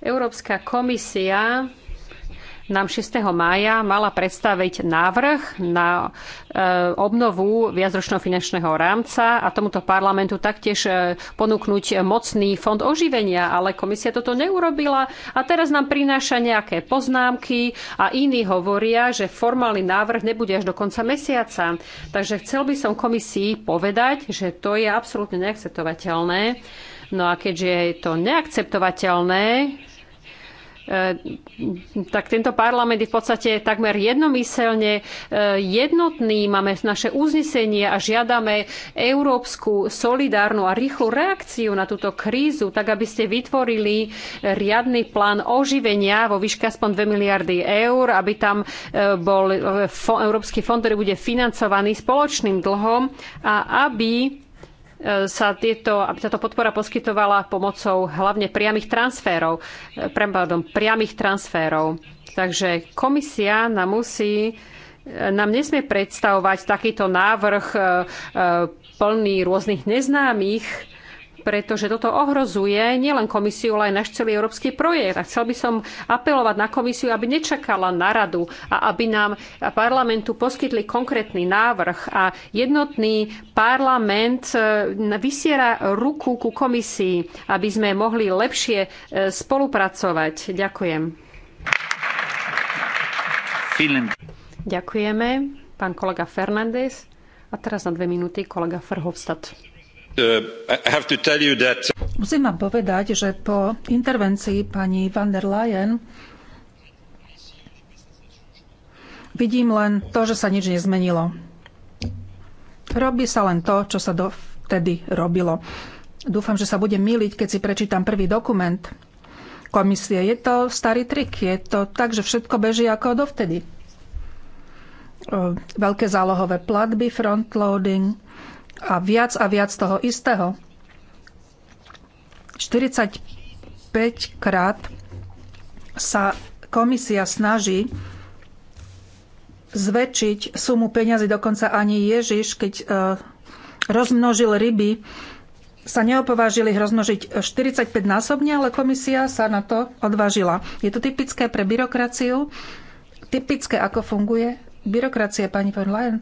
Európska komisia nám 6. mája mala predstaviť návrh na e, obnovu viacročného finančného rámca a tomuto parlamentu taktiež e, ponúknuť mocný fond oživenia, ale komisia toto neurobila a teraz nám prináša nejaké poznámky a iní hovoria, že formálny návrh nebude až do konca mesiaca. Takže chcel by som komisii povedať, že to je absolútne neakceptovateľné. No a keďže je to neakceptovateľné, E, tak tento parlament je v podstate takmer jednomyselne e, jednotný. Máme naše uznesenie a žiadame európsku solidárnu a rýchlu reakciu na túto krízu, tak aby ste vytvorili riadny plán oživenia vo výške aspoň 2 miliardy eur, aby tam e, bol Európsky fond, ktorý bude financovaný spoločným dlhom a aby sa tieto, aby táto podpora poskytovala pomocou hlavne priamých transférov, eh, pardon, priamých transférov. Takže komisia nám musí eh, nám nesmie predstavovať takýto návrh eh, plný rôznych neznámych, pretože toto ohrozuje nielen komisiu, ale aj náš celý európsky projekt. A chcel by som apelovať na komisiu, aby nečakala na radu a aby nám parlamentu poskytli konkrétny návrh. A jednotný parlament e, vysiera ruku ku komisii, aby sme mohli lepšie e, spolupracovať. Ďakujem. Ďakujeme, pán kolega Fernández. A teraz na dve minúty kolega Ferhovstad. Uh, Musím vám povedať, že po intervencii pani van der Leyen vidím len to, že sa nič nezmenilo. Robí sa len to, čo sa dovtedy robilo. Dúfam, že sa budem míliť, keď si prečítam prvý dokument komisie. Je to starý trik. Je to tak, že všetko beží ako dovtedy. Uh, veľké zálohové platby, frontloading, a viac a viac toho istého. 45 krát sa komisia snaží zväčšiť sumu peňazí, dokonca ani Ježiš, keď e, rozmnožil ryby, sa neopovážili rozmnožiť 45 násobne, ale komisia sa na to odvážila. Je to typické pre byrokraciu, typické ako funguje byrokracia, pani von Leyen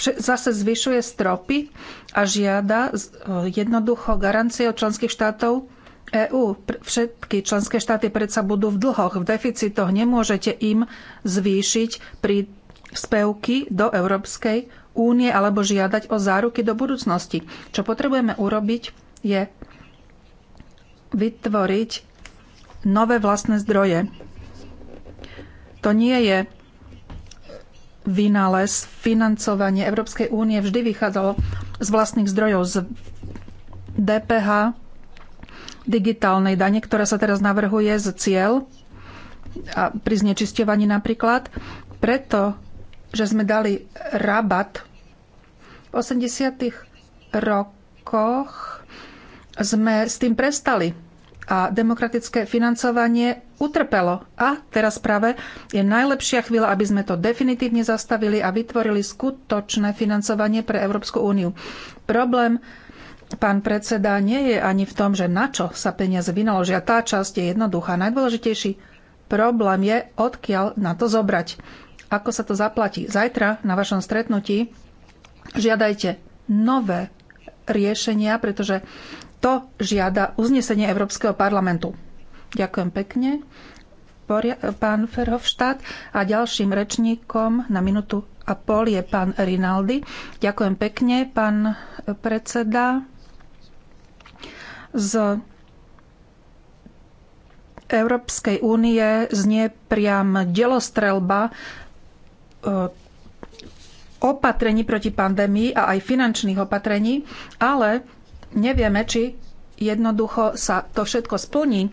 zase zvyšuje stropy a žiada e, jednoducho garancie od členských štátov EÚ. Všetky členské štáty predsa budú v dlhoch, v deficitoch. Nemôžete im zvýšiť pri spevky do Európskej únie alebo žiadať o záruky do budúcnosti. Čo potrebujeme urobiť je vytvoriť nové vlastné zdroje. To nie je vynález, financovanie Európskej únie vždy vychádzalo z vlastných zdrojov, z DPH, digitálnej dane, ktorá sa teraz navrhuje z cieľ, a pri znečisťovaní napríklad, preto, že sme dali rabat v 80. rokoch sme s tým prestali a demokratické financovanie utrpelo. A teraz práve je najlepšia chvíľa, aby sme to definitívne zastavili a vytvorili skutočné financovanie pre Európsku úniu. Problém, pán predseda, nie je ani v tom, že na čo sa peniaze vynaložia. Tá časť je jednoduchá. Najdôležitejší problém je, odkiaľ na to zobrať. Ako sa to zaplatí? Zajtra na vašom stretnutí žiadajte nové riešenia, pretože to žiada uznesenie Európskeho parlamentu. Ďakujem pekne. Pán Ferhofštát a ďalším rečníkom na minútu a pol je pán Rinaldi. Ďakujem pekne, pán predseda. Z Európskej únie znie priam delostrelba e, opatrení proti pandémii a aj finančných opatrení, ale nevieme, či jednoducho sa to všetko splní,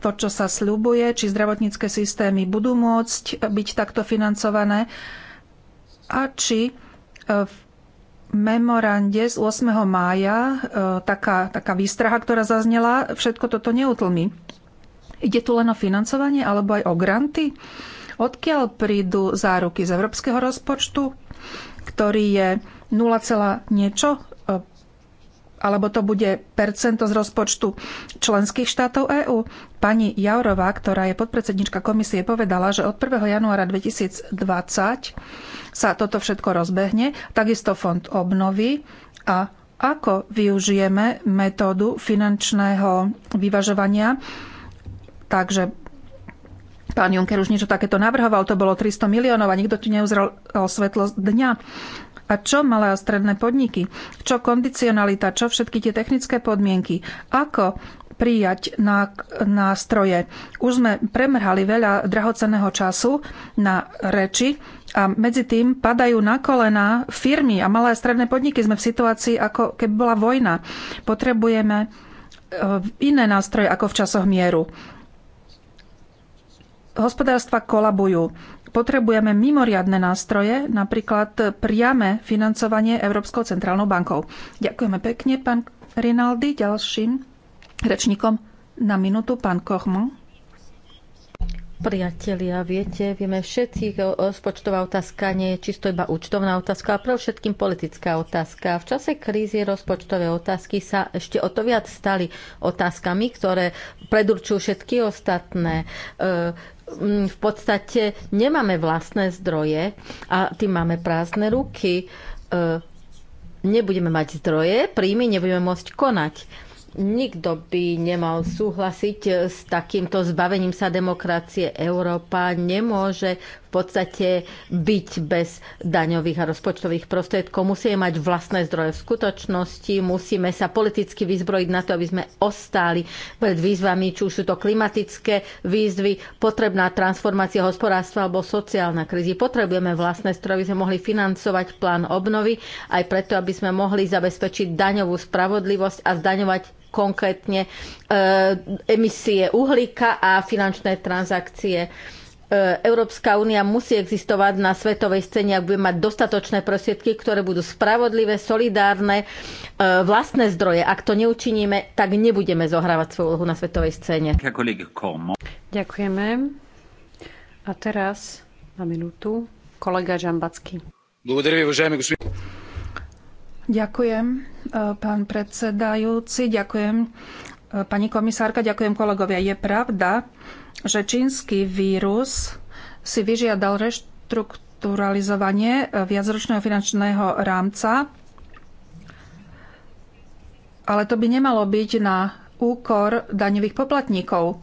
to, čo sa sľubuje, či zdravotnícke systémy budú môcť byť takto financované a či e, v memorande z 8. mája e, taká, taká výstraha, ktorá zaznela, všetko toto neutlmi. Ide tu len o financovanie alebo aj o granty? Odkiaľ prídu záruky z európskeho rozpočtu, ktorý je 0, niečo alebo to bude percento z rozpočtu členských štátov EÚ. Pani Jaurová, ktorá je podpredsednička komisie, povedala, že od 1. januára 2020 sa toto všetko rozbehne, takisto fond obnovy a ako využijeme metódu finančného vyvažovania. Takže pán Juncker už niečo takéto navrhoval, to bolo 300 miliónov a nikto tu neuzrel e, svetlo dňa. A čo malé a stredné podniky? Čo kondicionalita? Čo všetky tie technické podmienky? Ako prijať nástroje. Už sme premrhali veľa drahoceného času na reči a medzi tým padajú na kolena firmy a malé a stredné podniky. Sme v situácii, ako keby bola vojna. Potrebujeme e, iné nástroje ako v časoch mieru. Hospodárstva kolabujú potrebujeme mimoriadne nástroje, napríklad priame financovanie Európskou centrálnou bankou. Ďakujeme pekne, pán Rinaldi. Ďalším rečníkom na minútu, pán Kochmo. Priatelia, viete, vieme všetci, rozpočtová otázka nie je čisto iba účtovná otázka, ale pre všetkým politická otázka. V čase krízy rozpočtové otázky sa ešte o to viac stali otázkami, ktoré predurčujú všetky ostatné. E, Mm, v podstate nemáme vlastné zdroje a tým máme prázdne ruky. E, nebudeme mať zdroje, príjmy nebudeme môcť konať. Nikto by nemal súhlasiť s takýmto zbavením sa demokracie. Európa nemôže v podstate byť bez daňových a rozpočtových prostriedkov. Musíme mať vlastné zdroje v skutočnosti, musíme sa politicky vyzbrojiť na to, aby sme ostáli pred výzvami, či už sú to klimatické výzvy, potrebná transformácia hospodárstva alebo sociálna krízy. Potrebujeme vlastné zdroje, aby sme mohli financovať plán obnovy, aj preto, aby sme mohli zabezpečiť daňovú spravodlivosť a zdaňovať konkrétne e, emisie uhlíka a finančné transakcie. E, Európska únia musí existovať na svetovej scéne, ak bude mať dostatočné prostriedky, ktoré budú spravodlivé, solidárne, e, vlastné zdroje. Ak to neučiníme, tak nebudeme zohrávať svoju úlohu na svetovej scéne. Ďakujeme. A teraz na minútu kolega Žambacký. Ďakujem, e, pán predsedajúci, ďakujem, pani komisárka, ďakujem kolegovia. Je pravda, že čínsky vírus si vyžiadal reštrukturalizovanie e, viacročného finančného rámca, ale to by nemalo byť na úkor daňových poplatníkov.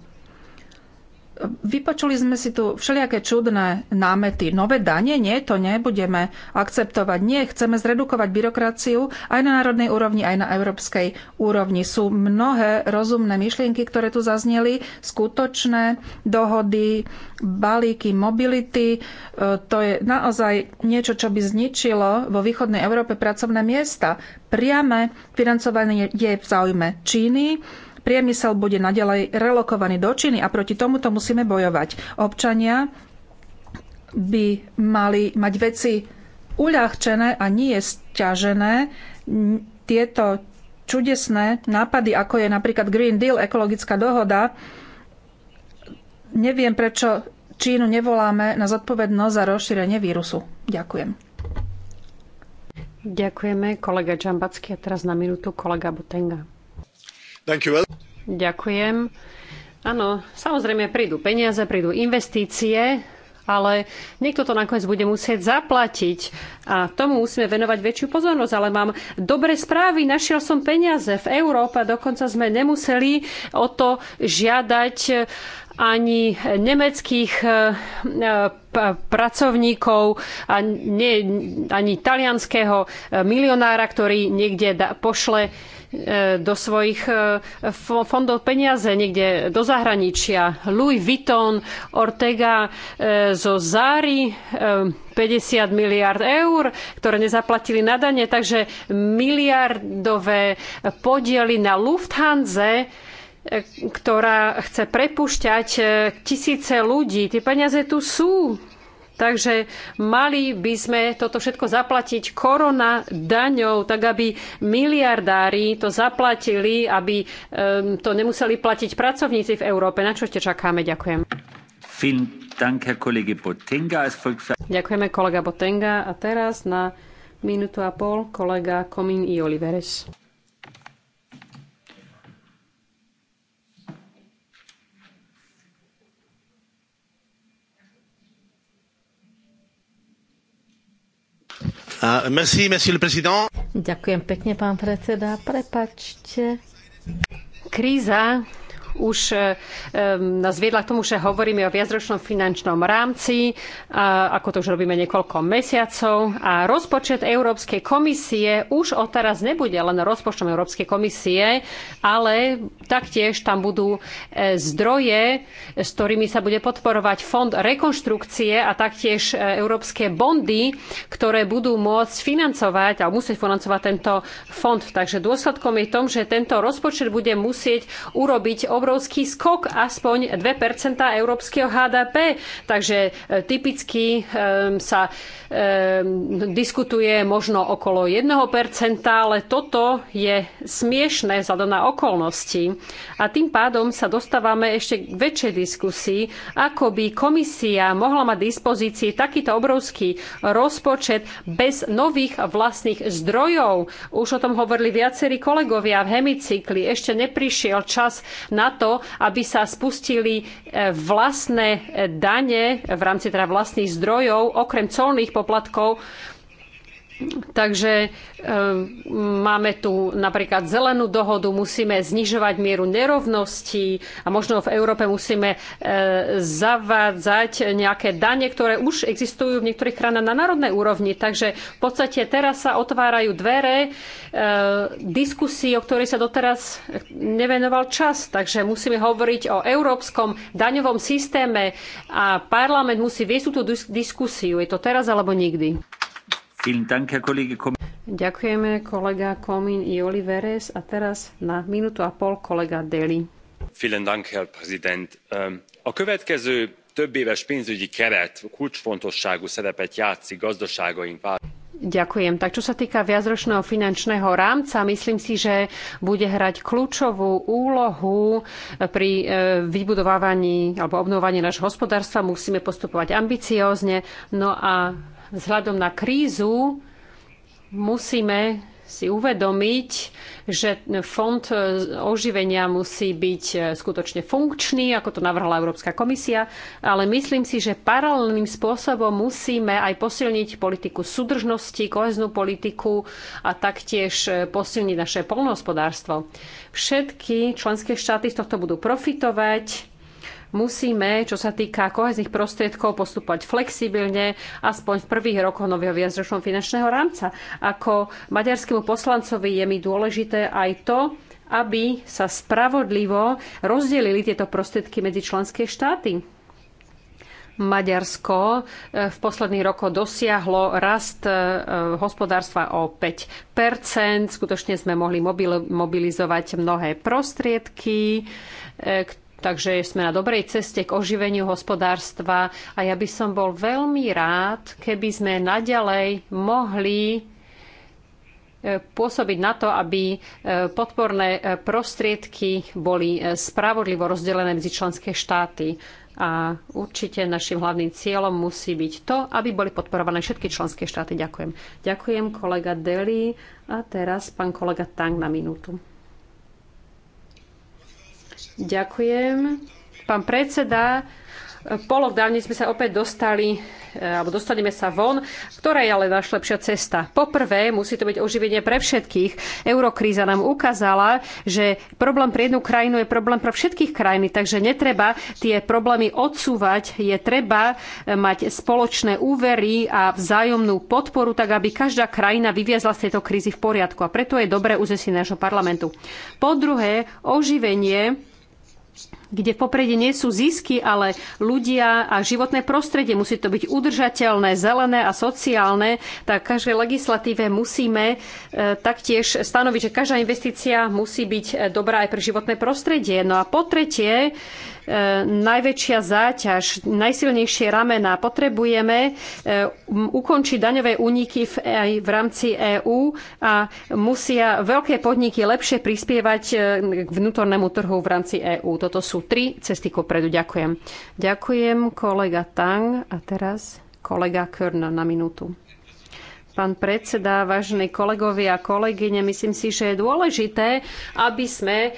Vypočuli sme si tu všelijaké čudné námety. Nové dane? Nie, to nebudeme akceptovať. Nie, chceme zredukovať byrokraciu aj na národnej úrovni, aj na európskej úrovni. Sú mnohé rozumné myšlienky, ktoré tu zazneli, skutočné dohody, balíky mobility. E, to je naozaj niečo, čo by zničilo vo východnej Európe pracovné miesta. Priame financovanie je v záujme Číny, Priemysel bude naďalej relokovaný do Číny a proti tomuto musíme bojovať. Občania by mali mať veci uľahčené a nie stiažené. Tieto čudesné nápady, ako je napríklad Green Deal, ekologická dohoda, neviem prečo Čínu nevoláme na zodpovednosť za rozšírenie vírusu. Ďakujem. Ďakujeme kolega Čambacký a teraz na minútu kolega Butenga. Ďakujem. Áno, samozrejme prídu peniaze, prídu investície, ale niekto to nakoniec bude musieť zaplatiť a tomu musíme venovať väčšiu pozornosť. Ale mám dobré správy, našiel som peniaze v Európe, dokonca sme nemuseli o to žiadať ani nemeckých e, e, pracovníkov, ani talianského e, milionára, ktorý niekde pošle do svojich fondov peniaze niekde do zahraničia. Louis Vuitton, Ortega zo Zári, 50 miliard eur, ktoré nezaplatili na dane, takže miliardové podiely na Lufthanse ktorá chce prepušťať e, tisíce ľudí. Tie peniaze tu sú. Takže mali by sme toto všetko zaplatiť korona daňou, tak aby miliardári to zaplatili, aby to nemuseli platiť pracovníci v Európe. Na čo ešte čakáme? Ďakujem. Ďakujeme kolega Botenga. A teraz na minútu a pol kolega Komín i Oliveres. Uh, merci, monsieur le président. Ďakujem pekne, pán predseda. Prepačte. Kríza už e, nás viedla k tomu, že hovoríme o viacročnom finančnom rámci, ako to už robíme niekoľko mesiacov. A rozpočet Európskej komisie už odteraz nebude len rozpočtom Európskej komisie, ale taktiež tam budú e, zdroje, s ktorými sa bude podporovať fond rekonštrukcie a taktiež e, európske bondy, ktoré budú môcť financovať a musieť financovať tento fond. Takže dôsledkom je tom, že tento rozpočet bude musieť urobiť obrovský skok, aspoň 2% európskeho HDP. Takže e, typicky e, sa e, diskutuje možno okolo 1%, ale toto je smiešné vzhľadom na okolnosti. A tým pádom sa dostávame ešte k väčšej diskusii, ako by komisia mohla mať dispozícii takýto obrovský rozpočet bez nových vlastných zdrojov. Už o tom hovorili viacerí kolegovia v hemicykli. Ešte neprišiel čas na na to, aby sa spustili e, vlastné dane v rámci teda vlastných zdrojov, okrem colných poplatkov, Takže e, máme tu napríklad zelenú dohodu, musíme znižovať mieru nerovností a možno v Európe musíme e, zavádzať nejaké dane, ktoré už existujú v niektorých krajinách na národnej úrovni. Takže v podstate teraz sa otvárajú dvere e, diskusí, o ktorej sa doteraz nevenoval čas. Takže musíme hovoriť o európskom daňovom systéme a parlament musí viesť túto diskusiu. Je to teraz alebo nikdy? Ďakujeme kolega Komín i Oliveres a teraz na minútu a pol kolega Deli. Dank, Herr Präsident. Ähm, a következő több éves pénzügyi keret kulcsfontosságú szerepet játszik gazdaságaink Ďakujem. Tak čo sa týka viacročného finančného rámca, myslím si, že bude hrať kľúčovú úlohu pri e, vybudovávaní alebo obnovovaní nášho hospodárstva. Musíme postupovať ambiciózne. No a vzhľadom na krízu musíme si uvedomiť, že fond oživenia musí byť eh, skutočne funkčný, ako to navrhla Európska komisia, ale myslím si, že paralelným spôsobom musíme aj posilniť politiku súdržnosti, koheznú politiku a taktiež eh, posilniť naše polnohospodárstvo. Všetky členské štáty z tohto budú profitovať musíme, čo sa týka kohezných prostriedkov, postupovať flexibilne, aspoň v prvých rokoch nového viacročného finančného rámca. Ako maďarskému poslancovi je mi dôležité aj to, aby sa spravodlivo rozdelili tieto prostriedky medzi členské štáty. Maďarsko eh, v posledných rokoch dosiahlo rast eh, hospodárstva o 5 Skutočne sme mohli mobilizovať mnohé prostriedky, eh, Takže sme na dobrej ceste k oživeniu hospodárstva a ja by som bol veľmi rád, keby sme naďalej mohli e, pôsobiť na to, aby e, podporné e, prostriedky boli spravodlivo rozdelené medzi členské štáty. A určite našim hlavným cieľom musí byť to, aby boli podporované všetky členské štáty. Ďakujem. Ďakujem kolega Deli a teraz pán kolega Tang na minútu. Ďakujem. Pán predseda, po lockdowne sme sa opäť dostali, e, alebo dostaneme sa von, ktorá je ale naša lepšia cesta. Poprvé, musí to byť oživenie pre všetkých. Eurokríza nám ukázala, že problém pre jednu krajinu je problém pre všetkých krajiny, takže netreba tie problémy odsúvať, je treba e, mať spoločné úvery a vzájomnú podporu, tak aby každá krajina vyviezla z tejto krízy v poriadku. A preto je dobré uznesenie nášho parlamentu. Po druhé, oživenie kde v poprede nie sú zisky, ale ľudia a životné prostredie. Musí to byť udržateľné, zelené a sociálne. Tak každej legislatíve musíme e, taktiež stanoviť, že každá investícia musí byť dobrá aj pre životné prostredie. No a po tretie, E, najväčšia záťaž, najsilnejšie ramená. Potrebujeme e, ukončiť daňové úniky v, aj v rámci EÚ a musia veľké podniky lepšie prispievať e, k vnútornému trhu v rámci EÚ. Toto sú tri cesty kopredu. Ďakujem. Ďakujem kolega Tang a teraz kolega Körner na minútu. Pán predseda, vážení kolegovia a kolegyne, myslím si, že je dôležité, aby sme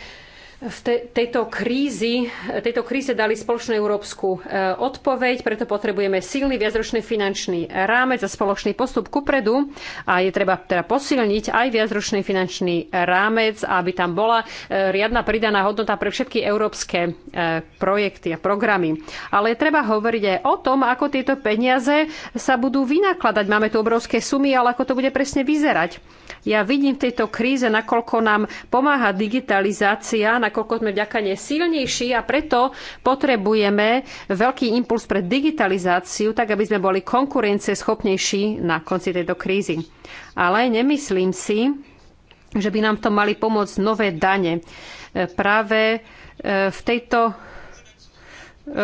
v tejto, krízi, tejto kríze dali spoločnú európsku e, odpoveď, preto potrebujeme silný viacročný finančný rámec a spoločný postup kupredu a je treba teda posilniť aj viacročný finančný rámec, aby tam bola e, riadna pridaná hodnota pre všetky európske e, projekty a programy. Ale je treba hovoriť aj o tom, ako tieto peniaze sa budú vynakladať. Máme tu obrovské sumy, ale ako to bude presne vyzerať. Ja vidím v tejto kríze, nakoľko nám pomáha digitalizácia, nakoľko sme vďaka nej silnejší a preto potrebujeme veľký impuls pre digitalizáciu, tak aby sme boli konkurencieschopnejší na konci tejto krízy. Ale nemyslím si, že by nám to mali pomôcť nové dane. Práve e, v tejto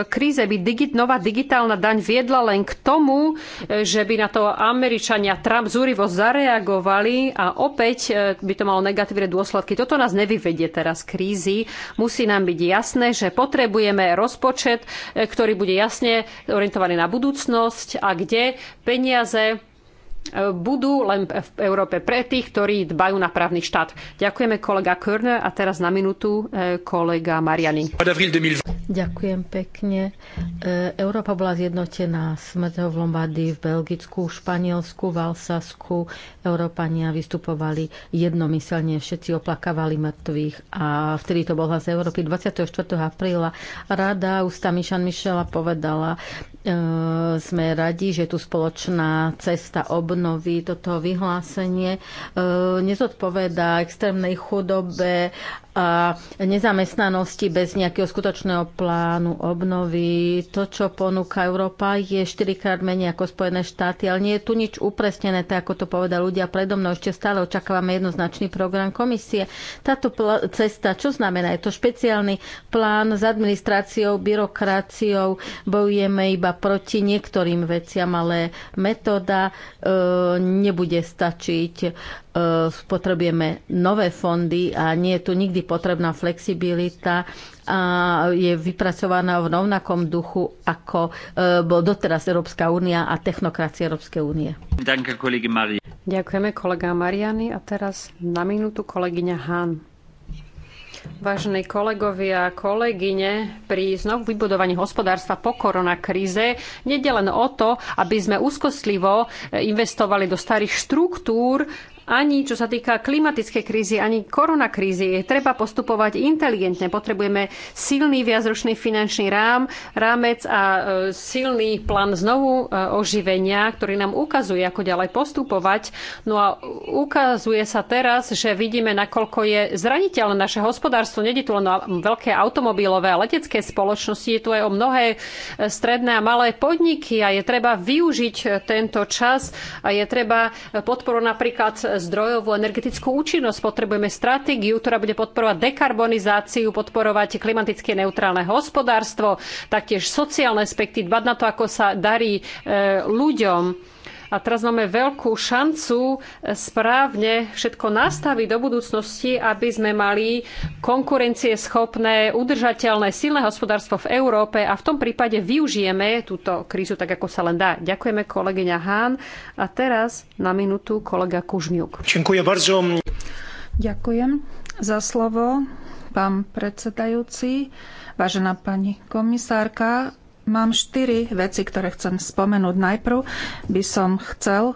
kríze by nová digitálna daň viedla len k tomu, e, že by na to Američania Trump zúrivo zareagovali a opäť e, by to malo negatívne dôsledky. Toto nás nevyvedie teraz krízy. Musí nám byť jasné, že potrebujeme rozpočet, e, ktorý bude jasne orientovaný na budúcnosť a kde peniaze budú len v Európe pre tých, ktorí dbajú na právny štát. Ďakujeme kolega Körner a teraz na minútu eh, kolega Mariani. Ďakujem pekne. Eh, Európa bola zjednotená smrťou v Lombardii, v Belgicku, Španielsku, Valsasku. Európania vystupovali jednomyselne, všetci oplakávali mŕtvych a vtedy to bol hlas Európy. 24. apríla rada ústami Jean Michela povedala, eh, sme radi, že tu spoločná cesta ob obnovy. Toto vyhlásenie e, nezodpovedá extrémnej chudobe a nezamestnanosti bez nejakého skutočného plánu obnovy. To, čo ponúka Európa, je štyrikrát menej ako Spojené štáty, ale nie je tu nič upresnené, tak ako to povedal ľudia predo mnou. Ešte stále očakávame jednoznačný program komisie. Táto cesta, čo znamená? Je to špeciálny plán s administráciou, byrokraciou, bojujeme iba proti niektorým veciam, ale metóda e, nebude stačiť E, potrebujeme nové fondy a nie je tu nikdy potrebná flexibilita a je vypracovaná v rovnakom duchu, ako e, bol doteraz Európska únia a technokracia Európskej únie. Ďakujeme kolega Mariany a teraz na minútu kolegyňa Hán. Vážení kolegovia a kolegyne, pri znovu vybudovaní hospodárstva po koronakríze nejde len o to, aby sme úzkostlivo investovali do starých štruktúr, ani čo sa týka klimatickej krízy, ani koronakrízy. Treba postupovať inteligentne. Potrebujeme silný viacročný finančný rám, rámec a e, silný plán znovu e, oživenia, ktorý nám ukazuje, ako ďalej postupovať. No a ukazuje sa teraz, že vidíme, nakoľko je zraniteľné naše hospodárstvo. Nede tu len veľké automobilové a letecké spoločnosti, je tu aj o mnohé e, stredné a malé podniky a je treba využiť tento čas a je treba podporu napríklad zdrojovú energetickú účinnosť. Potrebujeme stratégiu, ktorá bude podporovať dekarbonizáciu, podporovať klimaticky neutrálne hospodárstvo, taktiež sociálne aspekty, dbať na to, ako sa darí e, ľuďom a teraz máme veľkú šancu správne všetko nastaviť do budúcnosti, aby sme mali konkurencieschopné, udržateľné, silné hospodárstvo v Európe a v tom prípade využijeme túto krízu tak, ako sa len dá. Ďakujeme kolegyňa Hán. A teraz na minútu kolega Kužmiuk. Ďakujem bardzo. Ďakujem za slovo, pán predsedajúci. Vážená pani komisárka, Mám štyri veci, ktoré chcem spomenúť. Najprv by som chcel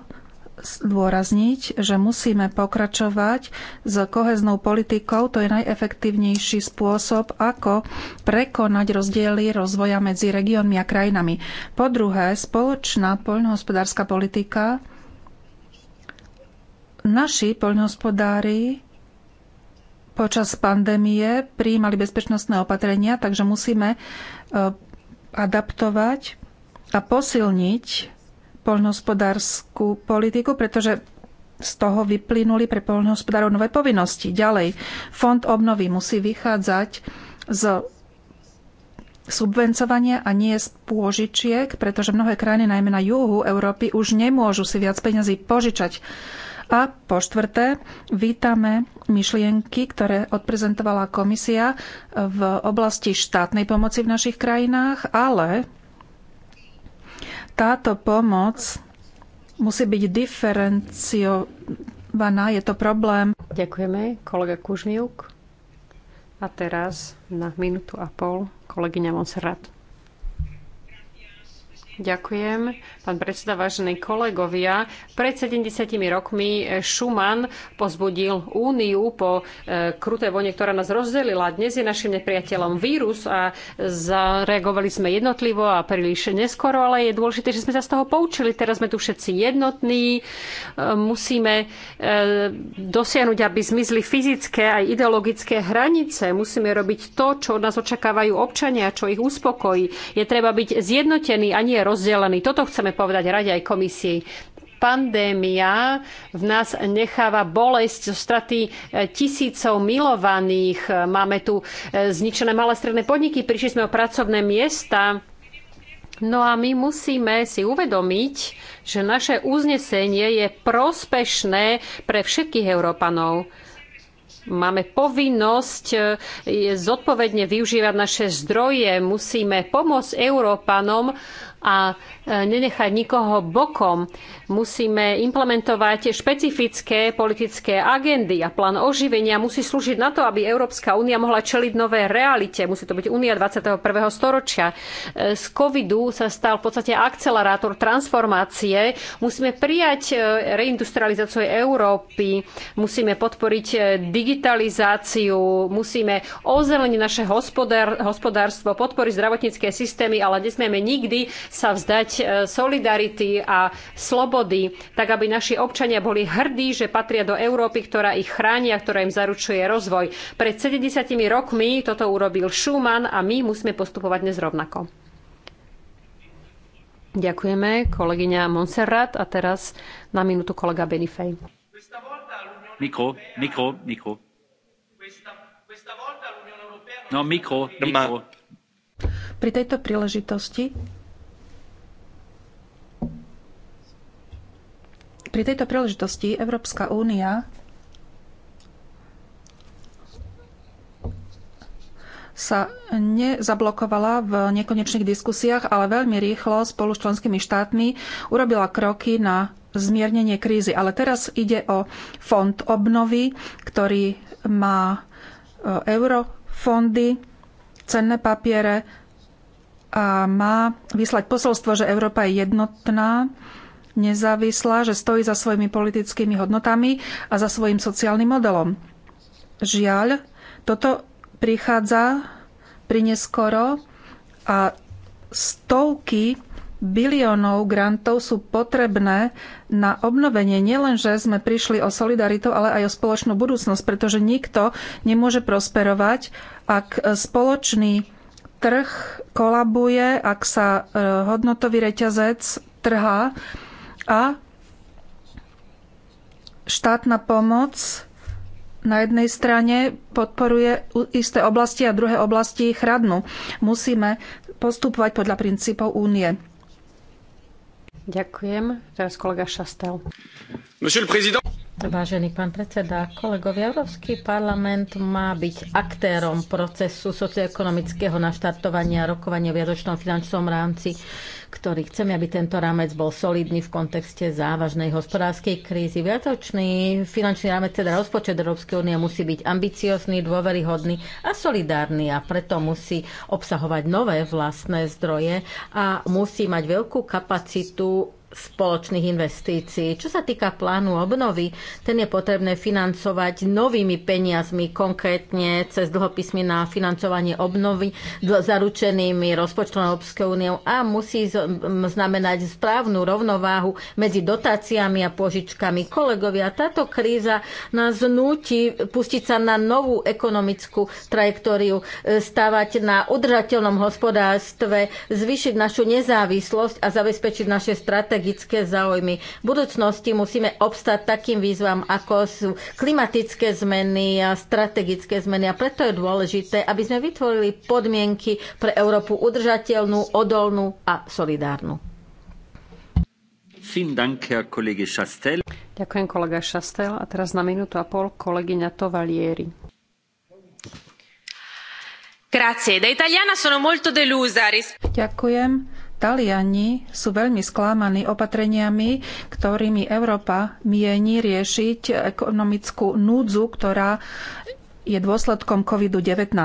zdôrazniť, že musíme pokračovať s koheznou politikou. To je najefektívnejší spôsob, ako prekonať rozdiely rozvoja medzi regiónmi a krajinami. Po druhé, spoločná poľnohospodárska politika. Naši poľnohospodári počas pandémie prijímali bezpečnostné opatrenia, takže musíme e, adaptovať a posilniť poľnohospodárskú politiku, pretože z toho vyplynuli pre poľnohospodárov nové povinnosti. Ďalej, fond obnovy musí vychádzať z subvencovania a nie z pôžičiek, pretože mnohé krajiny, najmä na juhu Európy, už nemôžu si viac peňazí požičať. A po štvrté, vítame myšlienky, ktoré odprezentovala komisia v oblasti štátnej pomoci v našich krajinách, ale táto pomoc musí byť diferenciovaná, je to problém. Ďakujeme, kolega Kužmiuk. A teraz na minútu a pol kolegyňa Monserrat. Ďakujem. Pán predseda, vážení kolegovia, pred 70 rokmi eh, Schumann pozbudil úniu po e, eh, krutej vojne, ktorá nás rozdelila. Dnes je našim nepriateľom vírus a zareagovali sme jednotlivo a príliš neskoro, ale je dôležité, že sme sa z toho poučili. Teraz sme tu všetci jednotní. E, musíme e, dosiahnuť, aby zmizli fyzické aj ideologické hranice. Musíme robiť to, čo od nás očakávajú občania, čo ich uspokojí. Je treba byť zjednotený a nie rozdelení. Toto chceme povedať rade aj komisii pandémia v nás necháva bolesť zo straty e, tisícov milovaných. Máme tu e, zničené malé stredné podniky, prišli sme o pracovné miesta. No a my musíme si uvedomiť, že naše uznesenie je prospešné pre všetkých Európanov. Máme povinnosť e, zodpovedne využívať naše zdroje, musíme pomôcť Európanom a e, nenechať nikoho bokom. Musíme implementovať špecifické politické agendy a plán oživenia musí slúžiť na to, aby Európska únia mohla čeliť nové realite. Musí to byť únia 21. storočia. E, z covidu sa stal v podstate akcelerátor transformácie. Musíme prijať e, reindustrializáciu Európy, musíme podporiť digitalizáciu, musíme ozeleniť naše hospodárstvo, podporiť zdravotnícke systémy, ale nesmieme nikdy sa vzdať e, solidarity a slobody, tak aby naši občania boli hrdí, že patria do Európy, ktorá ich chráni a ktorá im zaručuje rozvoj. Pred 70 rokmi toto urobil Schumann a my musíme postupovať dnes rovnako. Ďakujeme, kolegyňa Monserrat. A teraz na minútu kolega Benifej. Mikro, mikro, mikro. No, mikro, mikro. Pri tejto príležitosti Pri tejto príležitosti Európska únia sa nezablokovala v nekonečných diskusiách, ale veľmi rýchlo spolu s členskými štátmi urobila kroky na zmiernenie krízy. Ale teraz ide o fond obnovy, ktorý má e, eurofondy, cenné papiere a má vyslať posolstvo, že Európa je jednotná nezávislá, že stojí za svojimi politickými hodnotami a za svojim sociálnym modelom. Žiaľ, toto prichádza prineskoro a stovky biliónov grantov sú potrebné na obnovenie. nielen že sme prišli o solidaritu, ale aj o spoločnú budúcnosť, pretože nikto nemôže prosperovať, ak spoločný trh kolabuje, ak sa e, hodnotový reťazec trhá a štátna pomoc na jednej strane podporuje isté oblasti a druhé oblasti chradnú. Musíme postupovať podľa princípov únie. Ďakujem. Teraz kolega Šastel. Vážený pán predseda, kolegovia, Európsky parlament má byť aktérom procesu socioekonomického naštartovania a rokovania v jadočnom finančnom rámci, ktorý chceme, aby tento rámec bol solidný v kontexte závažnej hospodárskej krízy. Viatočný finančný rámec, teda rozpočet Európskej únie musí byť ambiciozný, dôveryhodný a solidárny a preto musí obsahovať nové vlastné zdroje a musí mať veľkú kapacitu spoločných investícií. Čo sa týka plánu obnovy, ten je potrebné financovať novými peniazmi, konkrétne cez dlhopismy na financovanie obnovy zaručenými rozpočtom Európskej únie a musí znamenať správnu rovnováhu medzi dotáciami a požičkami. Kolegovia, táto kríza nás nutí pustiť sa na novú ekonomickú trajektóriu, e, stavať na udržateľnom hospodárstve, zvýšiť našu nezávislosť a zabezpečiť naše stratégie strategické záujmy. V budúcnosti musíme obstať takým výzvam, ako sú klimatické zmeny a strategické zmeny. A preto je dôležité, aby sme vytvorili podmienky pre Európu udržateľnú, odolnú a solidárnu. Ďakujem kolega Šastel. A teraz na minútu a pol kolegyňa Tovalieri. Grazie. Da italiana sono molto delusa. Ďakujem. Taliani sú veľmi sklamaní opatreniami, ktorými Európa mieni riešiť ekonomickú núdzu, ktorá je dôsledkom COVID-19.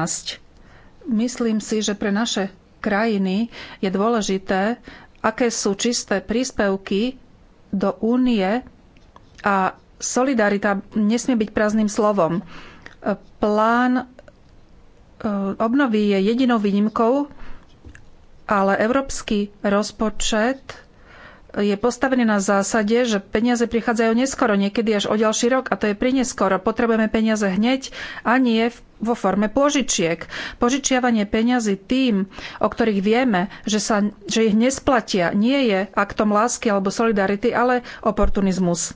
Myslím si, že pre naše krajiny je dôležité, aké sú čisté príspevky do únie a solidarita nesmie byť prázdnym slovom. Plán e, obnovy je jedinou výnimkou, ale európsky rozpočet je postavený na zásade, že peniaze prichádzajú neskoro, niekedy až o ďalší rok a to je prineskoro. Potrebujeme peniaze hneď a nie vo forme požičiek. Požičiavanie peniazy tým, o ktorých vieme, že, sa, že ich nesplatia, nie je aktom lásky alebo solidarity, ale oportunizmus.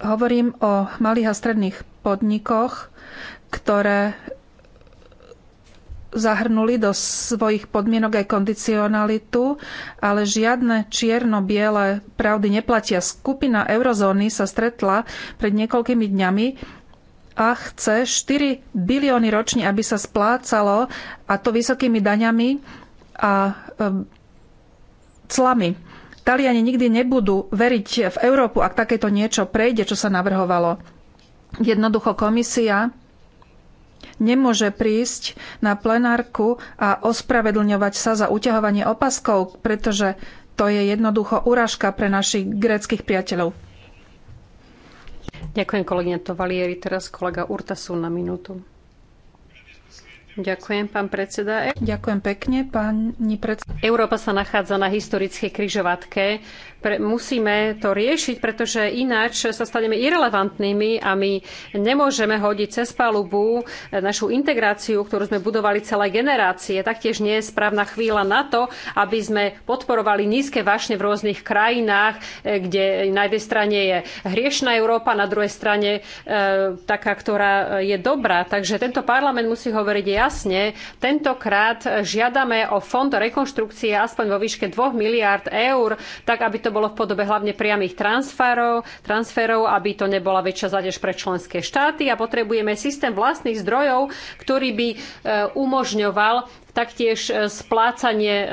Hovorím o malých a stredných podnikoch, ktoré zahrnuli do svojich podmienok aj kondicionalitu, ale žiadne čierno-biele pravdy neplatia. Skupina eurozóny sa stretla pred niekoľkými dňami a chce 4 bilióny ročne, aby sa splácalo a to vysokými daňami a clami. Taliani nikdy nebudú veriť v Európu, ak takéto niečo prejde, čo sa navrhovalo. Jednoducho komisia nemôže prísť na plenárku a ospravedlňovať sa za uťahovanie opaskov, pretože to je jednoducho úražka pre našich gréckych priateľov. Ďakujem kolegyňa Tovalieri. Teraz kolega Urtasu na minútu. Ďakujem, pán predseda. Ďakujem pekne, pani predseda. Európa sa nachádza na historickej kryžovatke pre, musíme to riešiť, pretože ináč sa staneme irrelevantnými a my nemôžeme hodiť cez palubu eh, našu integráciu, ktorú sme budovali celé generácie. Taktiež nie je správna chvíľa na to, aby sme podporovali nízke vášne v rôznych krajinách, eh, kde na jednej strane je hriešna Európa, na druhej strane e, taká, ktorá je dobrá. Takže tento parlament musí hovoriť jasne. Tentokrát žiadame o fond rekonštrukcie aspoň vo výške 2 miliárd eur, tak aby to bolo v podobe hlavne priamých transferov, transferov, aby to nebola väčšia záťaž pre členské štáty a potrebujeme systém vlastných zdrojov, ktorý by e, umožňoval taktiež e, splácanie e,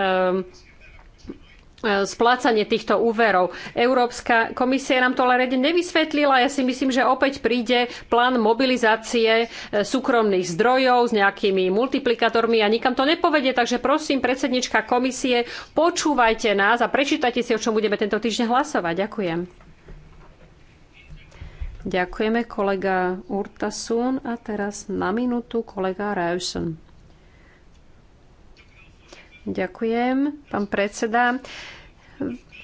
E, splácanie týchto úverov. Európska komisia nám to ale nevysvetlila. Ja si myslím, že opäť príde plán mobilizácie e, súkromných zdrojov s nejakými multiplikátormi a nikam to nepovede. Takže prosím, predsednička komisie, počúvajte nás a prečítajte si, o čom budeme tento týždeň hlasovať. Ďakujem. Ďakujeme kolega Urtasun a teraz na minútu kolega Rausen. Ďakujem, pán predseda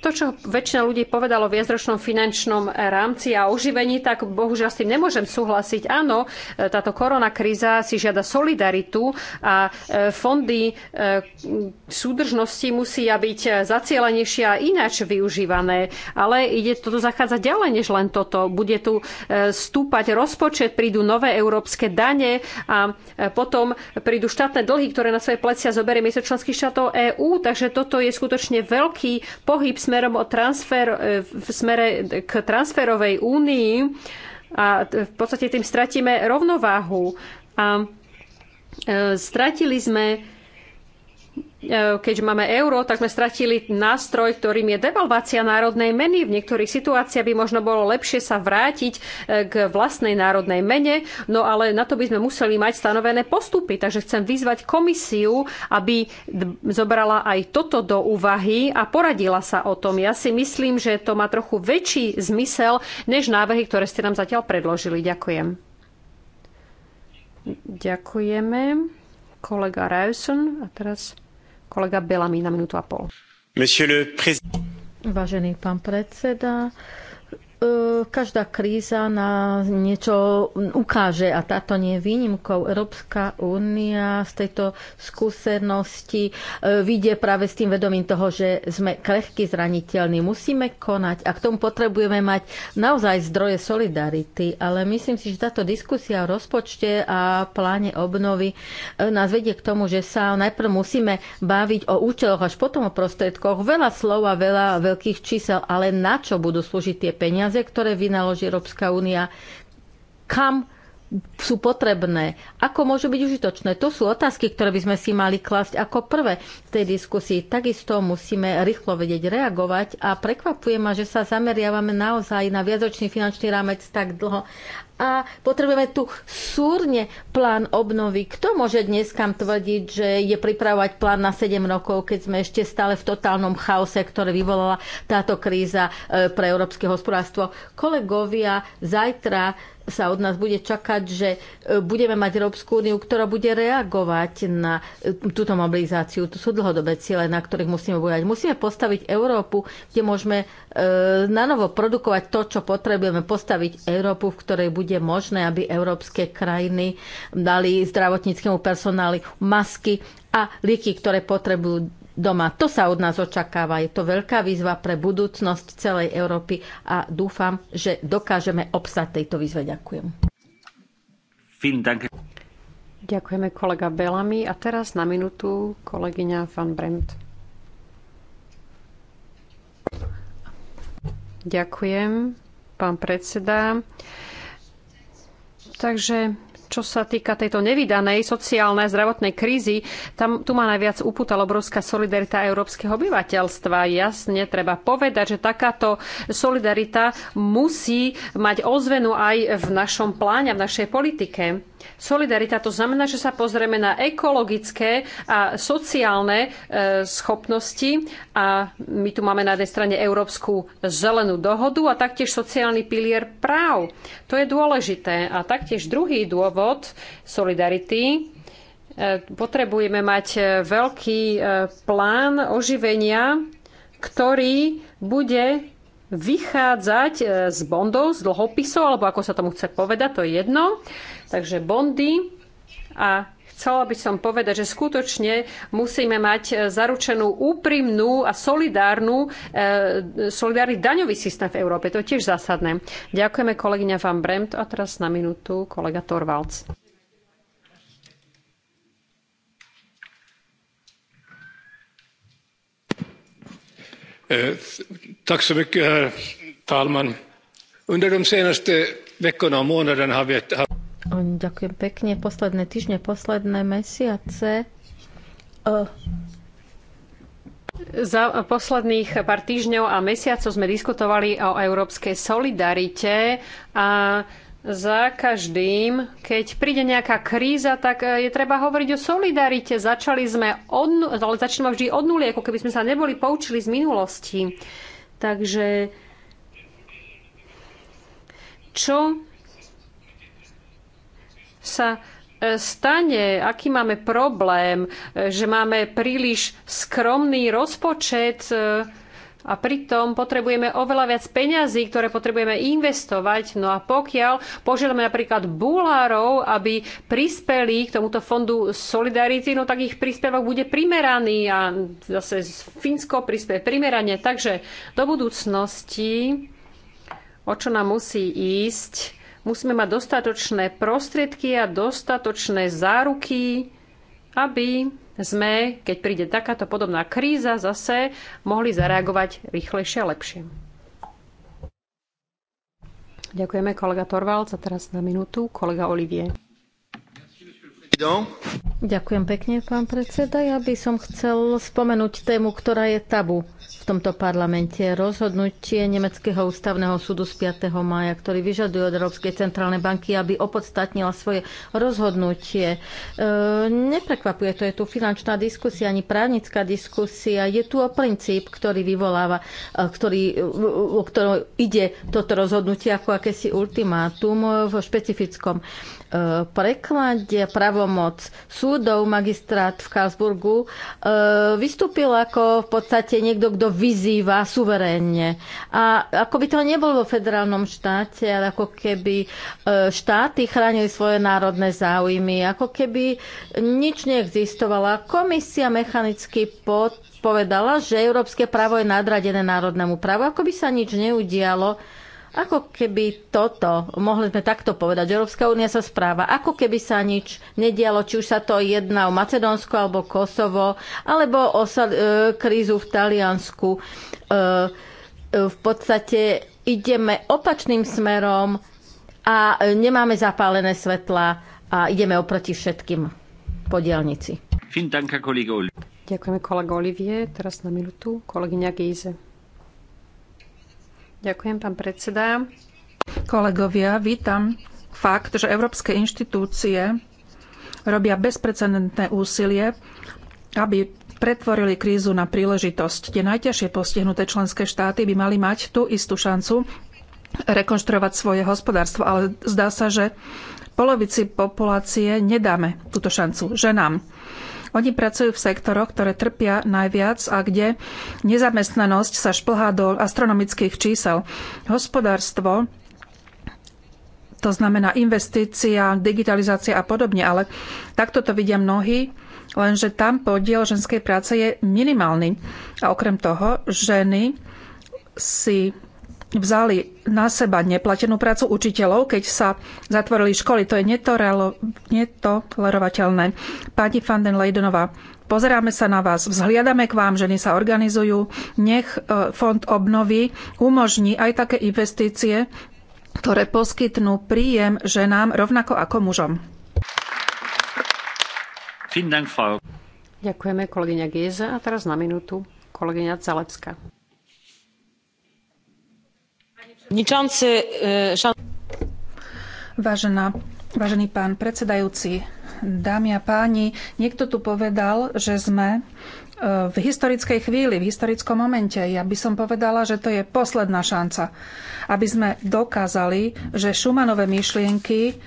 to, čo väčšina ľudí povedalo v viacročnom finančnom rámci a oživení, tak bohužiaľ s tým nemôžem súhlasiť. Áno, e, táto korona kríza si žiada solidaritu a e, fondy e, súdržnosti musia byť zacielenejšie a ináč využívané. Ale ide toto zachádzať ďalej než len toto. Bude tu stúpať rozpočet, prídu nové európske dane a potom prídu štátne dlhy, ktoré na svoje plecia zoberie miesto členských štátov EÚ. Takže toto je skutočne veľký pohyb sme smerom o transfer, e, v smere k transferovej únii a v podstate tým stratíme rovnováhu. A e, stratili sme E, keďže máme euro, tak sme stratili nástroj, ktorým je devalvácia národnej meny. V niektorých situáciách by možno bolo lepšie sa vrátiť e, k vlastnej národnej mene, no ale na to by sme museli mať stanovené postupy. Takže chcem vyzvať komisiu, aby zobrala aj toto do úvahy a poradila sa o tom. Ja si myslím, že to má trochu väčší zmysel, než návrhy, ktoré ste nám zatiaľ predložili. Ďakujem. Ďakujeme. Kolega Rajson a teraz Kolega Belami na minútu a pol. Vážený pán predseda, E, každá kríza na niečo ukáže a táto nie je výnimkou. Európska únia z tejto skúsenosti e, vyjde práve s tým vedomím toho, že sme krehky zraniteľní. Musíme konať a k tomu potrebujeme mať naozaj zdroje solidarity, ale myslím si, že táto diskusia o rozpočte a pláne obnovy e, nás vedie k tomu, že sa najprv musíme baviť o účeloch až potom o prostriedkoch. Veľa slov a veľa veľkých čísel, ale na čo budú slúžiť tie peniaze? peniaze, ktoré vynaloží Európska únia, kam sú potrebné, ako môžu byť užitočné. To sú otázky, ktoré by sme si mali klasť ako prvé v tej diskusii. Takisto musíme rýchlo vedieť reagovať a prekvapuje ma, že sa zameriavame naozaj na viacročný finančný rámec tak dlho a potrebujeme tu súrne plán obnovy. Kto môže dnes kam tvrdiť, že je pripravovať plán na 7 rokov, keď sme ešte stále v totálnom chaose, ktoré vyvolala táto kríza e, pre európske hospodárstvo? Kolegovia, zajtra sa od nás bude čakať, že e, budeme mať Európsku úniu, ktorá bude reagovať na e, túto mobilizáciu. To sú dlhodobé ciele, na ktorých musíme bojať. Musíme postaviť Európu, kde môžeme E, nanovo produkovať to, čo potrebujeme, postaviť Európu, v ktorej bude možné, aby európske krajiny dali zdravotníckému personálu masky a lieky, ktoré potrebujú doma. To sa od nás očakáva. Je to veľká výzva pre budúcnosť celej Európy a dúfam, že dokážeme obsať tejto výzve. Ďakujem. Ďakujeme kolega Belami a teraz na minútu kolegyňa Van Brent. Ďakujem, pán predseda. Takže čo sa týka tejto nevydanej sociálnej a zdravotnej krízy, tam tu má najviac upútala obrovská solidarita európskeho obyvateľstva. Jasne treba povedať, že takáto solidarita musí mať ozvenu aj v našom pláne, v našej politike. Solidarita to znamená, že sa pozrieme na ekologické a sociálne e, schopnosti a my tu máme na jednej strane Európsku zelenú dohodu a taktiež sociálny pilier práv. To je dôležité. A taktiež druhý dôvod, život solidarity. E, potrebujeme mať e, veľký e, plán oživenia, ktorý bude vychádzať z bondov, z dlhopisov, alebo ako sa tomu chce povedať, to je jedno. Takže bondy a Chcela by som povedať, že skutočne musíme mať e, zaručenú úprimnú a solidárnu, e, solidárny daňový systém v Európe. To je tiež zásadné. Ďakujeme kolegyňa Van Bremt a teraz na minútu kolega Torvalds. E, Tack så mycket, herr talman. Under de senaste veckorna och månaderna har vi Ďakujem pekne. Posledné týždne, posledné mesiace. Za posledných pár týždňov a mesiacov sme diskutovali o európskej solidarite a za každým, keď príde nejaká kríza, tak e, je treba hovoriť o solidarite. Začali sme od, ale začneme vždy od nuly, ako keby sme sa neboli poučili z minulosti. Takže čo sa e, stane, aký máme problém, e, že máme príliš skromný rozpočet e, a pritom potrebujeme oveľa viac peňazí, ktoré potrebujeme investovať. No a pokiaľ požiadame napríklad bulárov, aby prispeli k tomuto fondu Solidarity, no tak ich príspevok bude primeraný a zase Fínsko prispieje primerane. Takže do budúcnosti, o čo nám musí ísť, Musíme mať dostatočné prostriedky a dostatočné záruky, aby sme, keď príde takáto podobná kríza, zase mohli zareagovať rýchlejšie a lepšie. Ďakujeme kolega Torvalca teraz na minútu kolega Olivier. Ďakujem pekne, pán predseda. Ja by som chcel spomenúť tému, ktorá je tabu v tomto parlamente. Rozhodnutie Nemeckého ústavného súdu z 5. mája, ktorý vyžaduje od Európskej centrálnej banky, aby opodstatnila svoje rozhodnutie. E, neprekvapuje, to je tu finančná diskusia, ani právnická diskusia. Je tu o princíp, ktorý vyvoláva, e, ktorý, o ktorom ide toto rozhodnutie ako akési ultimátum v špecifickom E, preklade pravomoc súdov magistrát v Karlsburgu e, vystúpil ako v podstate niekto, kto vyzýva suverénne. A ako by to nebol vo federálnom štáte, ale ako keby e, štáty chránili svoje národné záujmy, ako keby nič neexistovala. Komisia mechanicky pod povedala, že európske právo je nadradené národnému právu, ako by sa nič neudialo ako keby toto, mohli sme takto povedať, Európska únia sa správa, ako keby sa nič nedialo, či už sa to jedná o Macedónsko alebo Kosovo, alebo o sa, e, krízu v Taliansku. E, e, v podstate ideme opačným smerom a nemáme zapálené svetla a ideme oproti všetkým po dielnici. Ďakujeme kolega Olivier. Teraz na minútu kolegyňa Gejze. Ďakujem, pán predseda. Kolegovia, vítam fakt, že európske inštitúcie robia bezprecedentné úsilie, aby pretvorili krízu na príležitosť. Tie najťažšie postihnuté členské štáty by mali mať tú istú šancu rekonštruovať svoje hospodárstvo, ale zdá sa, že polovici populácie nedáme túto šancu ženám. Oni pracujú v sektoroch, ktoré trpia najviac a kde nezamestnanosť sa šplhá do astronomických čísel. Hospodárstvo to znamená investícia, digitalizácia a podobne, ale takto to vidia mnohí, lenže tam podiel ženskej práce je minimálny. A okrem toho, ženy si vzali na seba neplatenú prácu učiteľov, keď sa zatvorili školy. To je netolerovateľné. Pani van den Leidenová, pozeráme sa na vás, vzhliadame k vám, ženy sa organizujú, nech e, fond obnovy umožní aj také investície, ktoré poskytnú príjem ženám rovnako ako mužom. Ďakujeme kolegyňa Géza a teraz na minútu kolegyňa Zalepská. E, Vážená, vážený pán predsedajúci, dámy a páni, niekto tu povedal, že sme e, v historickej chvíli, v historickom momente. Ja by som povedala, že to je posledná šanca, aby sme dokázali, že Šumanové myšlienky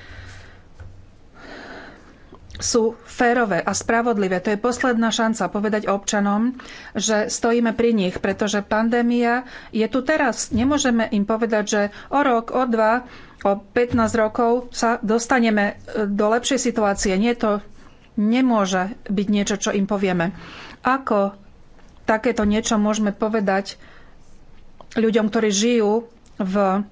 sú férové a spravodlivé. To je posledná šanca povedať občanom, že stojíme pri nich, pretože pandémia je tu teraz. Nemôžeme im povedať, že o rok, o dva, o 15 rokov sa dostaneme e, do lepšej situácie. Nie, to nemôže byť niečo, čo im povieme. Ako takéto niečo môžeme povedať ľuďom, ktorí žijú v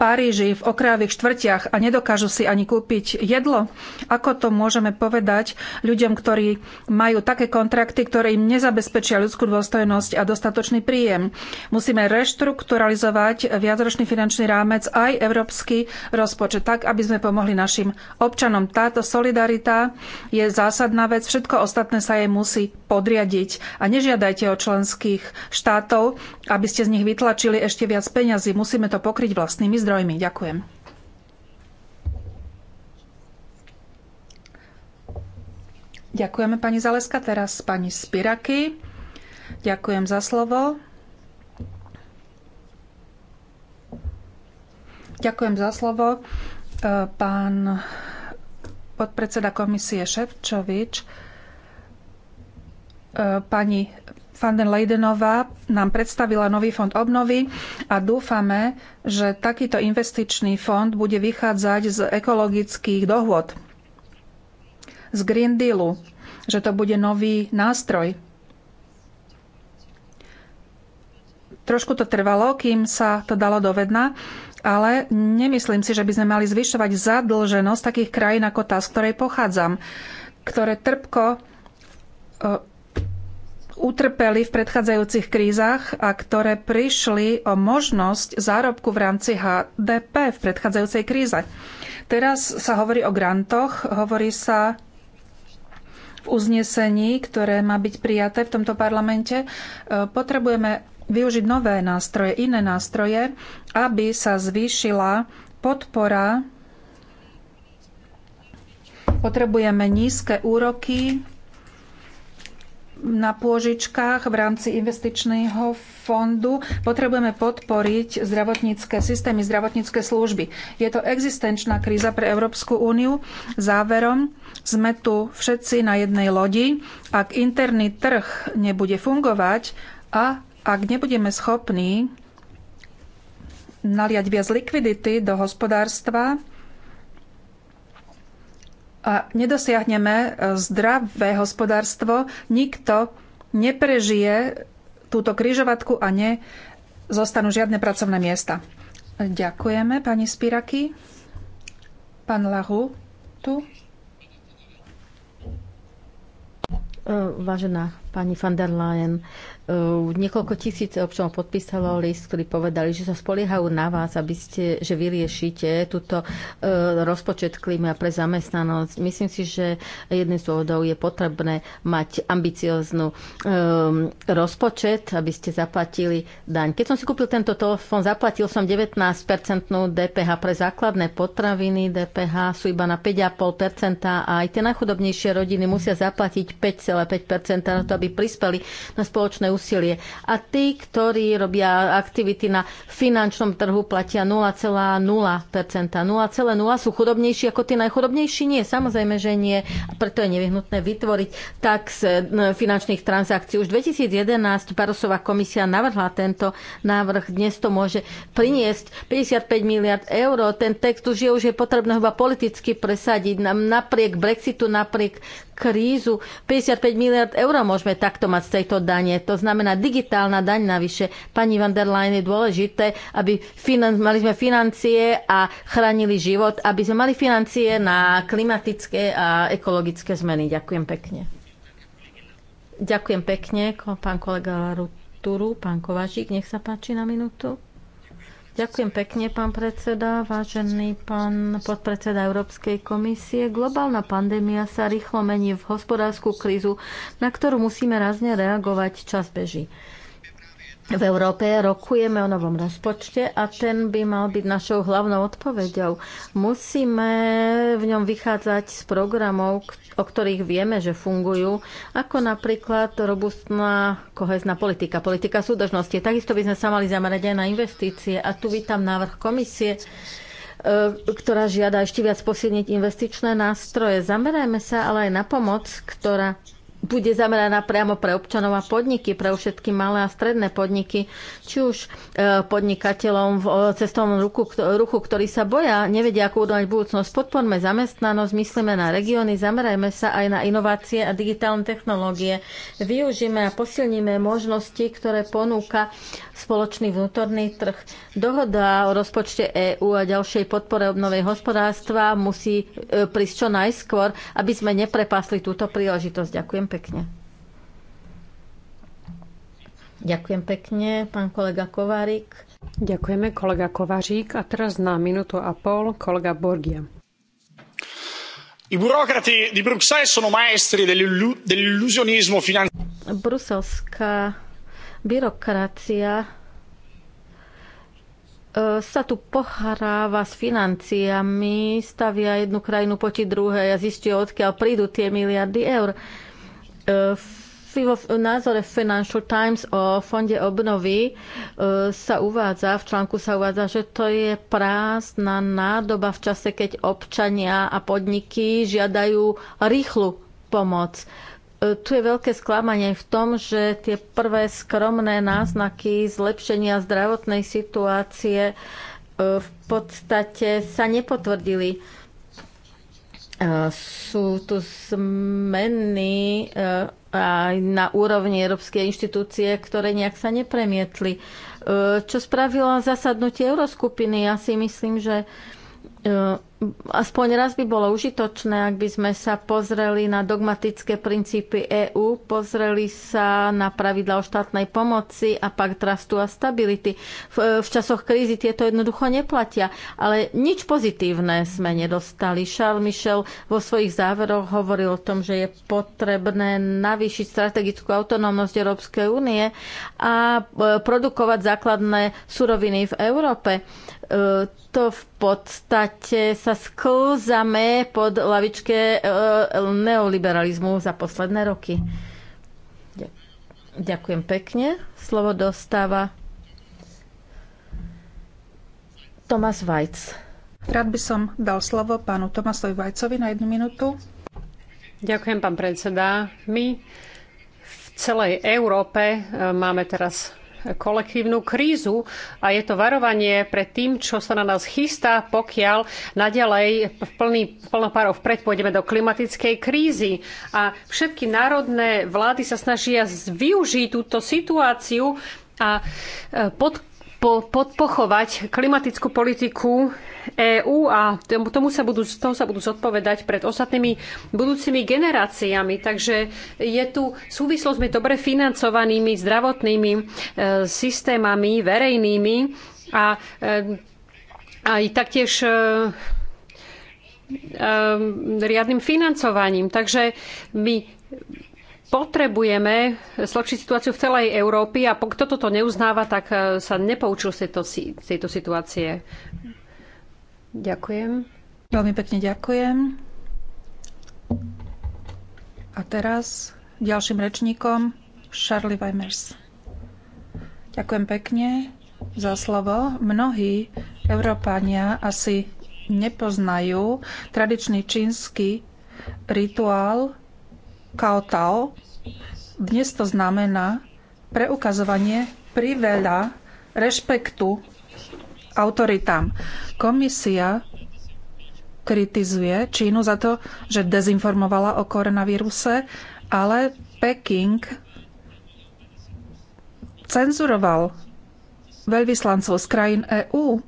Paríži v okrajových štvrtiach a nedokážu si ani kúpiť jedlo? Ako to môžeme povedať ľuďom, ktorí majú také kontrakty, ktoré im nezabezpečia ľudskú dôstojnosť a dostatočný príjem? Musíme reštrukturalizovať viacročný finančný rámec aj európsky rozpočet tak, aby sme pomohli našim občanom. Táto solidarita je zásadná vec, všetko ostatné sa jej musí podriadiť. A nežiadajte od členských štátov, aby ste z nich vytlačili ešte viac peňazí. Musíme to pokryť vlastnými zdrojmi zdrojmi. Ďakujem. Ďakujeme pani Zaleska, teraz pani Spiraky. Ďakujem za slovo. Ďakujem za slovo. E, pán podpredseda komisie Ševčovič, e, pani van den Leidenová nám predstavila nový fond obnovy a dúfame, že takýto investičný fond bude vychádzať z ekologických dohôd, z Green Dealu, že to bude nový nástroj. Trošku to trvalo, kým sa to dalo do vedna, ale nemyslím si, že by sme mali zvyšovať zadlženosť takých krajín ako tá, z ktorej pochádzam, ktoré trpko utrpeli v predchádzajúcich krízach a ktoré prišli o možnosť zárobku v rámci HDP v predchádzajúcej kríze. Teraz sa hovorí o grantoch, hovorí sa v uznesení, ktoré má byť prijaté v tomto parlamente. E, potrebujeme využiť nové nástroje, iné nástroje, aby sa zvýšila podpora. Potrebujeme nízke úroky, na pôžičkách v rámci investičného fondu. Potrebujeme podporiť zdravotnícke systémy, zdravotnícke služby. Je to existenčná kríza pre Európsku úniu. Záverom sme tu všetci na jednej lodi. Ak interný trh nebude fungovať a ak nebudeme schopní naliať viac likvidity do hospodárstva, a nedosiahneme e, zdravé hospodárstvo, nikto neprežije túto kryžovatku a ne zostanú žiadne pracovné miesta. Ďakujeme, pani Spiraky. Pán Lahu, tu. E, vážená pani van der Leyen. Eh, niekoľko tisíc občanov podpísalo list, ktorí povedali, že sa spoliehajú na vás, aby ste, že vyriešite túto eh, rozpočet a pre zamestnanosť. Myslím si, že jedným z dôvodov je potrebné mať ambicióznu eh, rozpočet, aby ste zaplatili daň. Keď som si kúpil tento telefón, zaplatil som 19-percentnú DPH pre základné potraviny. DPH sú iba na 5,5% a aj tie najchudobnejšie rodiny musia zaplatiť 5,5% na to, aby prispeli na spoločné úsilie. A tí, ktorí robia aktivity na finančnom trhu, platia 0,0%. 0,0 sú chudobnejší ako tí najchudobnejší? Nie, samozrejme, že nie. A preto je nevyhnutné vytvoriť tax e, finančných transakcií. Už 2011 Barosová komisia navrhla tento návrh. Dnes to môže priniesť 55 miliard eur. Ten text už je, už je potrebné ho politicky presadiť. Napriek Brexitu, napriek krízu. 55 miliard eur môžeme takto mať z tejto dane. To znamená digitálna daň navyše. Pani van der Leyen je dôležité, aby finan- mali sme financie a chránili život, aby sme mali financie na klimatické a ekologické zmeny. Ďakujem pekne. Ďakujem pekne, pán kolega Ruturu, pán Kovačík, nech sa páči na minútu. Ďakujem pekne, pán predseda, vážený pán podpredseda Európskej komisie. Globálna pandémia sa rýchlo mení v hospodárskú krízu, na ktorú musíme razne reagovať. Čas beží. V Európe rokujeme o novom rozpočte a ten by mal byť našou hlavnou odpoveďou. Musíme v ňom vychádzať z programov, ktoré o ktorých vieme, že fungujú, ako napríklad robustná kohezná politika, politika súdržnosti. Takisto by sme sa mali zamerať aj na investície a tu vítam návrh komisie, e, ktorá žiada ešte viac posilniť investičné nástroje. Zamerajme sa ale aj na pomoc, ktorá bude zameraná priamo pre občanov a podniky, pre všetky malé a stredné podniky, či už e, podnikateľom v e, cestovnom ruchu, ruchu, ktorí sa boja, nevedia, ako udomať budúcnosť. Podporme zamestnanosť, myslíme na regióny, zamerajme sa aj na inovácie a digitálne technológie. Využíme a posilníme možnosti, ktoré ponúka spoločný vnútorný trh. Dohoda o rozpočte EÚ a ďalšej podpore obnovej hospodárstva musí e, prísť čo najskôr, aby sme neprepásli túto príležitosť. Ďakujem pekne. Ďakujem pekne, pán kolega Kovárik. Ďakujeme, kolega Kovařík. A teraz na minútu a pol kolega Borgia. I di Bruxelles sono maestri dell'illusionismo finanziario. Bruselská Byrokracia e, sa tu poharáva s financiami, stavia jednu krajinu poti druhé a zistia, odkiaľ prídu tie miliardy eur. E, v názore Financial Times o fonde obnovy e, sa uvádza, v článku sa uvádza, že to je prázdna nádoba v čase, keď občania a podniky žiadajú rýchlu pomoc E, tu je veľké sklamanie v tom, že tie prvé skromné náznaky zlepšenia zdravotnej situácie e, v podstate sa nepotvrdili. E, sú tu zmeny aj na úrovni Európskej inštitúcie, ktoré nejak sa nepremietli. Čo spravila zasadnutie Euroskupiny? Ja si myslím, že Ehm, aspoň raz by bolo užitočné, ak by sme sa pozreli na dogmatické princípy EÚ, pozreli sa na pravidla o štátnej pomoci a pakt rastu a stability. V, e, v časoch krízy tieto jednoducho neplatia, ale nič pozitívne sme nedostali. Charles Michel vo svojich záveroch hovoril o tom, že je potrebné navýšiť strategickú autonómnosť Európskej únie a e, produkovať základné suroviny v Európe. E, to v podstate sa sklzame pod lavičke e, neoliberalizmu za posledné roky. Ďakujem pekne. Slovo dostáva Tomas Vajc. Rád by som dal slovo pánu Tomasovi Vajcovi na jednu minútu. Ďakujem, pán predseda. My v celej Európe e, máme teraz kolektívnu krízu a je to varovanie pred tým, čo sa na nás chystá, pokiaľ naďalej v plný, plnopárov vpred pôjdeme do klimatickej krízy. A všetky národné vlády sa snažia využiť túto situáciu a e, pod, po, podpochovať klimatickú politiku EÚ a tomu sa budú, toho sa budú zodpovedať pred ostatnými budúcimi generáciami. Takže je tu súvislosť medzi dobre financovanými zdravotnými e, systémami verejnými a e, aj taktiež e, riadnym financovaním. Takže my potrebujeme zlepšiť situáciu v celej Európe a kto toto neuznáva, tak sa nepoučil z tejto, tejto situácie. Ďakujem. Veľmi pekne ďakujem. A teraz ďalším rečníkom Charlie Weimers. Ďakujem pekne za slovo. Mnohí Európania asi nepoznajú tradičný čínsky rituál kaotao. Dnes to znamená preukazovanie priveľa rešpektu autoritám. Komisia kritizuje Čínu za to, že dezinformovala o koronavíruse, ale Peking cenzuroval veľvyslancov z krajín EÚ.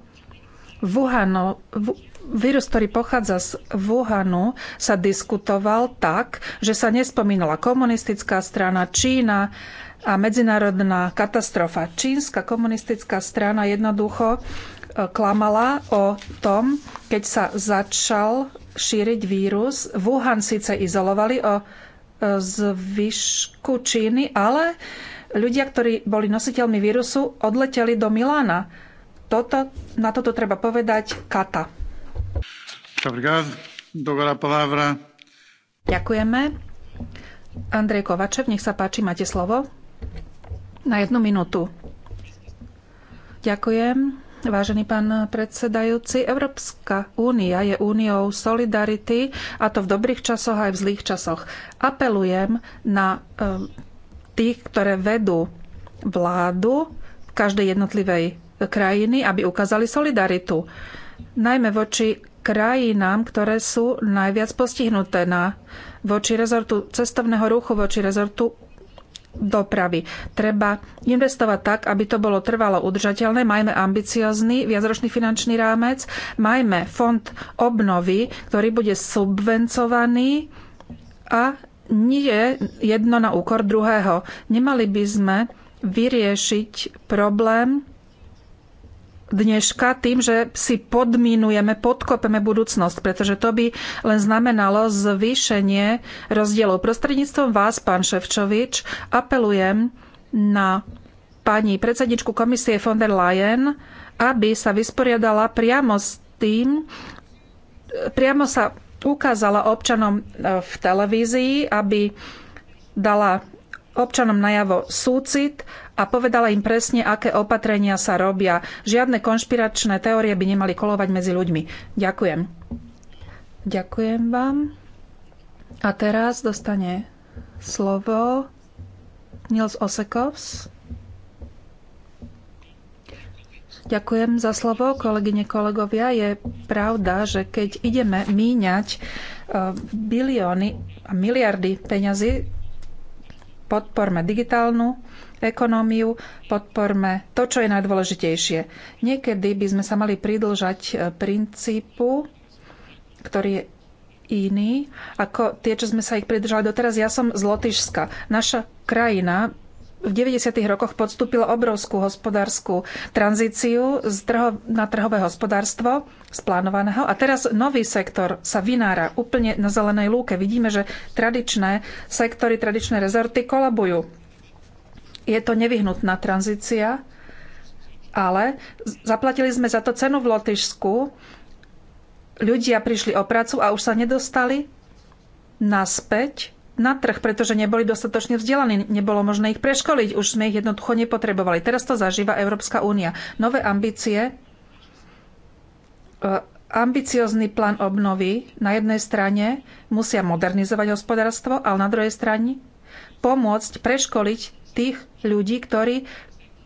Wuhano, vírus, ktorý pochádza z Wuhanu, sa diskutoval tak, že sa nespomínala komunistická strana, Čína, a medzinárodná katastrofa. Čínska komunistická strana jednoducho e, klamala o tom, keď sa začal šíriť vírus. Wuhan síce izolovali o e, zvyšku Číny, ale ľudia, ktorí boli nositeľmi vírusu, odleteli do Milána. Toto, na toto treba povedať kata. Ďakujeme. Andrej Kovačev, nech sa páči, máte slovo na jednu minútu. Ďakujem. Vážený pán predsedajúci, Európska únia je úniou solidarity a to v dobrých časoch aj v zlých časoch. Apelujem na eh, tých, ktoré vedú vládu každej jednotlivej krajiny, aby ukázali solidaritu. Najmä voči krajinám, ktoré sú najviac postihnuté na voči rezortu cestovného ruchu, voči rezortu dopravy. Treba investovať tak, aby to bolo trvalo udržateľné. Majme ambiciozný viacročný finančný rámec, majme fond obnovy, ktorý bude subvencovaný a nie je jedno na úkor druhého. Nemali by sme vyriešiť problém dneška tým, že si podmínujeme, podkopeme budúcnosť, pretože to by len znamenalo zvýšenie rozdielov. Prostredníctvom vás, pán Ševčovič, apelujem na pani predsedničku komisie von der Leyen, aby sa vysporiadala priamo s tým, priamo sa ukázala občanom eh, v televízii, aby dala občanom najavo súcit a povedala im presne, aké opatrenia sa robia. Žiadne konšpiračné teórie by nemali kolovať medzi ľuďmi. Ďakujem. Ďakujem vám. A teraz dostane slovo Nils Osekovs. Ďakujem za slovo, kolegyne, kolegovia. Je pravda, že keď ideme míňať eh, bilióny a miliardy peňazí podporme digitálnu ekonómiu, podporme to, čo je najdôležitejšie. Niekedy by sme sa mali pridlžať e, princípu, ktorý je iný ako tie, čo sme sa ich pridržali doteraz. Ja som z Lotyšska. Naša krajina v 90. rokoch podstúpil obrovskú hospodárskú tranzíciu z trho, na trhové hospodárstvo z plánovaného a teraz nový sektor sa vynára úplne na zelenej lúke. Vidíme, že tradičné sektory, tradičné rezorty kolabujú. Je to nevyhnutná tranzícia, ale zaplatili sme za to cenu v Lotyšsku. Ľudia prišli o prácu a už sa nedostali naspäť na trh, pretože neboli dostatočne vzdelaní, nebolo možné ich preškoliť, už sme ich jednoducho nepotrebovali. Teraz to zažíva Európska únia. Nové ambície, e, ambiciozný plán obnovy na jednej strane musia modernizovať hospodárstvo, ale na druhej strane pomôcť preškoliť tých ľudí, ktorí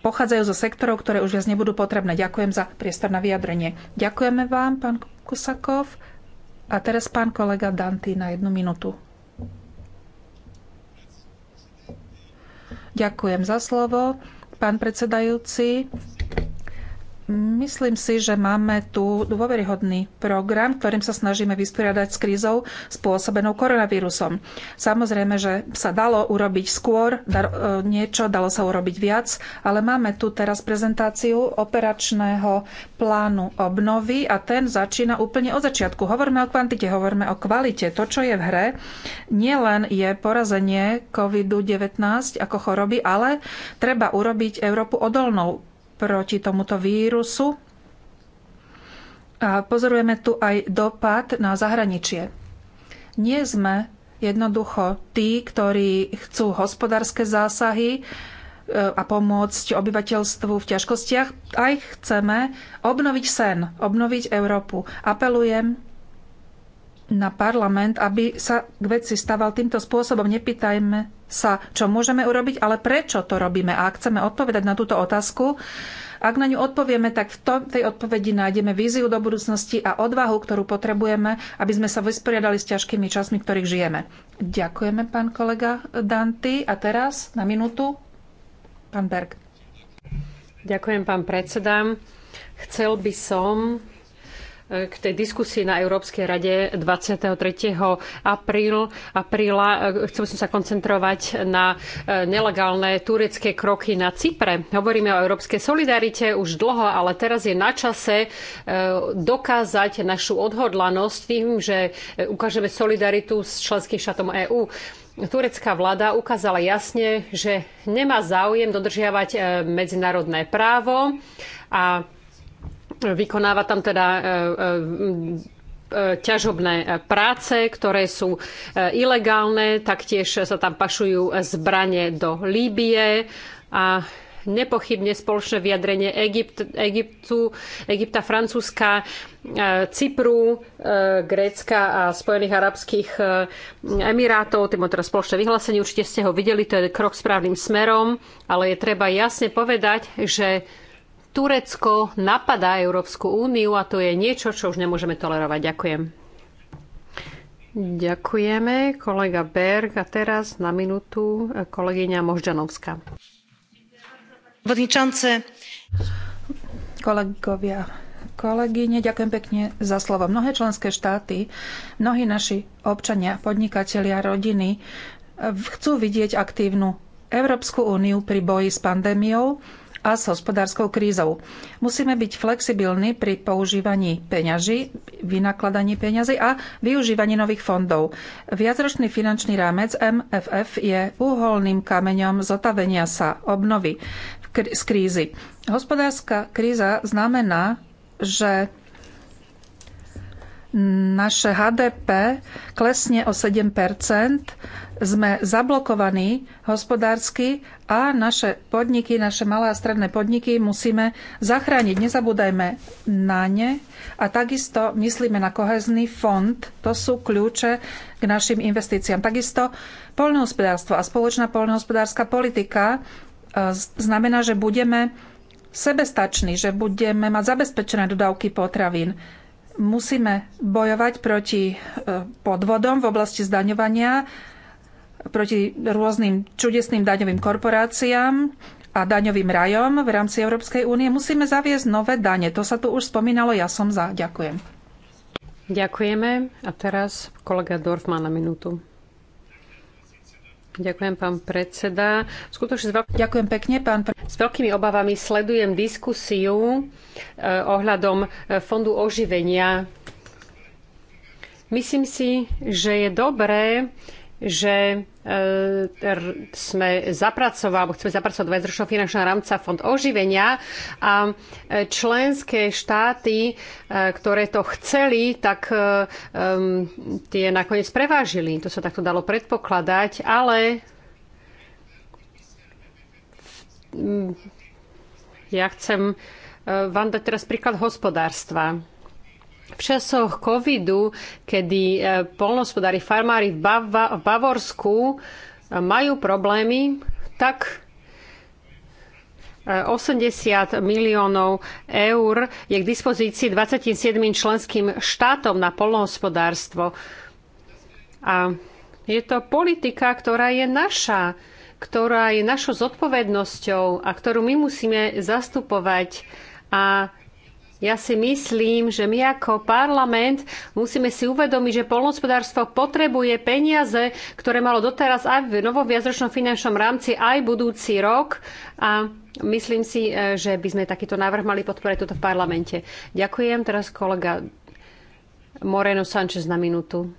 pochádzajú zo sektorov, ktoré už viac nebudú potrebné. Ďakujem za priestor na vyjadrenie. Ďakujeme vám, pán Kusakov. A teraz pán kolega Danty na jednu minútu. Ďakujem za slovo, pán predsedajúci. Myslím si, že máme tu dôveryhodný program, ktorým sa snažíme vysporiadať s krízou spôsobenou koronavírusom. Samozrejme, že sa dalo urobiť skôr dar, e, niečo, dalo sa urobiť viac, ale máme tu teraz prezentáciu operačného plánu obnovy a ten začína úplne od začiatku. Hovoríme o kvantite, hovoríme o kvalite. To, čo je v hre, nielen je porazenie COVID-19 ako choroby, ale treba urobiť Európu odolnou proti tomuto vírusu. A pozorujeme tu aj dopad na zahraničie. Nie sme jednoducho tí, ktorí chcú hospodárske zásahy e, a pomôcť obyvateľstvu v ťažkostiach. Aj chceme obnoviť sen, obnoviť Európu. Apelujem na parlament, aby sa k veci staval týmto spôsobom. Nepýtajme sa, čo môžeme urobiť, ale prečo to robíme. A ak chceme odpovedať na túto otázku, ak na ňu odpovieme, tak v tom, tej odpovedi nájdeme víziu do budúcnosti a odvahu, ktorú potrebujeme, aby sme sa vysporiadali s ťažkými časmi, v ktorých žijeme. Ďakujeme, pán kolega Danty. A teraz na minútu pán Berg. Ďakujem, pán predseda. Chcel by som k tej diskusii na Európskej rade 23. Apríl, apríla. Chcem som sa koncentrovať na e, nelegálne turecké kroky na Cypre. Hovoríme o európskej solidarite už dlho, ale teraz je na čase e, dokázať našu odhodlanosť tým, že e, ukážeme solidaritu s členským štátom EÚ turecká vláda ukázala jasne, že nemá záujem dodržiavať medzinárodné právo a Vykonáva tam teda e, e, e, ťažobné práce, ktoré sú ilegálne, taktiež sa tam pašujú zbranie do Líbie a nepochybne spoločné vyjadrenie Egypt, Egyptu, Egypta, Francúzska, Cypru, Grécka a Spojených arabských emirátov. Tým teraz spoločné vyhlásenie, určite ste ho videli, to je krok správnym smerom, ale je treba jasne povedať, že Turecko napadá Európsku úniu a to je niečo, čo už nemôžeme tolerovať. Ďakujem. Ďakujeme, kolega Berg. A teraz na minútu eh, kolegyňa Možďanovská. Kolegovia, kolegyne, ďakujem pekne za slovo. Mnohé členské štáty, mnohí naši občania, podnikatelia, rodiny eh, chcú vidieť aktívnu Európsku úniu pri boji s pandémiou a s hospodárskou krízou. Musíme byť flexibilní pri používaní peňaží, vynakladaní peňazí a využívaní nových fondov. Viacročný finančný rámec MFF je uholným kameňom zotavenia sa obnovy z krízy. Hospodárska kríza znamená, že naše HDP klesne o 7 sme zablokovaní hospodársky a naše podniky, naše malé a stredné podniky musíme zachrániť. Nezabúdajme na ne a takisto myslíme na kohezný fond. To sú kľúče k našim investíciám. Takisto poľnohospodárstvo a spoločná poľnohospodárska politika e, znamená, že budeme sebestační, že budeme mať zabezpečené dodávky potravín. Musíme bojovať proti e, podvodom v oblasti zdaňovania, proti rôznym čudesným daňovým korporáciám a daňovým rajom v rámci Európskej únie. Musíme zaviesť nové dane. To sa tu už spomínalo, ja som za. Ďakujem. Ďakujeme. A teraz kolega Dorf má na minútu. Ďakujem, pán predseda. Skutočne veľk... Ďakujem pekne, pán pre... S veľkými obavami sledujem diskusiu e, ohľadom e, fondu oživenia. Myslím si, že je dobré, že e, sme zapracovali, alebo chceme zapracovať viacročného finančného rámca fond oživenia a e, členské štáty, e, ktoré to chceli, tak e, tie nakoniec prevážili. To sa takto dalo predpokladať, ale ja chcem vám dať teraz príklad hospodárstva v časoch covidu, kedy e, polnospodári, farmári v, Bava, v Bavorsku e, majú problémy, tak 80 e, miliónov eur je k dispozícii 27 členským štátom na polnohospodárstvo. A je to politika, ktorá je naša, ktorá je našou zodpovednosťou a ktorú my musíme zastupovať. A ja si myslím, že my ako parlament musíme si uvedomiť, že polnospodárstvo potrebuje peniaze, ktoré malo doteraz aj v novom viacročnom finančnom rámci, aj budúci rok. A myslím si, e, že by sme takýto návrh mali podporiť tuto v parlamente. Ďakujem. Teraz kolega Moreno Sanchez na minútu.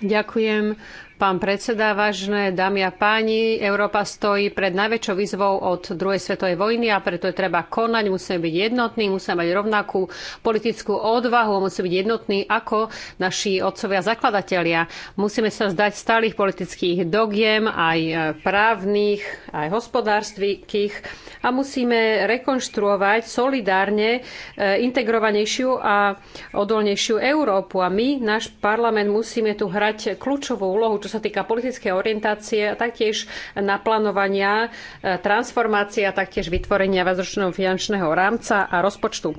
Ďakujem. Pán predseda, vážne dámy a páni, Európa stojí pred najväčšou výzvou od druhej svetovej vojny a preto je treba konať, musíme byť jednotní, musíme mať rovnakú politickú odvahu, musíme byť jednotní ako naši otcovia zakladatelia. Musíme sa vzdať stálych politických dogiem, aj právnych, aj hospodárstvých a musíme rekonštruovať solidárne e, integrovanejšiu a odolnejšiu Európu. A my, náš parlament, musíme tu hrať kľúčovú úlohu, čo sa týka politickej orientácie a taktiež naplánovania e, transformácie a taktiež vytvorenia väzročného finančného rámca a rozpočtu.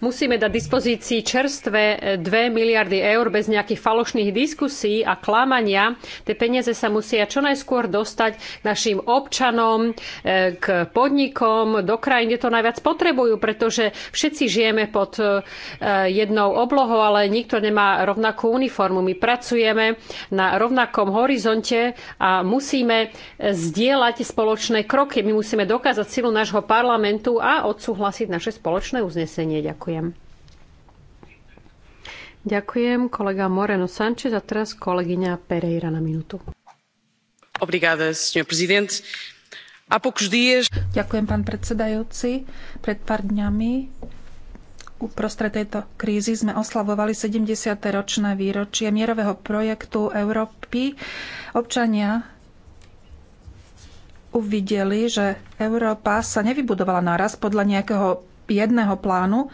Musíme dať dispozícii čerstvé 2 eh, miliardy eur bez nejakých falošných diskusí a klamania. Tie peniaze sa musia čo najskôr dostať k našim občanom, eh, k podnikom, do krajín, kde to najviac potrebujú, pretože všetci žijeme pod eh, jednou oblohou, ale nikto nemá rovnakú uniformu. My pracujeme na rovnakom horizonte a musíme zdieľať spoločné kroky. My musíme dokázať silu nášho parlamentu a odsúhlasiť naše spoločné uznesenie. Ďakujem. Ďakujem kolega Moreno Sanchez a teraz kolegyňa Pereira na minútu. Obrigada, senhor Há poucos dias... Ďakujem, pán predsedajúci. Pred pár dňami uprostred tejto krízy sme oslavovali 70. ročné výročie mierového projektu Európy. Občania uvideli, že Európa sa nevybudovala naraz podľa nejakého jedného plánu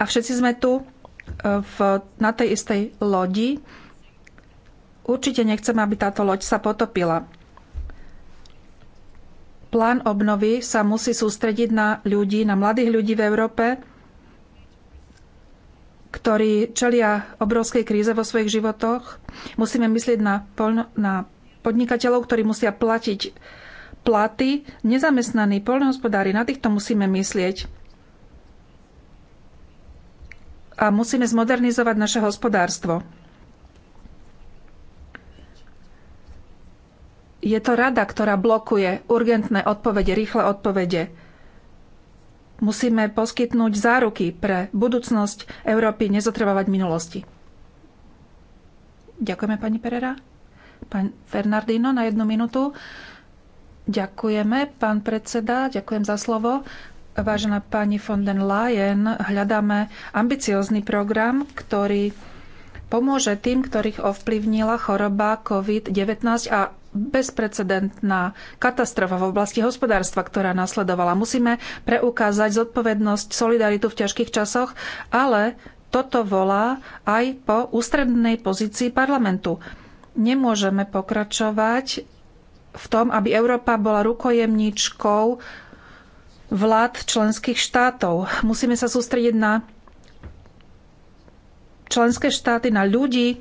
a všetci sme tu e, v, na tej istej lodi. Určite nechceme, aby táto loď sa potopila. Plán obnovy sa musí sústrediť na ľudí, na mladých ľudí v Európe, ktorí čelia obrovskej kríze vo svojich životoch. Musíme myslieť na, na podnikateľov, ktorí musia platiť platy, nezamestnaní poľnohospodári, na týchto musíme myslieť. A musíme zmodernizovať naše hospodárstvo. Je to rada, ktorá blokuje urgentné odpovede, rýchle odpovede. Musíme poskytnúť záruky pre budúcnosť Európy, nezotrvávať minulosti. Ďakujeme, pani Perera. Pán Fernardino, na jednu minútu. Ďakujeme, pán predseda, ďakujem za slovo. Vážená pani von den Leyen, hľadáme ambiciózny program, ktorý pomôže tým, ktorých ovplyvnila choroba COVID-19 a bezprecedentná katastrofa v oblasti hospodárstva, ktorá nasledovala. Musíme preukázať zodpovednosť, solidaritu v ťažkých časoch, ale toto volá aj po ústrednej pozícii parlamentu. Nemôžeme pokračovať v tom, aby Európa bola rukojemničkou vlád členských štátov. Musíme sa sústrediť na členské štáty, na ľudí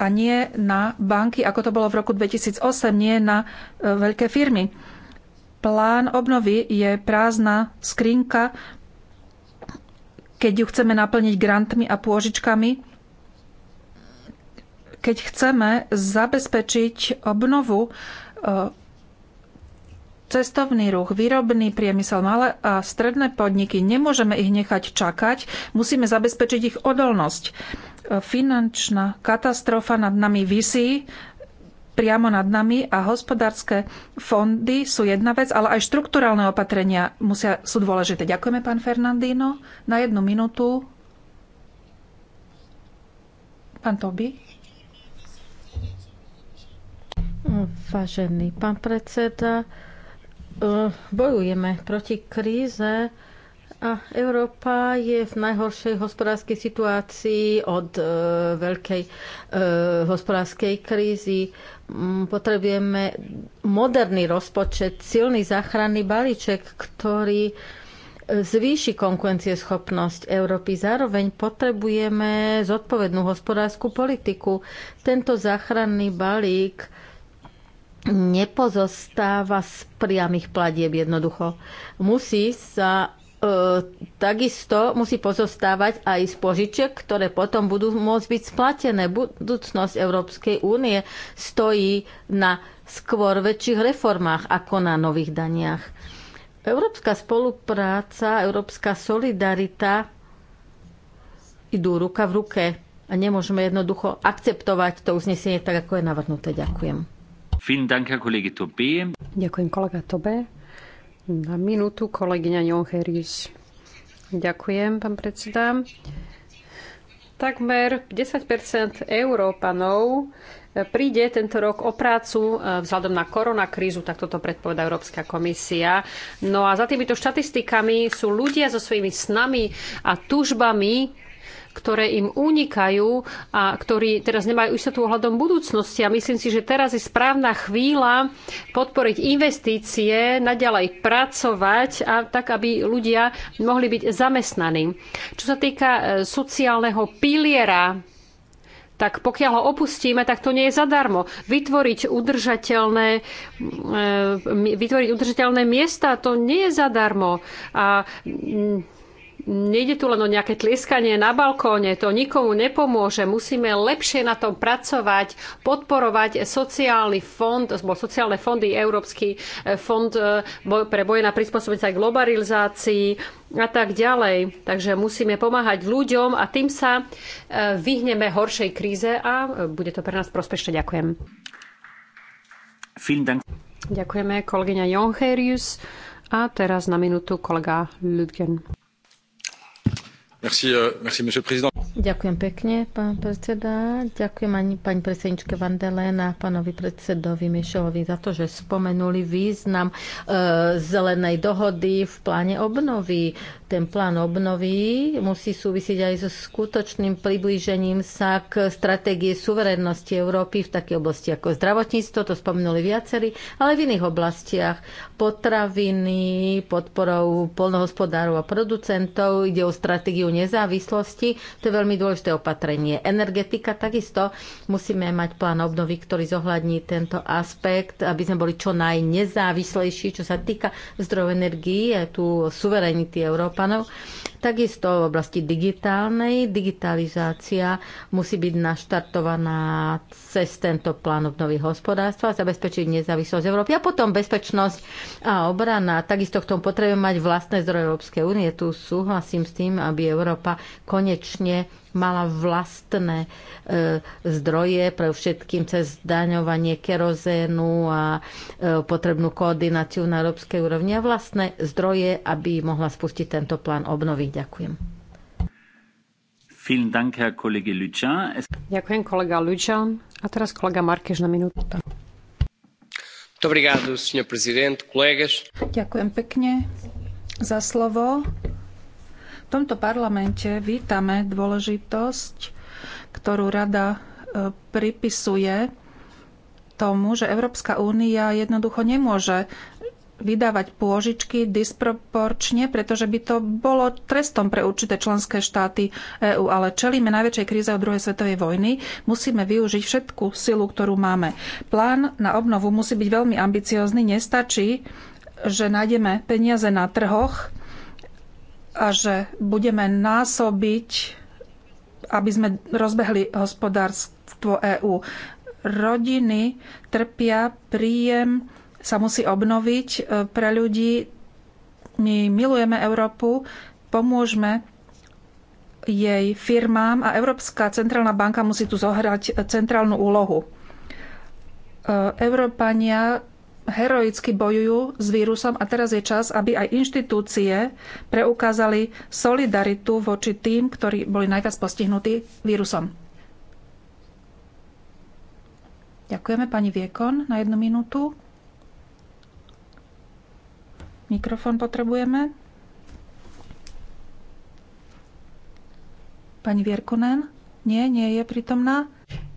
a nie na banky, ako to bolo v roku 2008, nie na e, veľké firmy. Plán obnovy je prázdna skrinka, keď ju chceme naplniť grantmi a pôžičkami, keď chceme zabezpečiť obnovu cestovný ruch, výrobný priemysel, malé a stredné podniky, nemôžeme ich nechať čakať, musíme zabezpečiť ich odolnosť. Finančná katastrofa nad nami visí, priamo nad nami a hospodárske fondy sú jedna vec, ale aj štrukturálne opatrenia musia, sú dôležité. Ďakujeme, pán Fernandino. Na jednu minútu. Pán Toby. Vážený pán predseda, e, bojujeme proti kríze a Európa je v najhoršej hospodárskej situácii od e, veľkej e, hospodárskej krízy. Mm, potrebujeme moderný rozpočet, silný záchranný balíček, ktorý zvýši konkurencieschopnosť Európy. Zároveň potrebujeme zodpovednú hospodárskú politiku. Tento záchranný balík nepozostáva z priamých platieb jednoducho. Musí sa e, takisto musí pozostávať aj z požičiek, ktoré potom budú môcť byť splatené. Budúcnosť Európskej únie stojí na skôr väčších reformách ako na nových daniach. Európska spolupráca, európska solidarita idú ruka v ruke a nemôžeme jednoducho akceptovať to uznesenie tak, ako je navrhnuté. Ďakujem. Ďakujem kolega Tobe. Na minútu kolegyňa Jonheris. Ďakujem, pán predseda. Takmer 10 Európanov príde tento rok o prácu e, vzhľadom na koronakrízu, tak toto predpoveda Európska komisia. No a za týmito štatistikami sú ľudia so svojimi snami a túžbami ktoré im unikajú a ktorí teraz nemajú istotu ohľadom budúcnosti. A myslím si, že teraz je správna chvíľa podporiť investície, naďalej pracovať a tak, aby ľudia mohli byť zamestnaní. Čo sa týka e, sociálneho piliera, tak pokiaľ ho opustíme, tak to nie je zadarmo. Vytvoriť udržateľné, e, vytvoriť udržateľné miesta, to nie je zadarmo. A Nejde tu len o nejaké tlieskanie na balkóne, to nikomu nepomôže. Musíme lepšie na tom pracovať, podporovať sociálny fond, bo sociálne fondy, Európsky e, fond e, pre boje na prispôsobenie sa globalizácii a tak ďalej. Takže musíme pomáhať ľuďom a tým sa e, vyhneme horšej kríze a bude to pre nás prospešné. Ďakujem. Ďakujeme kolegyňa Joncherius a teraz na minútu kolega Ludgen. Euh, Ďakujem pekne, pán predseda. Ďakujem ani pani predsedničke Vandelén a pánovi predsedovi Mišelovi za to, že spomenuli význam e, zelenej dohody v pláne obnovy ten plán obnovy musí súvisieť aj so skutočným priblížením sa k stratégie suverennosti Európy v takej oblasti ako zdravotníctvo, to spomenuli viacerí, ale v iných oblastiach potraviny, podporou polnohospodárov a producentov, ide o stratégiu nezávislosti, to je veľmi dôležité opatrenie. Energetika takisto, musíme mať plán obnovy, ktorý zohľadní tento aspekt, aby sme boli čo najnezávislejší, čo sa týka zdrojov energii, tu suverenity Európa pánov. Takisto v oblasti digitálnej digitalizácia musí byť naštartovaná cez tento plán obnovy hospodárstva, zabezpečiť nezávislosť Európy a potom bezpečnosť a obrana. Takisto k tomu potrebujeme mať vlastné zdroje Európskej únie. Tu súhlasím s tým, aby Európa konečne mala vlastné e, zdroje pre všetkým cez zdaňovanie kerozénu a e, potrebnú koordináciu na európskej úrovni a vlastné zdroje, aby mohla spustiť tento plán obnovy. Ďakujem. Ďakujem, kolega Luča. A teraz kolega Markež na minútu. Ďakujem pekne za slovo tomto parlamente vítame dôležitosť, ktorú rada e, pripisuje tomu, že Európska únia jednoducho nemôže vydávať pôžičky disproporčne, pretože by to bolo trestom pre určité členské štáty EÚ. Ale čelíme najväčšej kríze od druhej svetovej vojny. Musíme využiť všetku silu, ktorú máme. Plán na obnovu musí byť veľmi ambiciózny. Nestačí, že nájdeme peniaze na trhoch, a že budeme násobiť, aby sme rozbehli hospodárstvo EÚ. Rodiny trpia, príjem sa musí obnoviť pre ľudí. My milujeme Európu, pomôžme jej firmám a Európska centrálna banka musí tu zohrať centrálnu úlohu. E, Európania heroicky bojujú s vírusom a teraz je čas, aby aj inštitúcie preukázali solidaritu voči tým, ktorí boli najviac postihnutí vírusom. Ďakujeme pani Viekon na jednu minútu. Mikrofón potrebujeme. Pani Vierkunen? Nie, nie je prítomná.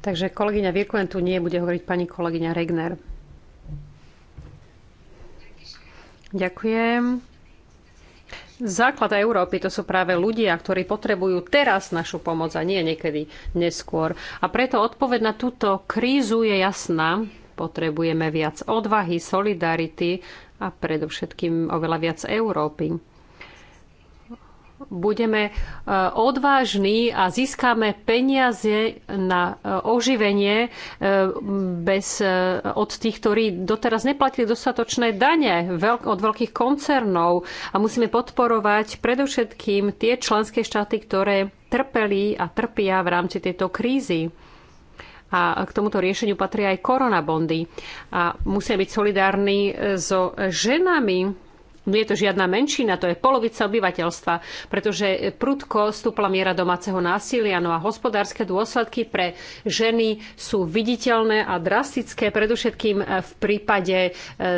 Takže kolegyňa Vierkunen tu nie, bude hovoriť pani kolegyňa Regner. Ďakujem. Základ Európy to sú práve ľudia, ktorí potrebujú teraz našu pomoc a nie niekedy neskôr. A preto odpoveď na túto krízu je jasná. Potrebujeme viac odvahy, solidarity a predovšetkým oveľa viac Európy budeme e, odvážni a získame peniaze na e, oživenie e, bez, od tých, ktorí doteraz neplatili dostatočné dane od veľkých koncernov a musíme podporovať predovšetkým tie členské štáty, ktoré trpeli a trpia v rámci tejto krízy a k tomuto riešeniu patria aj koronabondy. A musia byť solidárni so ženami, nie je to žiadna menšina, to je polovica obyvateľstva, pretože prudko stúpla miera domáceho násilia, no a hospodárske dôsledky pre ženy sú viditeľné a drastické, predovšetkým v prípade e,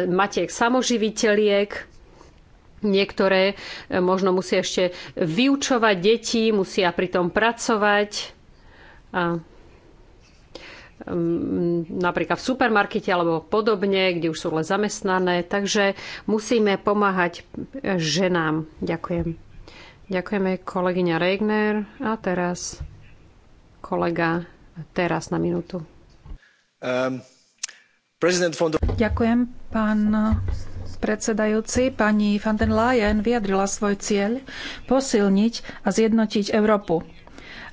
matiek samoživiteľiek, Niektoré e, možno musia ešte vyučovať deti, musia pritom pracovať. A napríklad v supermarkete alebo podobne, kde už sú len zamestnané. Takže musíme pomáhať e, ženám. Ďakujem. Ďakujeme kolegyňa Regner a teraz kolega teraz na minútu. Um, fondo... Ďakujem, pán predsedajúci. Pani van den Leyen vyjadrila svoj cieľ posilniť a zjednotiť Európu.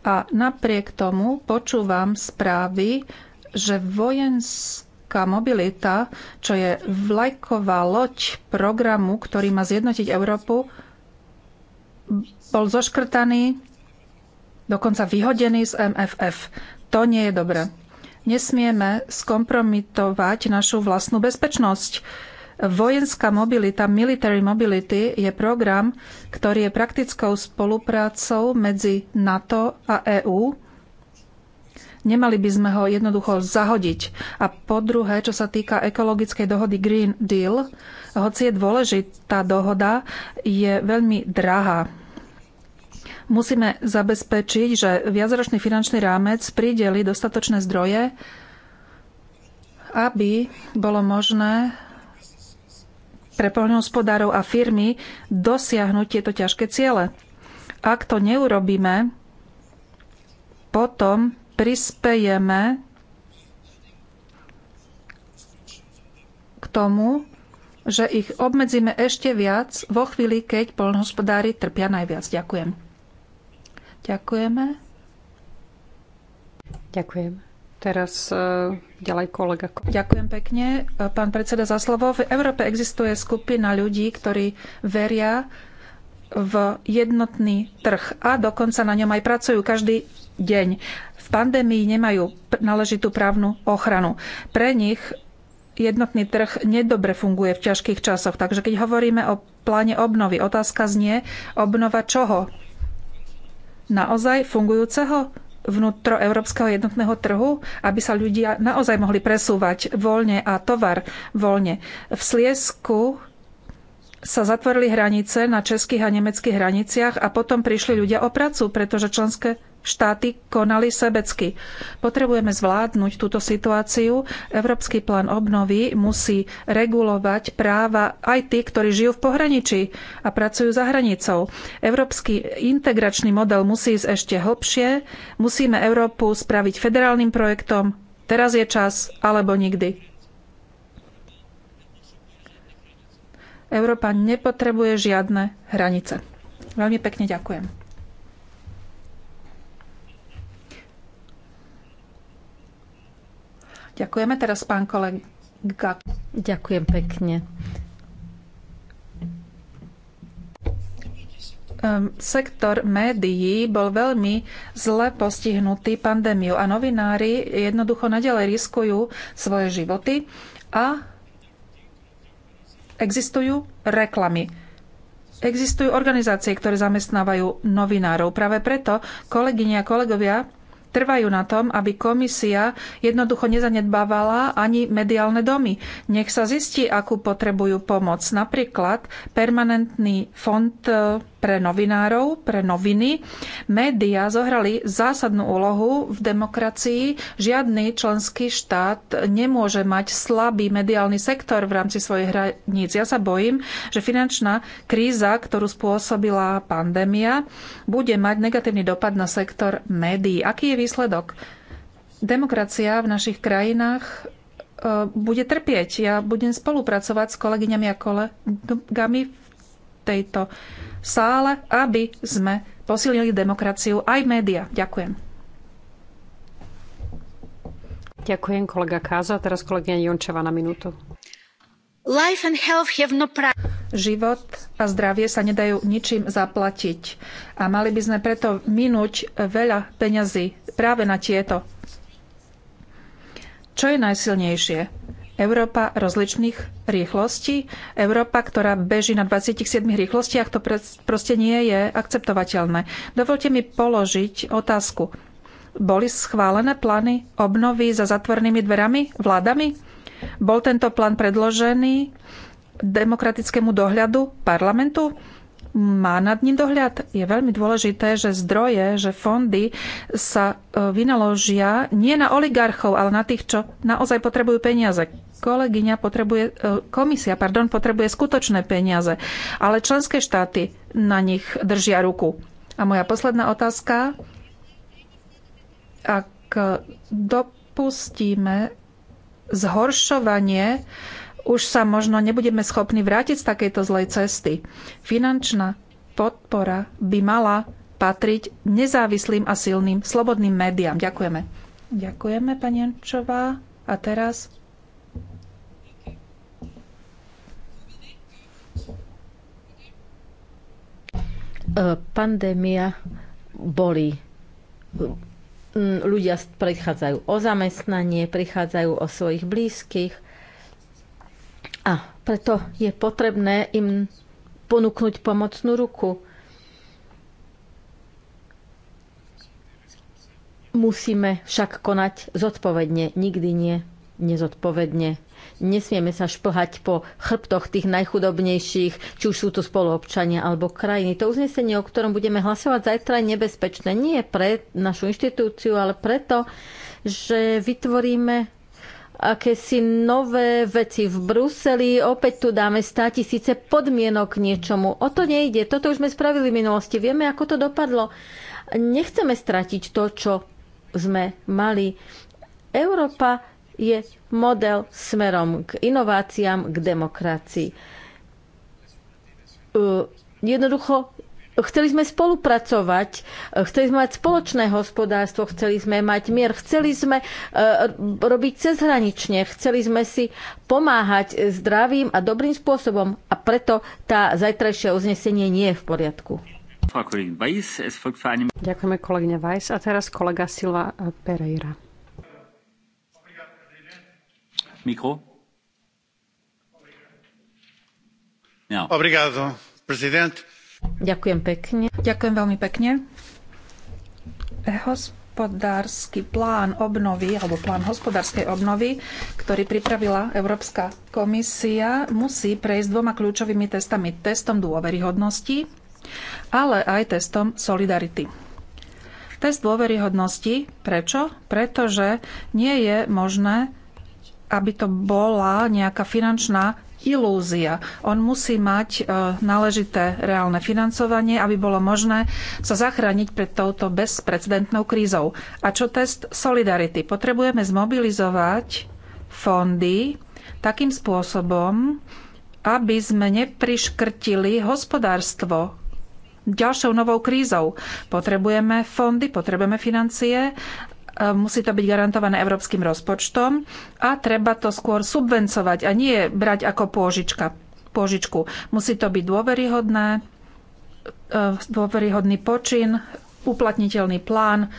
A napriek tomu počúvam správy, že vojenská mobilita, čo je vlajková loď programu, ktorý má zjednotiť Európu, bol zoškrtaný, dokonca vyhodený z MFF. To nie je dobré. Nesmieme skompromitovať našu vlastnú bezpečnosť Vojenská mobilita, military mobility, je program, ktorý je praktickou spoluprácou medzi NATO a EÚ. Nemali by sme ho jednoducho zahodiť. A po druhé, čo sa týka ekologickej dohody Green Deal, hoci je dôležitá dohoda, je veľmi drahá. Musíme zabezpečiť, že viacročný finančný rámec prideli dostatočné zdroje, aby bolo možné pre poľnohospodárov a firmy dosiahnuť tieto ťažké ciele. Ak to neurobíme, potom prispejeme k tomu, že ich obmedzíme ešte viac vo chvíli, keď poľnohospodári trpia najviac. Ďakujem. Ďakujeme. Ďakujem. Teraz e, ďalej kolega. Ďakujem pekne. E, pán predseda za slovo. V Európe existuje skupina ľudí, ktorí veria v jednotný trh a dokonca na ňom aj pracujú každý deň. V pandémii nemajú náležitú právnu ochranu. Pre nich jednotný trh nedobre funguje v ťažkých časoch. Takže keď hovoríme o pláne obnovy, otázka znie, obnova čoho? Naozaj fungujúceho vnútroeurópskeho jednotného trhu, aby sa ľudia naozaj mohli presúvať voľne a tovar voľne. V Sliesku sa zatvorili hranice na českých a nemeckých hraniciach a potom prišli ľudia o prácu, pretože členské štáty konali sebecky. Potrebujeme zvládnuť túto situáciu. Európsky plán obnovy musí regulovať práva aj tí, ktorí žijú v pohraničí a pracujú za hranicou. Európsky integračný model musí ísť ešte hlbšie. Musíme Európu spraviť federálnym projektom. Teraz je čas alebo nikdy. Európa nepotrebuje žiadne hranice. Veľmi pekne ďakujem. Ďakujeme teraz, pán kolega. Ďakujem pekne. Ehm, sektor médií bol veľmi zle postihnutý pandémiou a novinári jednoducho nadalej riskujú svoje životy a existujú reklamy. Existujú organizácie, ktoré zamestnávajú novinárov. Práve preto, kolegyne a kolegovia, trvajú na tom, aby komisia jednoducho nezanedbávala ani mediálne domy. Nech sa zistí, akú potrebujú pomoc. Napríklad permanentný fond e, pre novinárov, pre noviny. Média zohrali zásadnú úlohu v demokracii. Žiadny členský štát nemôže mať slabý mediálny sektor v rámci svojich hraníc. Ja sa bojím, že finančná kríza, ktorú spôsobila pandémia, bude mať negatívny dopad na sektor médií. Aký je výsledok? Demokracia v našich krajinách e, bude trpieť. Ja budem spolupracovať s kolegyňami a kolegami v tejto sále, aby sme posilnili demokraciu aj média. Ďakujem. Ďakujem, kolega Káza. Teraz kolegyňa Jončeva na minútu. Life and health have no Život a zdravie sa nedajú ničím zaplatiť. A mali by sme preto minúť veľa peňazí práve na tieto. Čo je najsilnejšie? Európa rozličných rýchlostí, Európa, ktorá beží na 27 rýchlostiach, to proste nie je akceptovateľné. Dovolte mi položiť otázku. Boli schválené plány obnovy za zatvorenými dverami vládami? Bol tento plán predložený demokratickému dohľadu parlamentu? má nad ním dohľad. Je veľmi dôležité, že zdroje, že fondy sa e, vynaložia nie na oligarchov, ale na tých, čo naozaj potrebujú peniaze. Kolegyňa potrebuje, e, komisia pardon, potrebuje skutočné peniaze, ale členské štáty na nich držia ruku. A moja posledná otázka. Ak dopustíme zhoršovanie už sa možno nebudeme schopní vrátiť z takejto zlej cesty. Finančná podpora by mala patriť nezávislým a silným slobodným médiám. Ďakujeme. Ďakujeme, pani Jančová. A teraz e, pandémia boli. Mm, ľudia prichádzajú o zamestnanie, prichádzajú o svojich blízkych, a preto je potrebné im ponúknuť pomocnú ruku. Musíme však konať zodpovedne, nikdy nie nezodpovedne. Nesmieme sa šplhať po chrbtoch tých najchudobnejších, či už sú to spoluobčania alebo krajiny. To uznesenie, o ktorom budeme hlasovať zajtra, je nebezpečné. Nie pre našu inštitúciu, ale preto, že vytvoríme akési nové veci v Bruseli, opäť tu dáme 100 tisíce podmienok niečomu. O to nejde, toto už sme spravili v minulosti, vieme, ako to dopadlo. Nechceme stratiť to, čo sme mali. Európa je model smerom k inováciám, k demokracii. Jednoducho Chceli sme spolupracovať, e, chceli sme mať spoločné hospodárstvo, chceli sme mať mier, chceli sme e, robiť cezhranične, chceli sme si pomáhať zdravým a dobrým spôsobom a preto tá zajtrajšie uznesenie nie je v poriadku. Ďakujeme kolegyne Weiss a teraz kolega Silva Pereira. Mikro. No. Obrigado, prezident. Ďakujem pekne. Ďakujem veľmi pekne. Hospodársky plán obnovy, alebo plán hospodárskej obnovy, ktorý pripravila Európska komisia, musí prejsť dvoma kľúčovými testami. Testom dôveryhodnosti, ale aj testom solidarity. Test dôveryhodnosti. Prečo? Pretože nie je možné aby to bola nejaká finančná ilúzia. On musí mať e, náležité reálne financovanie, aby bolo možné sa zachrániť pred touto bezprecedentnou krízou. A čo test Solidarity? Potrebujeme zmobilizovať fondy takým spôsobom, aby sme nepriškrtili hospodárstvo ďalšou novou krízou. Potrebujeme fondy, potrebujeme financie E, musí to byť garantované európskym rozpočtom a treba to skôr subvencovať a nie brať ako pôžička, pôžičku. Musí to byť dôveryhodné, e, dôveryhodný počin, uplatniteľný plán.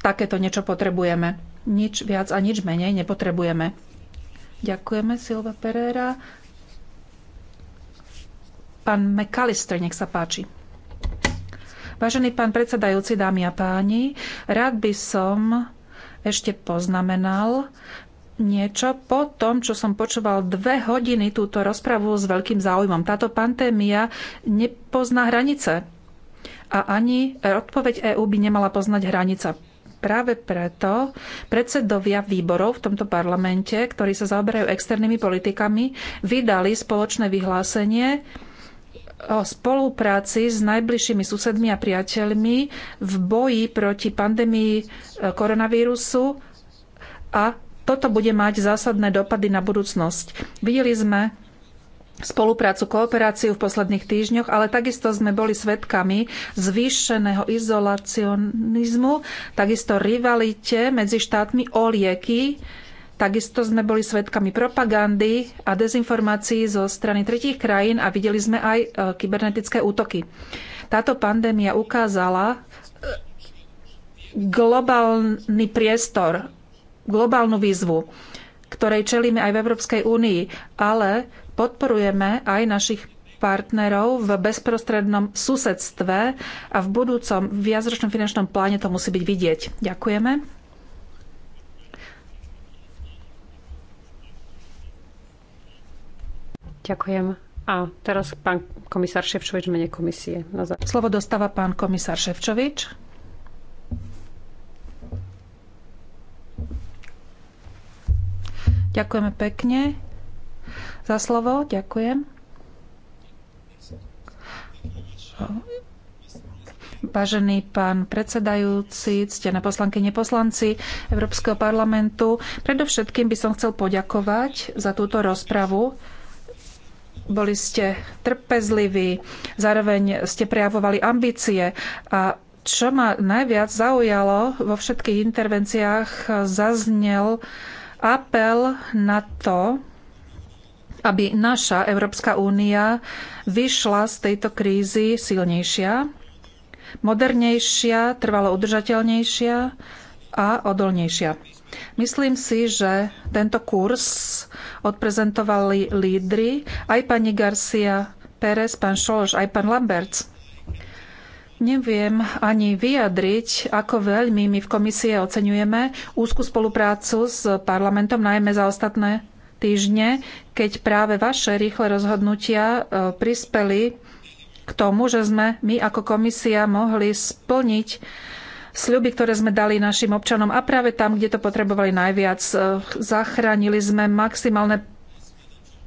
Takéto niečo potrebujeme. Nič viac a nič menej nepotrebujeme. Ďakujeme, Silva Pereira. Pán McAllister, nech sa páči. Vážený pán predsedajúci, dámy a páni, rád by som ešte poznamenal niečo po tom, čo som počúval dve hodiny túto rozpravu s veľkým záujmom. Táto pandémia nepozná hranice a ani odpoveď EÚ by nemala poznať hranica. Práve preto predsedovia výborov v tomto parlamente, ktorí sa zaoberajú externými politikami, vydali spoločné vyhlásenie, o spolupráci s najbližšími susedmi a priateľmi v boji proti pandémii e, koronavírusu a toto bude mať zásadné dopady na budúcnosť. Videli sme spoluprácu, kooperáciu v posledných týždňoch, ale takisto sme boli svedkami zvýšeného izolacionizmu, takisto rivalite medzi štátmi o lieky, Takisto sme boli svedkami propagandy a dezinformácií zo strany tretích krajín a videli sme aj e, kybernetické útoky. Táto pandémia ukázala e, globálny priestor, globálnu výzvu, ktorej čelíme aj v Európskej únii, ale podporujeme aj našich partnerov v bezprostrednom susedstve a v budúcom viacročnom finančnom pláne to musí byť vidieť. Ďakujeme. Ďakujem. A teraz pán komisár Ševčovič mene komisie. Slovo dostáva pán komisár Ševčovič. Ďakujeme pekne za slovo. Ďakujem. Vážený pán predsedajúci, ctené poslanky, neposlanci Európskeho parlamentu, predovšetkým by som chcel poďakovať za túto rozpravu boli ste trpezliví, zároveň ste prejavovali ambície a čo ma najviac zaujalo vo všetkých intervenciách, zaznel apel na to, aby naša Európska únia vyšla z tejto krízy silnejšia, modernejšia, trvalo udržateľnejšia a odolnejšia. Myslím si, že tento kurz odprezentovali lídry, aj pani Garcia Pérez, pán Šološ, aj pán Lamberts. Neviem ani vyjadriť, ako veľmi my v komisie oceňujeme úzku spoluprácu s parlamentom, najmä za ostatné týždne, keď práve vaše rýchle rozhodnutia e, prispeli k tomu, že sme my ako komisia mohli splniť sľuby, ktoré sme dali našim občanom a práve tam, kde to potrebovali najviac. Eh, zachránili sme maximálne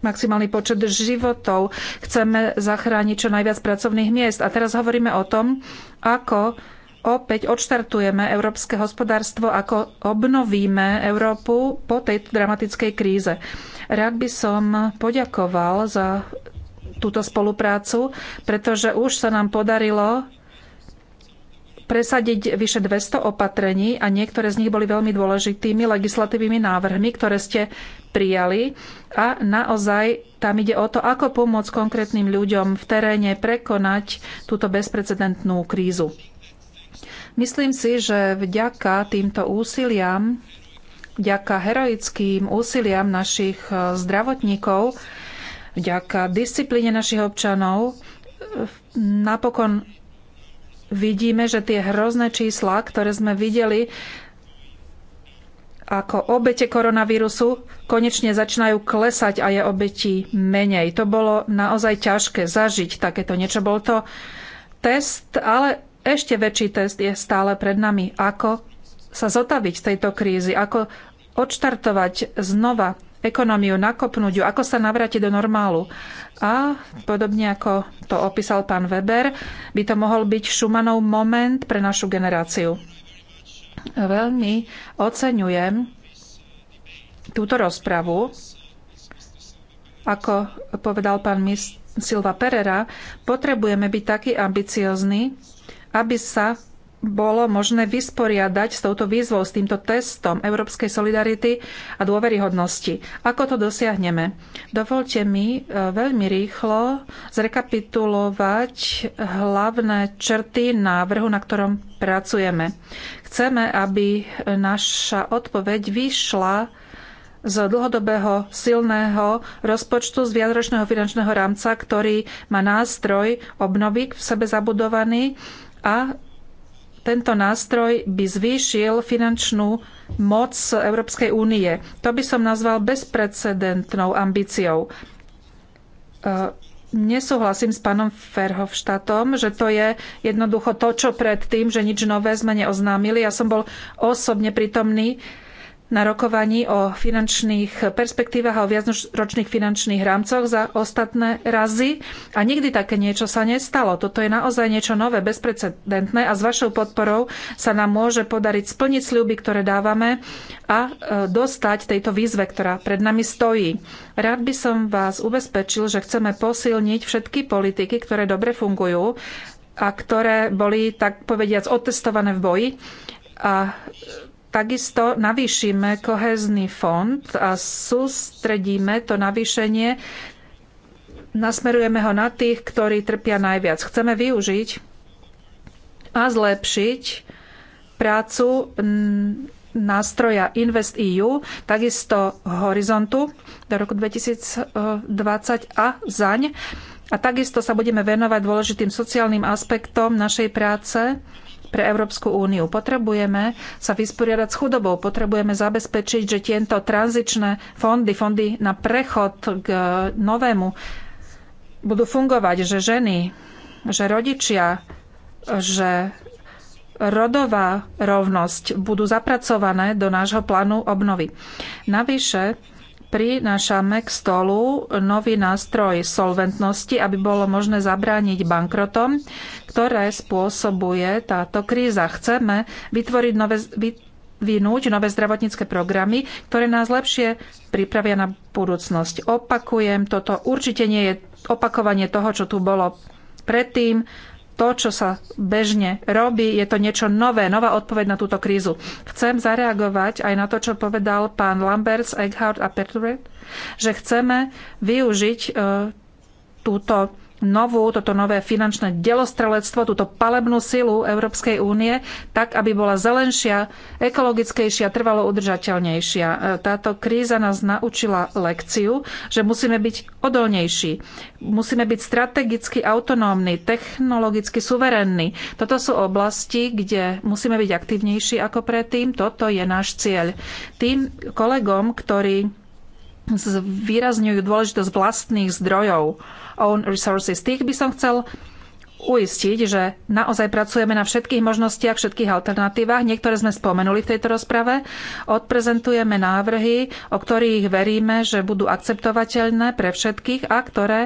maximálny počet životov. Chceme zachrániť čo najviac pracovných miest. A teraz hovoríme o tom, ako opäť odštartujeme európske hospodárstvo, ako obnovíme Európu po tejto dramatickej kríze. Rád by som poďakoval za túto spoluprácu, pretože už sa nám podarilo presadiť vyše 200 opatrení a niektoré z nich boli veľmi dôležitými legislatívnymi návrhmi, ktoré ste prijali. A naozaj tam ide o to, ako pomôcť konkrétnym ľuďom v teréne prekonať túto bezprecedentnú krízu. Myslím si, že vďaka týmto úsiliam, vďaka heroickým úsiliam našich e, zdravotníkov, vďaka disciplíne našich občanov, e, napokon vidíme, že tie hrozné čísla, ktoré sme videli ako obete koronavírusu, konečne začínajú klesať a je obetí menej. To bolo naozaj ťažké zažiť takéto niečo. Bol to test, ale ešte väčší test je stále pred nami. Ako sa zotaviť z tejto krízy, ako odštartovať znova ekonómiu, nakopnúť ju, ako sa navrátiť do normálu. A podobne ako to opísal pán Weber, by to mohol byť šumanov moment pre našu generáciu. Veľmi oceňujem túto rozpravu. Ako povedal pán Silva Perera, potrebujeme byť takí ambiciozni, aby sa bolo možné vysporiadať s touto výzvou, s týmto testom európskej solidarity a dôveryhodnosti. Ako to dosiahneme? Dovolte mi e, veľmi rýchlo zrekapitulovať hlavné črty návrhu, na ktorom pracujeme. Chceme, aby naša odpoveď vyšla z dlhodobého silného rozpočtu z viacročného finančného rámca, ktorý má nástroj obnovy v sebe zabudovaný a tento nástroj by zvýšil finančnú moc Európskej únie. To by som nazval bezprecedentnou ambíciou. E, nesúhlasím s pánom Verhofstadtom, že to je jednoducho to, čo predtým, že nič nové sme neoznámili. Ja som bol osobne prítomný na rokovaní o finančných perspektívach a o viacročných finančných rámcoch za ostatné razy a nikdy také niečo sa nestalo. Toto je naozaj niečo nové, bezprecedentné a s vašou podporou sa nám môže podariť splniť sľuby, ktoré dávame a e, dostať tejto výzve, ktorá pred nami stojí. Rád by som vás ubezpečil, že chceme posilniť všetky politiky, ktoré dobre fungujú a ktoré boli, tak povediac, otestované v boji a Takisto navýšime kohezný fond a sústredíme to navýšenie, nasmerujeme ho na tých, ktorí trpia najviac. Chceme využiť a zlepšiť prácu nástroja InvestEU, takisto Horizontu do roku 2020 a zaň. A takisto sa budeme venovať dôležitým sociálnym aspektom našej práce pre Európsku úniu. Potrebujeme sa vysporiadať s chudobou, potrebujeme zabezpečiť, že tieto tranzičné fondy, fondy na prechod k e, novému budú fungovať, že ženy, že rodičia, že rodová rovnosť budú zapracované do nášho plánu obnovy. Navyše prinášame k stolu nový nástroj solventnosti, aby bolo možné zabrániť bankrotom ktoré spôsobuje táto kríza. Chceme vytvoriť nové, vyvinúť nové zdravotnícke programy, ktoré nás lepšie pripravia na budúcnosť. Opakujem, toto určite nie je opakovanie toho, čo tu bolo predtým to, čo sa bežne robí, je to niečo nové, nová odpoveď na túto krízu. Chcem zareagovať aj na to, čo povedal pán Lamberts, Eckhart a Petre, že chceme využiť e, túto novú, toto nové finančné delostrelectvo, túto palebnú silu Európskej únie, tak, aby bola zelenšia, ekologickejšia, trvalo udržateľnejšia. E, táto kríza nás naučila lekciu, že musíme byť odolnejší, musíme byť strategicky autonómni, technologicky suverénni. Toto sú oblasti, kde musíme byť aktívnejší ako predtým. Toto je náš cieľ. Tým kolegom, ktorí zvýrazňujú dôležitosť vlastných zdrojov, own resources. Tých by som chcel uistiť, že naozaj pracujeme na všetkých možnostiach, všetkých alternatívach. Niektoré sme spomenuli v tejto rozprave. Odprezentujeme návrhy, o ktorých veríme, že budú akceptovateľné pre všetkých a ktoré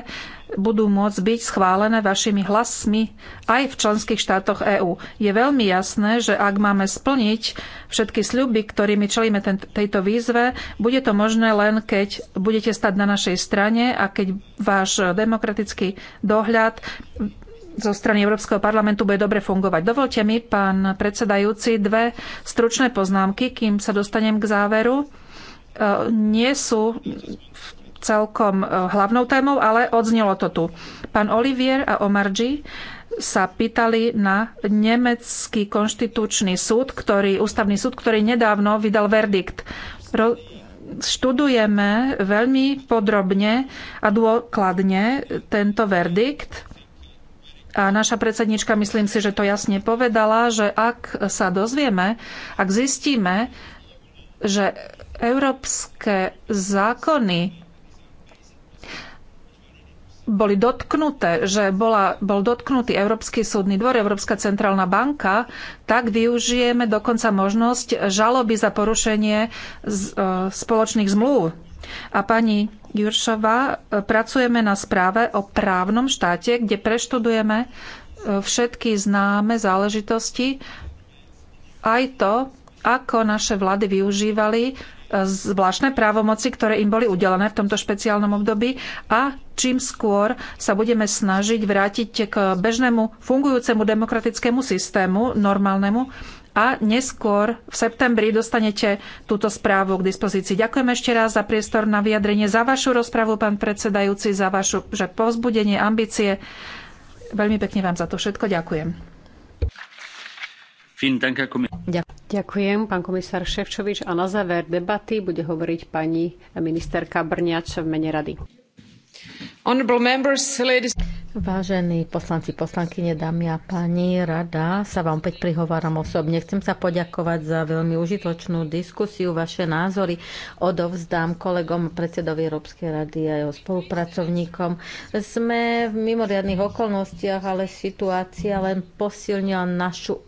budú môcť byť schválené vašimi hlasmi aj v členských štátoch EÚ. Je veľmi jasné, že ak máme splniť všetky sľuby, ktorými čelíme tejto výzve, bude to možné len, keď budete stať na našej strane a keď váš demokratický dohľad zo strany Európskeho parlamentu bude dobre fungovať. Dovolte mi, pán predsedajúci, dve stručné poznámky, kým sa dostanem k záveru e, nie sú v celkom e, hlavnou témou, ale odznelo to tu. Pán Olivier a G sa pýtali na nemecký konštitučný súd, ktorý, ústavný súd, ktorý nedávno vydal verdikt. Ro- študujeme veľmi podrobne a dôkladne tento verdikt. A naša predsednička, myslím si, že to jasne povedala, že ak sa dozvieme, ak zistíme, že európske zákony boli dotknuté, že bola, bol dotknutý Európsky súdny dvor, Európska centrálna banka, tak využijeme dokonca možnosť žaloby za porušenie z, e, spoločných zmluv. A pani Juršová, e, pracujeme na správe o právnom štáte, kde preštudujeme e, všetky známe záležitosti, aj to, ako naše vlády využívali zvláštne právomoci, ktoré im boli udelené v tomto špeciálnom období a čím skôr sa budeme snažiť vrátiť k bežnému fungujúcemu demokratickému systému, normálnemu, a neskôr v septembri dostanete túto správu k dispozícii. Ďakujem ešte raz za priestor na vyjadrenie, za vašu rozpravu, pán predsedajúci, za vašu že povzbudenie, ambície. Veľmi pekne vám za to všetko ďakujem. Ďakujem, pán komisár Ševčovič. A na záver debaty bude hovoriť pani ministerka Brňač v mene rady. Vážení poslanci, poslankyne, dámy a páni, rada sa vám opäť prihováram osobne. Chcem sa poďakovať za veľmi užitočnú diskusiu, vaše názory. Odovzdám kolegom predsedovi Európskej rady a jeho spolupracovníkom. Sme v mimoriadných okolnostiach, ale situácia len posilnila našu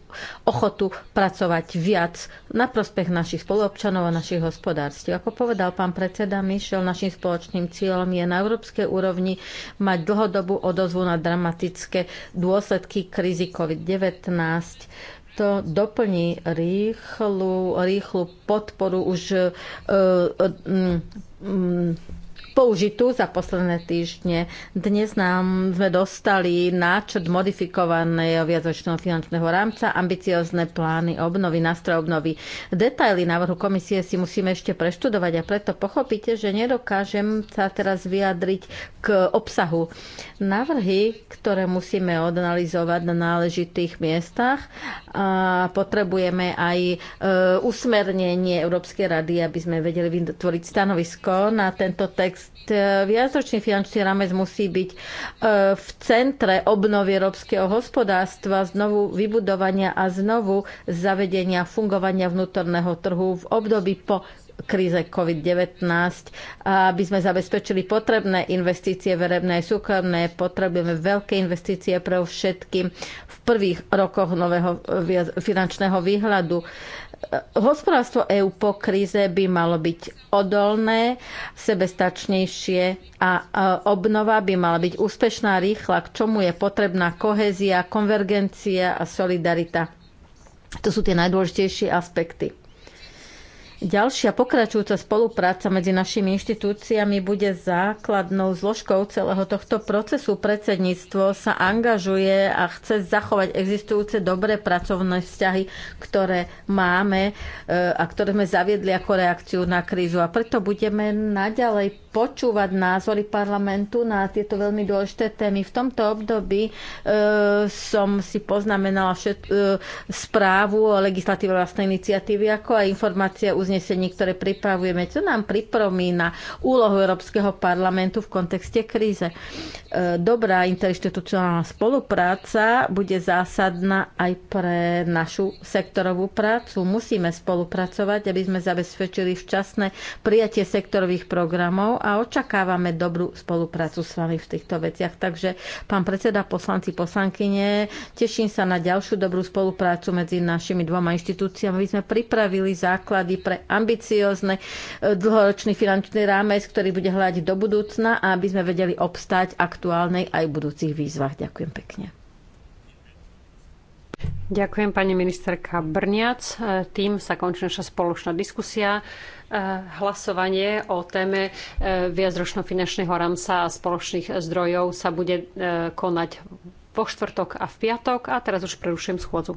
ochotu pracovať viac na prospech našich spoluobčanov a našich hospodárstiev. Ako povedal pán predseda Mišel, našim spoločným cieľom je na európskej úrovni mať dlhodobú odozvu na dramatické dôsledky krízy COVID-19 to doplní rýchlu, rýchlu podporu už uh, uh, um, použitú za posledné týždne. Dnes nám sme dostali náčrt modifikovaného viacročného finančného rámca, ambiciozne plány obnovy, nástroj obnovy. Detaily návrhu komisie si musíme ešte preštudovať a preto pochopíte, že nedokážem sa teraz vyjadriť k obsahu. Návrhy, ktoré musíme odanalizovať na náležitých miestach, a potrebujeme aj e, usmernenie Európskej rady, aby sme vedeli vytvoriť stanovisko na tento text viacročný finančný rámec musí byť e, v centre obnovy európskeho hospodárstva, znovu vybudovania a znovu zavedenia fungovania vnútorného trhu v období po kríze COVID-19, aby sme zabezpečili potrebné investície verejné aj súkromné. Potrebujeme veľké investície pre všetkým v prvých rokoch nového finančného výhľadu. Hospodárstvo EÚ po kríze by malo byť odolné, sebestačnejšie a e, obnova by mala byť úspešná, rýchla, k čomu je potrebná kohézia, konvergencia a solidarita. To sú tie najdôležitejšie aspekty. Ďalšia pokračujúca spolupráca medzi našimi inštitúciami bude základnou zložkou celého tohto procesu. Predsedníctvo sa angažuje a chce zachovať existujúce dobré pracovné vzťahy, ktoré máme e, a ktoré sme zaviedli ako reakciu na krízu. A preto budeme naďalej počúvať názory parlamentu na tieto veľmi dôležité témy. V tomto období e, som si poznamenala všet, e, správu o legislatíve vlastnej iniciatívy, ako aj informácie o uznesení, ktoré pripravujeme. čo nám pripomína úlohu Európskeho parlamentu v kontexte kríze. E, dobrá interinstitucionálna spolupráca bude zásadná aj pre našu sektorovú prácu. Musíme spolupracovať, aby sme zabezpečili včasné prijatie sektorových programov a očakávame dobrú spoluprácu s vami v týchto veciach. Takže, pán predseda, poslanci, poslankyne, teším sa na ďalšiu dobrú spoluprácu medzi našimi dvoma inštitúciami. My sme pripravili základy pre ambiciózne e, dlhoročný finančný rámec, ktorý bude hľadať do budúcna a aby sme vedeli obstať aktuálnej aj budúcich výzvach. Ďakujem pekne. Ďakujem pani ministerka Brniac. E, tým sa končí naša spoločná diskusia. E, hlasovanie o téme e, viacročno finančného rámca a spoločných zdrojov sa bude e, konať vo štvrtok a v piatok. A teraz už prerušujem schôdzu.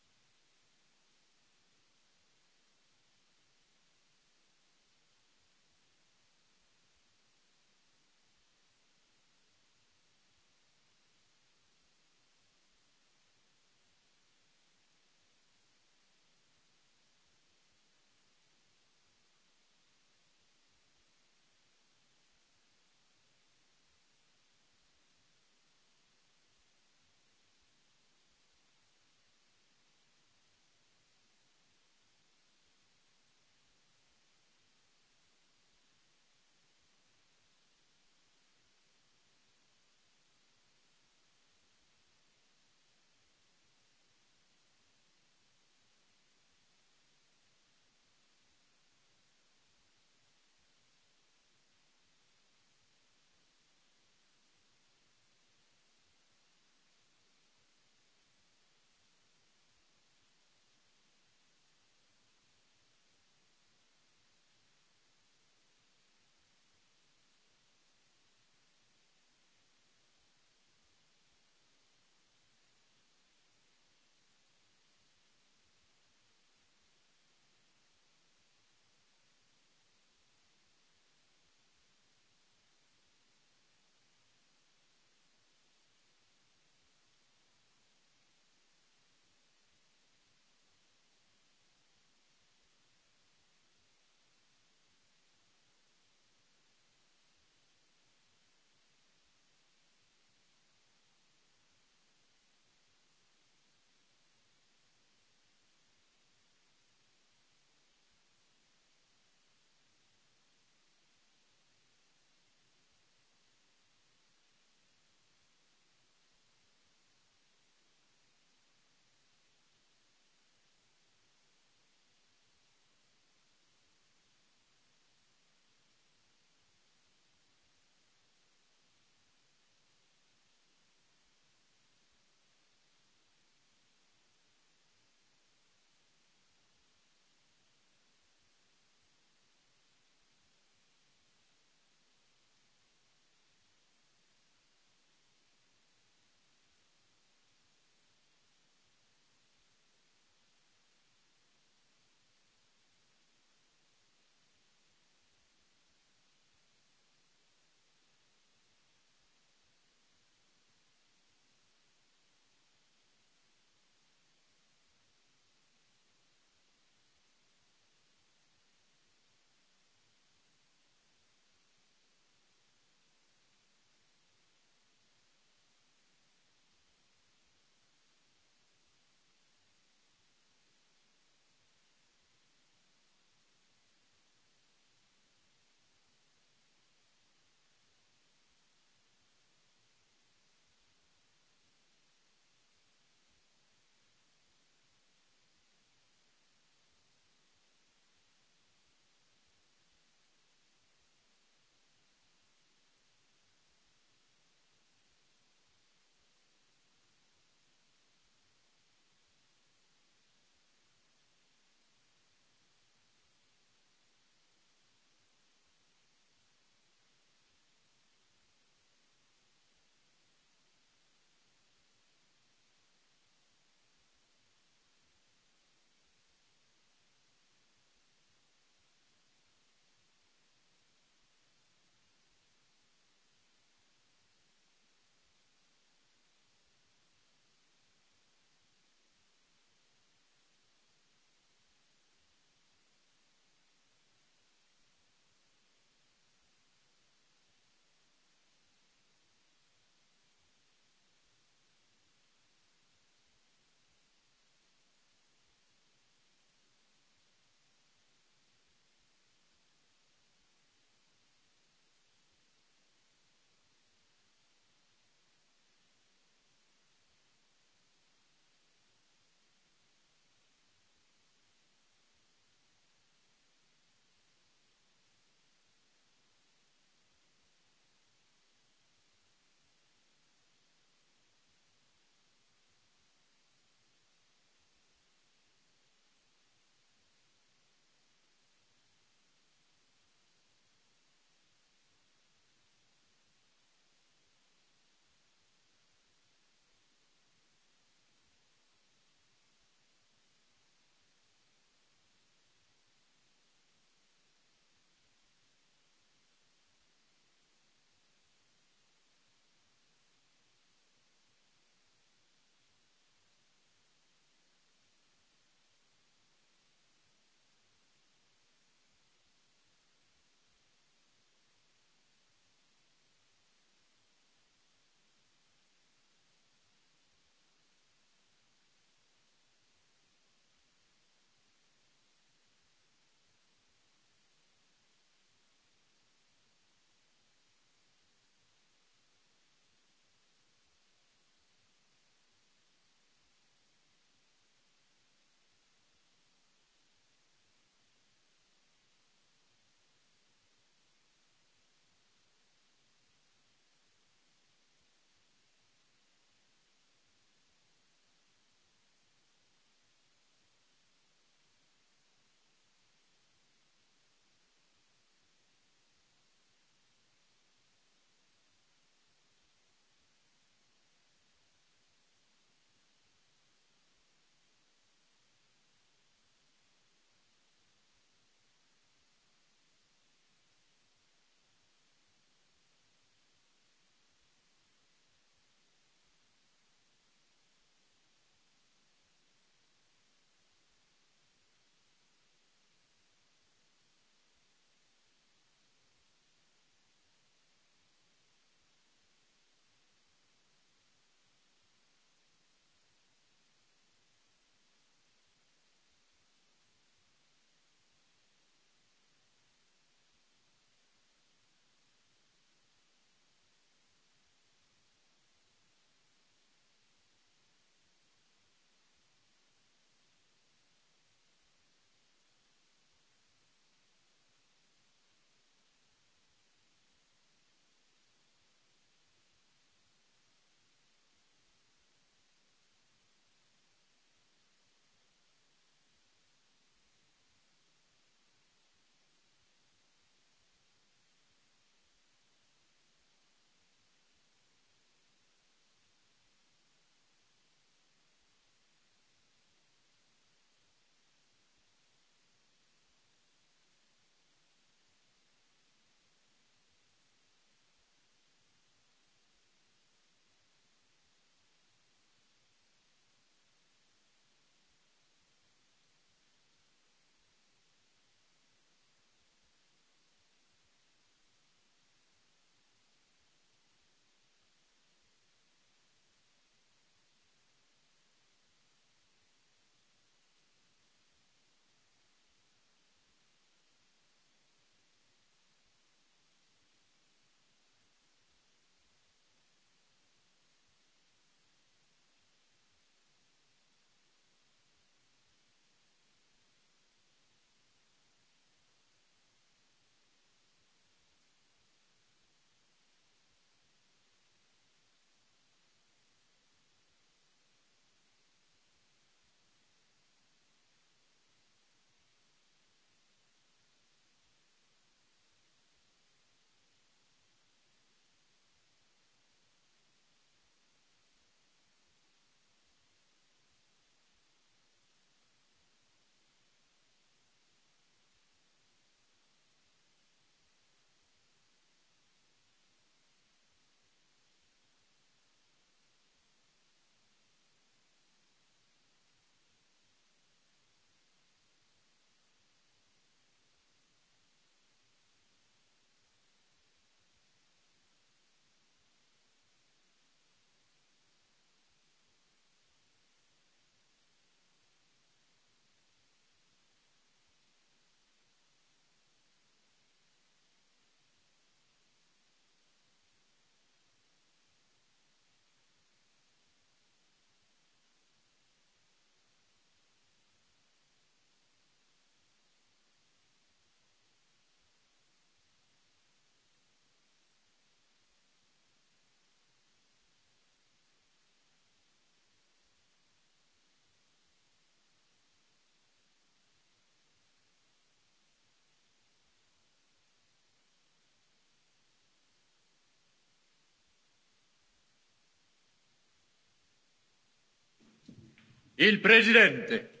Il presidente.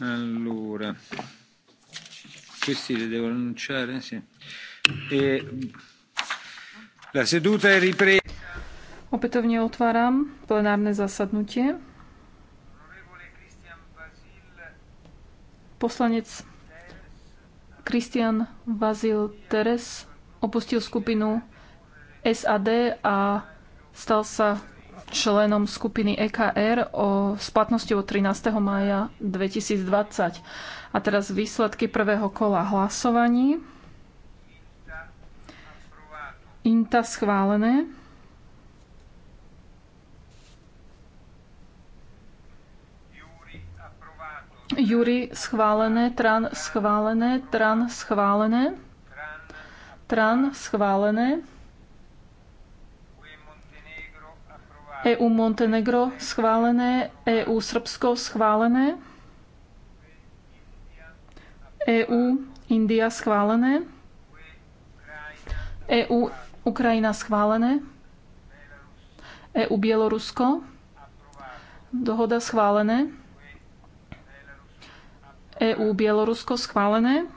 Allora, questi li devo annunciare? Sì. E, la seduta è ripresa. Opätovne otváram plenárne zasadnutie. Poslanec Christian Vazil Teres opustil skupinu SAD a stal sa členom skupiny EKR o splatnosti od 13. mája 2020. A teraz výsledky prvého kola hlasovaní. INTA schválené. Juri schválené, Tran schválené, Tran schválené, Tran schválené, EU Montenegro schválené, EU Srbsko schválené, EU India schválené, EU Ukrajina schválené, EU Bielorusko, dohoda schválené. EU-Bielorusko schválené.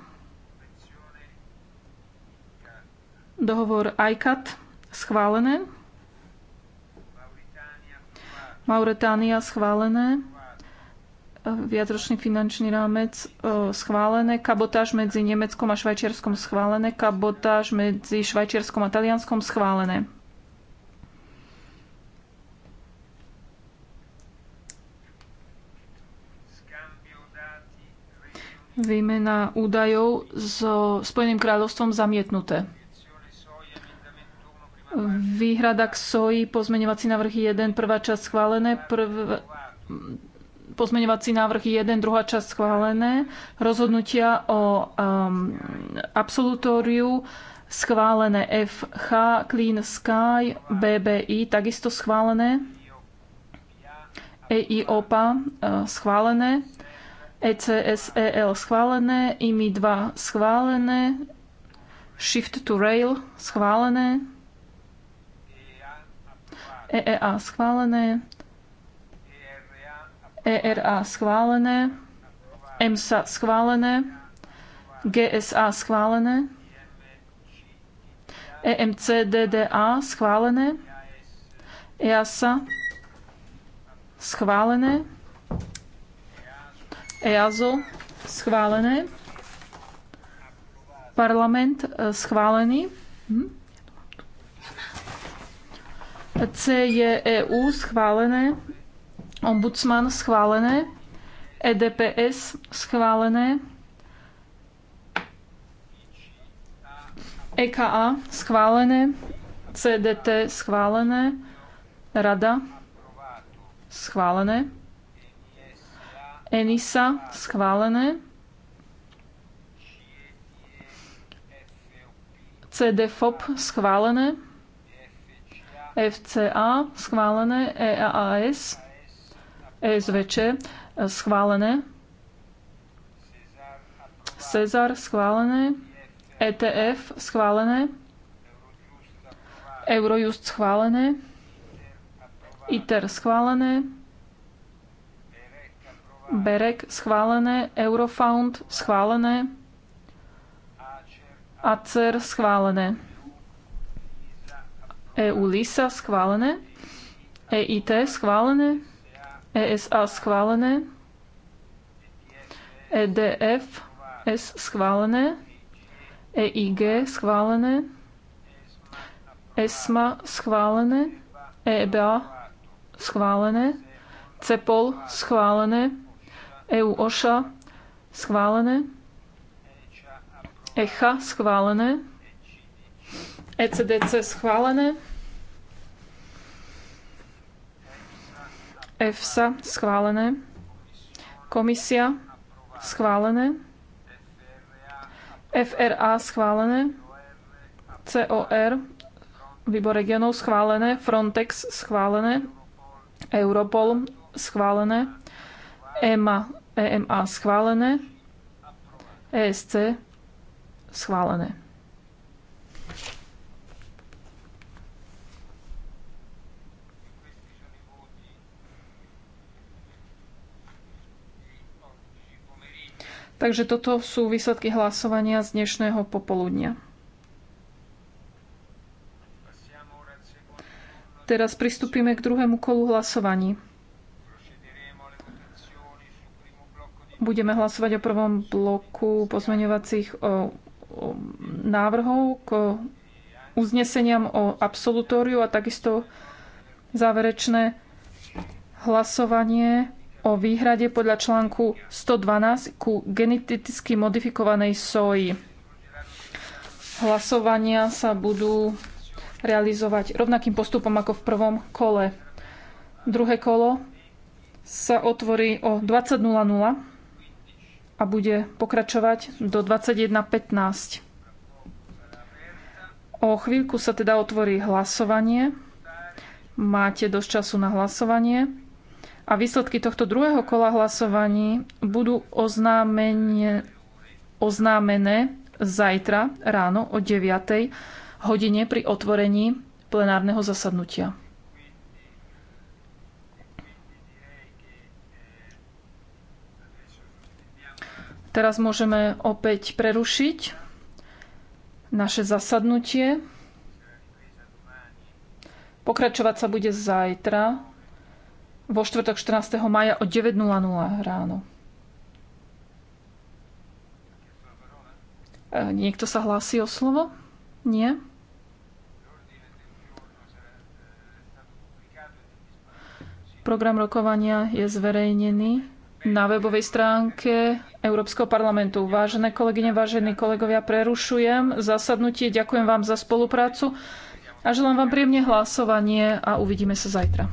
Dohovor ICAT schválené. Mauretánia schválené. Viacročný finančný rámec e, schválené. Kabotáž medzi Nemeckom a Švajčiarskom schválené. Kabotáž medzi Švajčiarskom a Talianskom schválené. výmena údajov so Spojeným kráľovstvom zamietnuté. Výhrada k SOI, pozmeňovací návrh 1, prvá časť schválené, prv... pozmeňovací návrh 1, druhá časť schválené, rozhodnutia o um, absolutóriu schválené FH, Clean Sky, BBI, takisto schválené, EIOPA uh, schválené, ECSEL schválené, IMI 2 schválené, Shift to Rail schválené, EEA schválené, ERA schválené, EMSA schválené, GSA schválené, e DDA schválené, EASA schválené, EASO schválené. Parlament e, schválený. Hm? CJEU e schválené. Ombudsman schválené. EDPS schválené. EKA schválené. CDT schválené. Rada schválené. Enisa schválené. CDFOP schválené. FCA schválené. EAAS ESVČ schválené. Cezar schválené. ETF schválené. Eurojust schválené. ITER schválené. Berek schválené, Eurofound schválené, ACER schválené, EU LISA schválené, EIT schválené, ESA schválené, EDF S schválené, EIG schválené, ESMA schválené, EBA schválené, CEPOL schválené, EU OŠA schválené. ECHA schválené. ECDC schválené. EFSA schválené. Komisia schválené. FRA schválené. COR výbor regionov schválené. Frontex schválené. Europol schválené. EMA, EMA schválené, ESC schválené. Takže toto sú výsledky hlasovania z dnešného popoludnia. Teraz pristúpime k druhému kolu hlasovaní. Budeme hlasovať o prvom bloku pozmeňovacích návrhov k uzneseniam o absolutóriu a takisto záverečné hlasovanie o výhrade podľa článku 112 ku geneticky modifikovanej soji. Hlasovania sa budú realizovať rovnakým postupom ako v prvom kole. Druhé kolo sa otvorí o 20.00 a bude pokračovať do 21.15. O chvíľku sa teda otvorí hlasovanie. Máte dosť času na hlasovanie. A výsledky tohto druhého kola hlasovaní budú oznámenie, oznámené zajtra ráno o 9. hodine pri otvorení plenárneho zasadnutia. Teraz môžeme opäť prerušiť naše zasadnutie. Pokračovať sa bude zajtra, vo štvrtok 14. maja o 9.00 ráno. E, niekto sa hlási o slovo? Nie? Program rokovania je zverejnený na webovej stránke Európskeho parlamentu. Vážené kolegyne, vážení kolegovia, prerušujem zasadnutie. Ďakujem vám za spoluprácu a želám vám príjemne hlasovanie a uvidíme sa zajtra.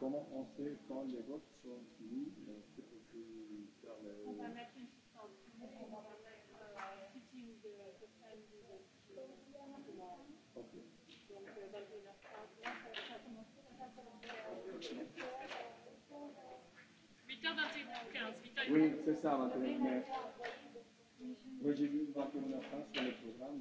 Comment on sait quand les votes sont finis On va mettre une Ok. Oui, c'est ça, 21 mai. Moi, j'ai vu 21 après sur le programme.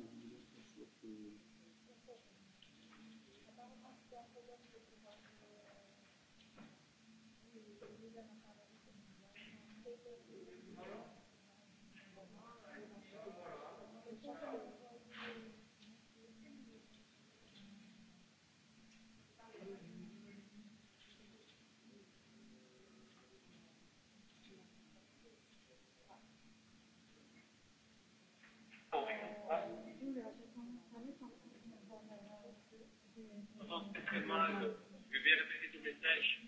Gewehre für die Dokumentation.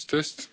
test test.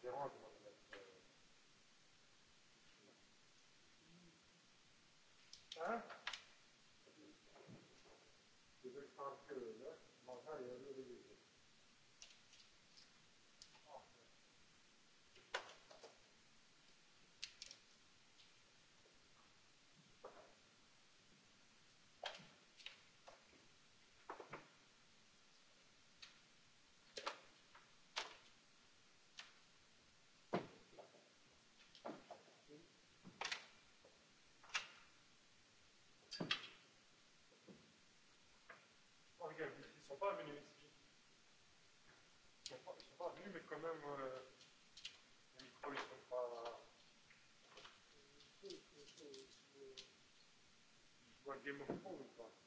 Zéro argument. sont pas Ils sont pas, ils mais quand même, euh, les micros, ils sont pas. Ils voient Game of Thrones ou pas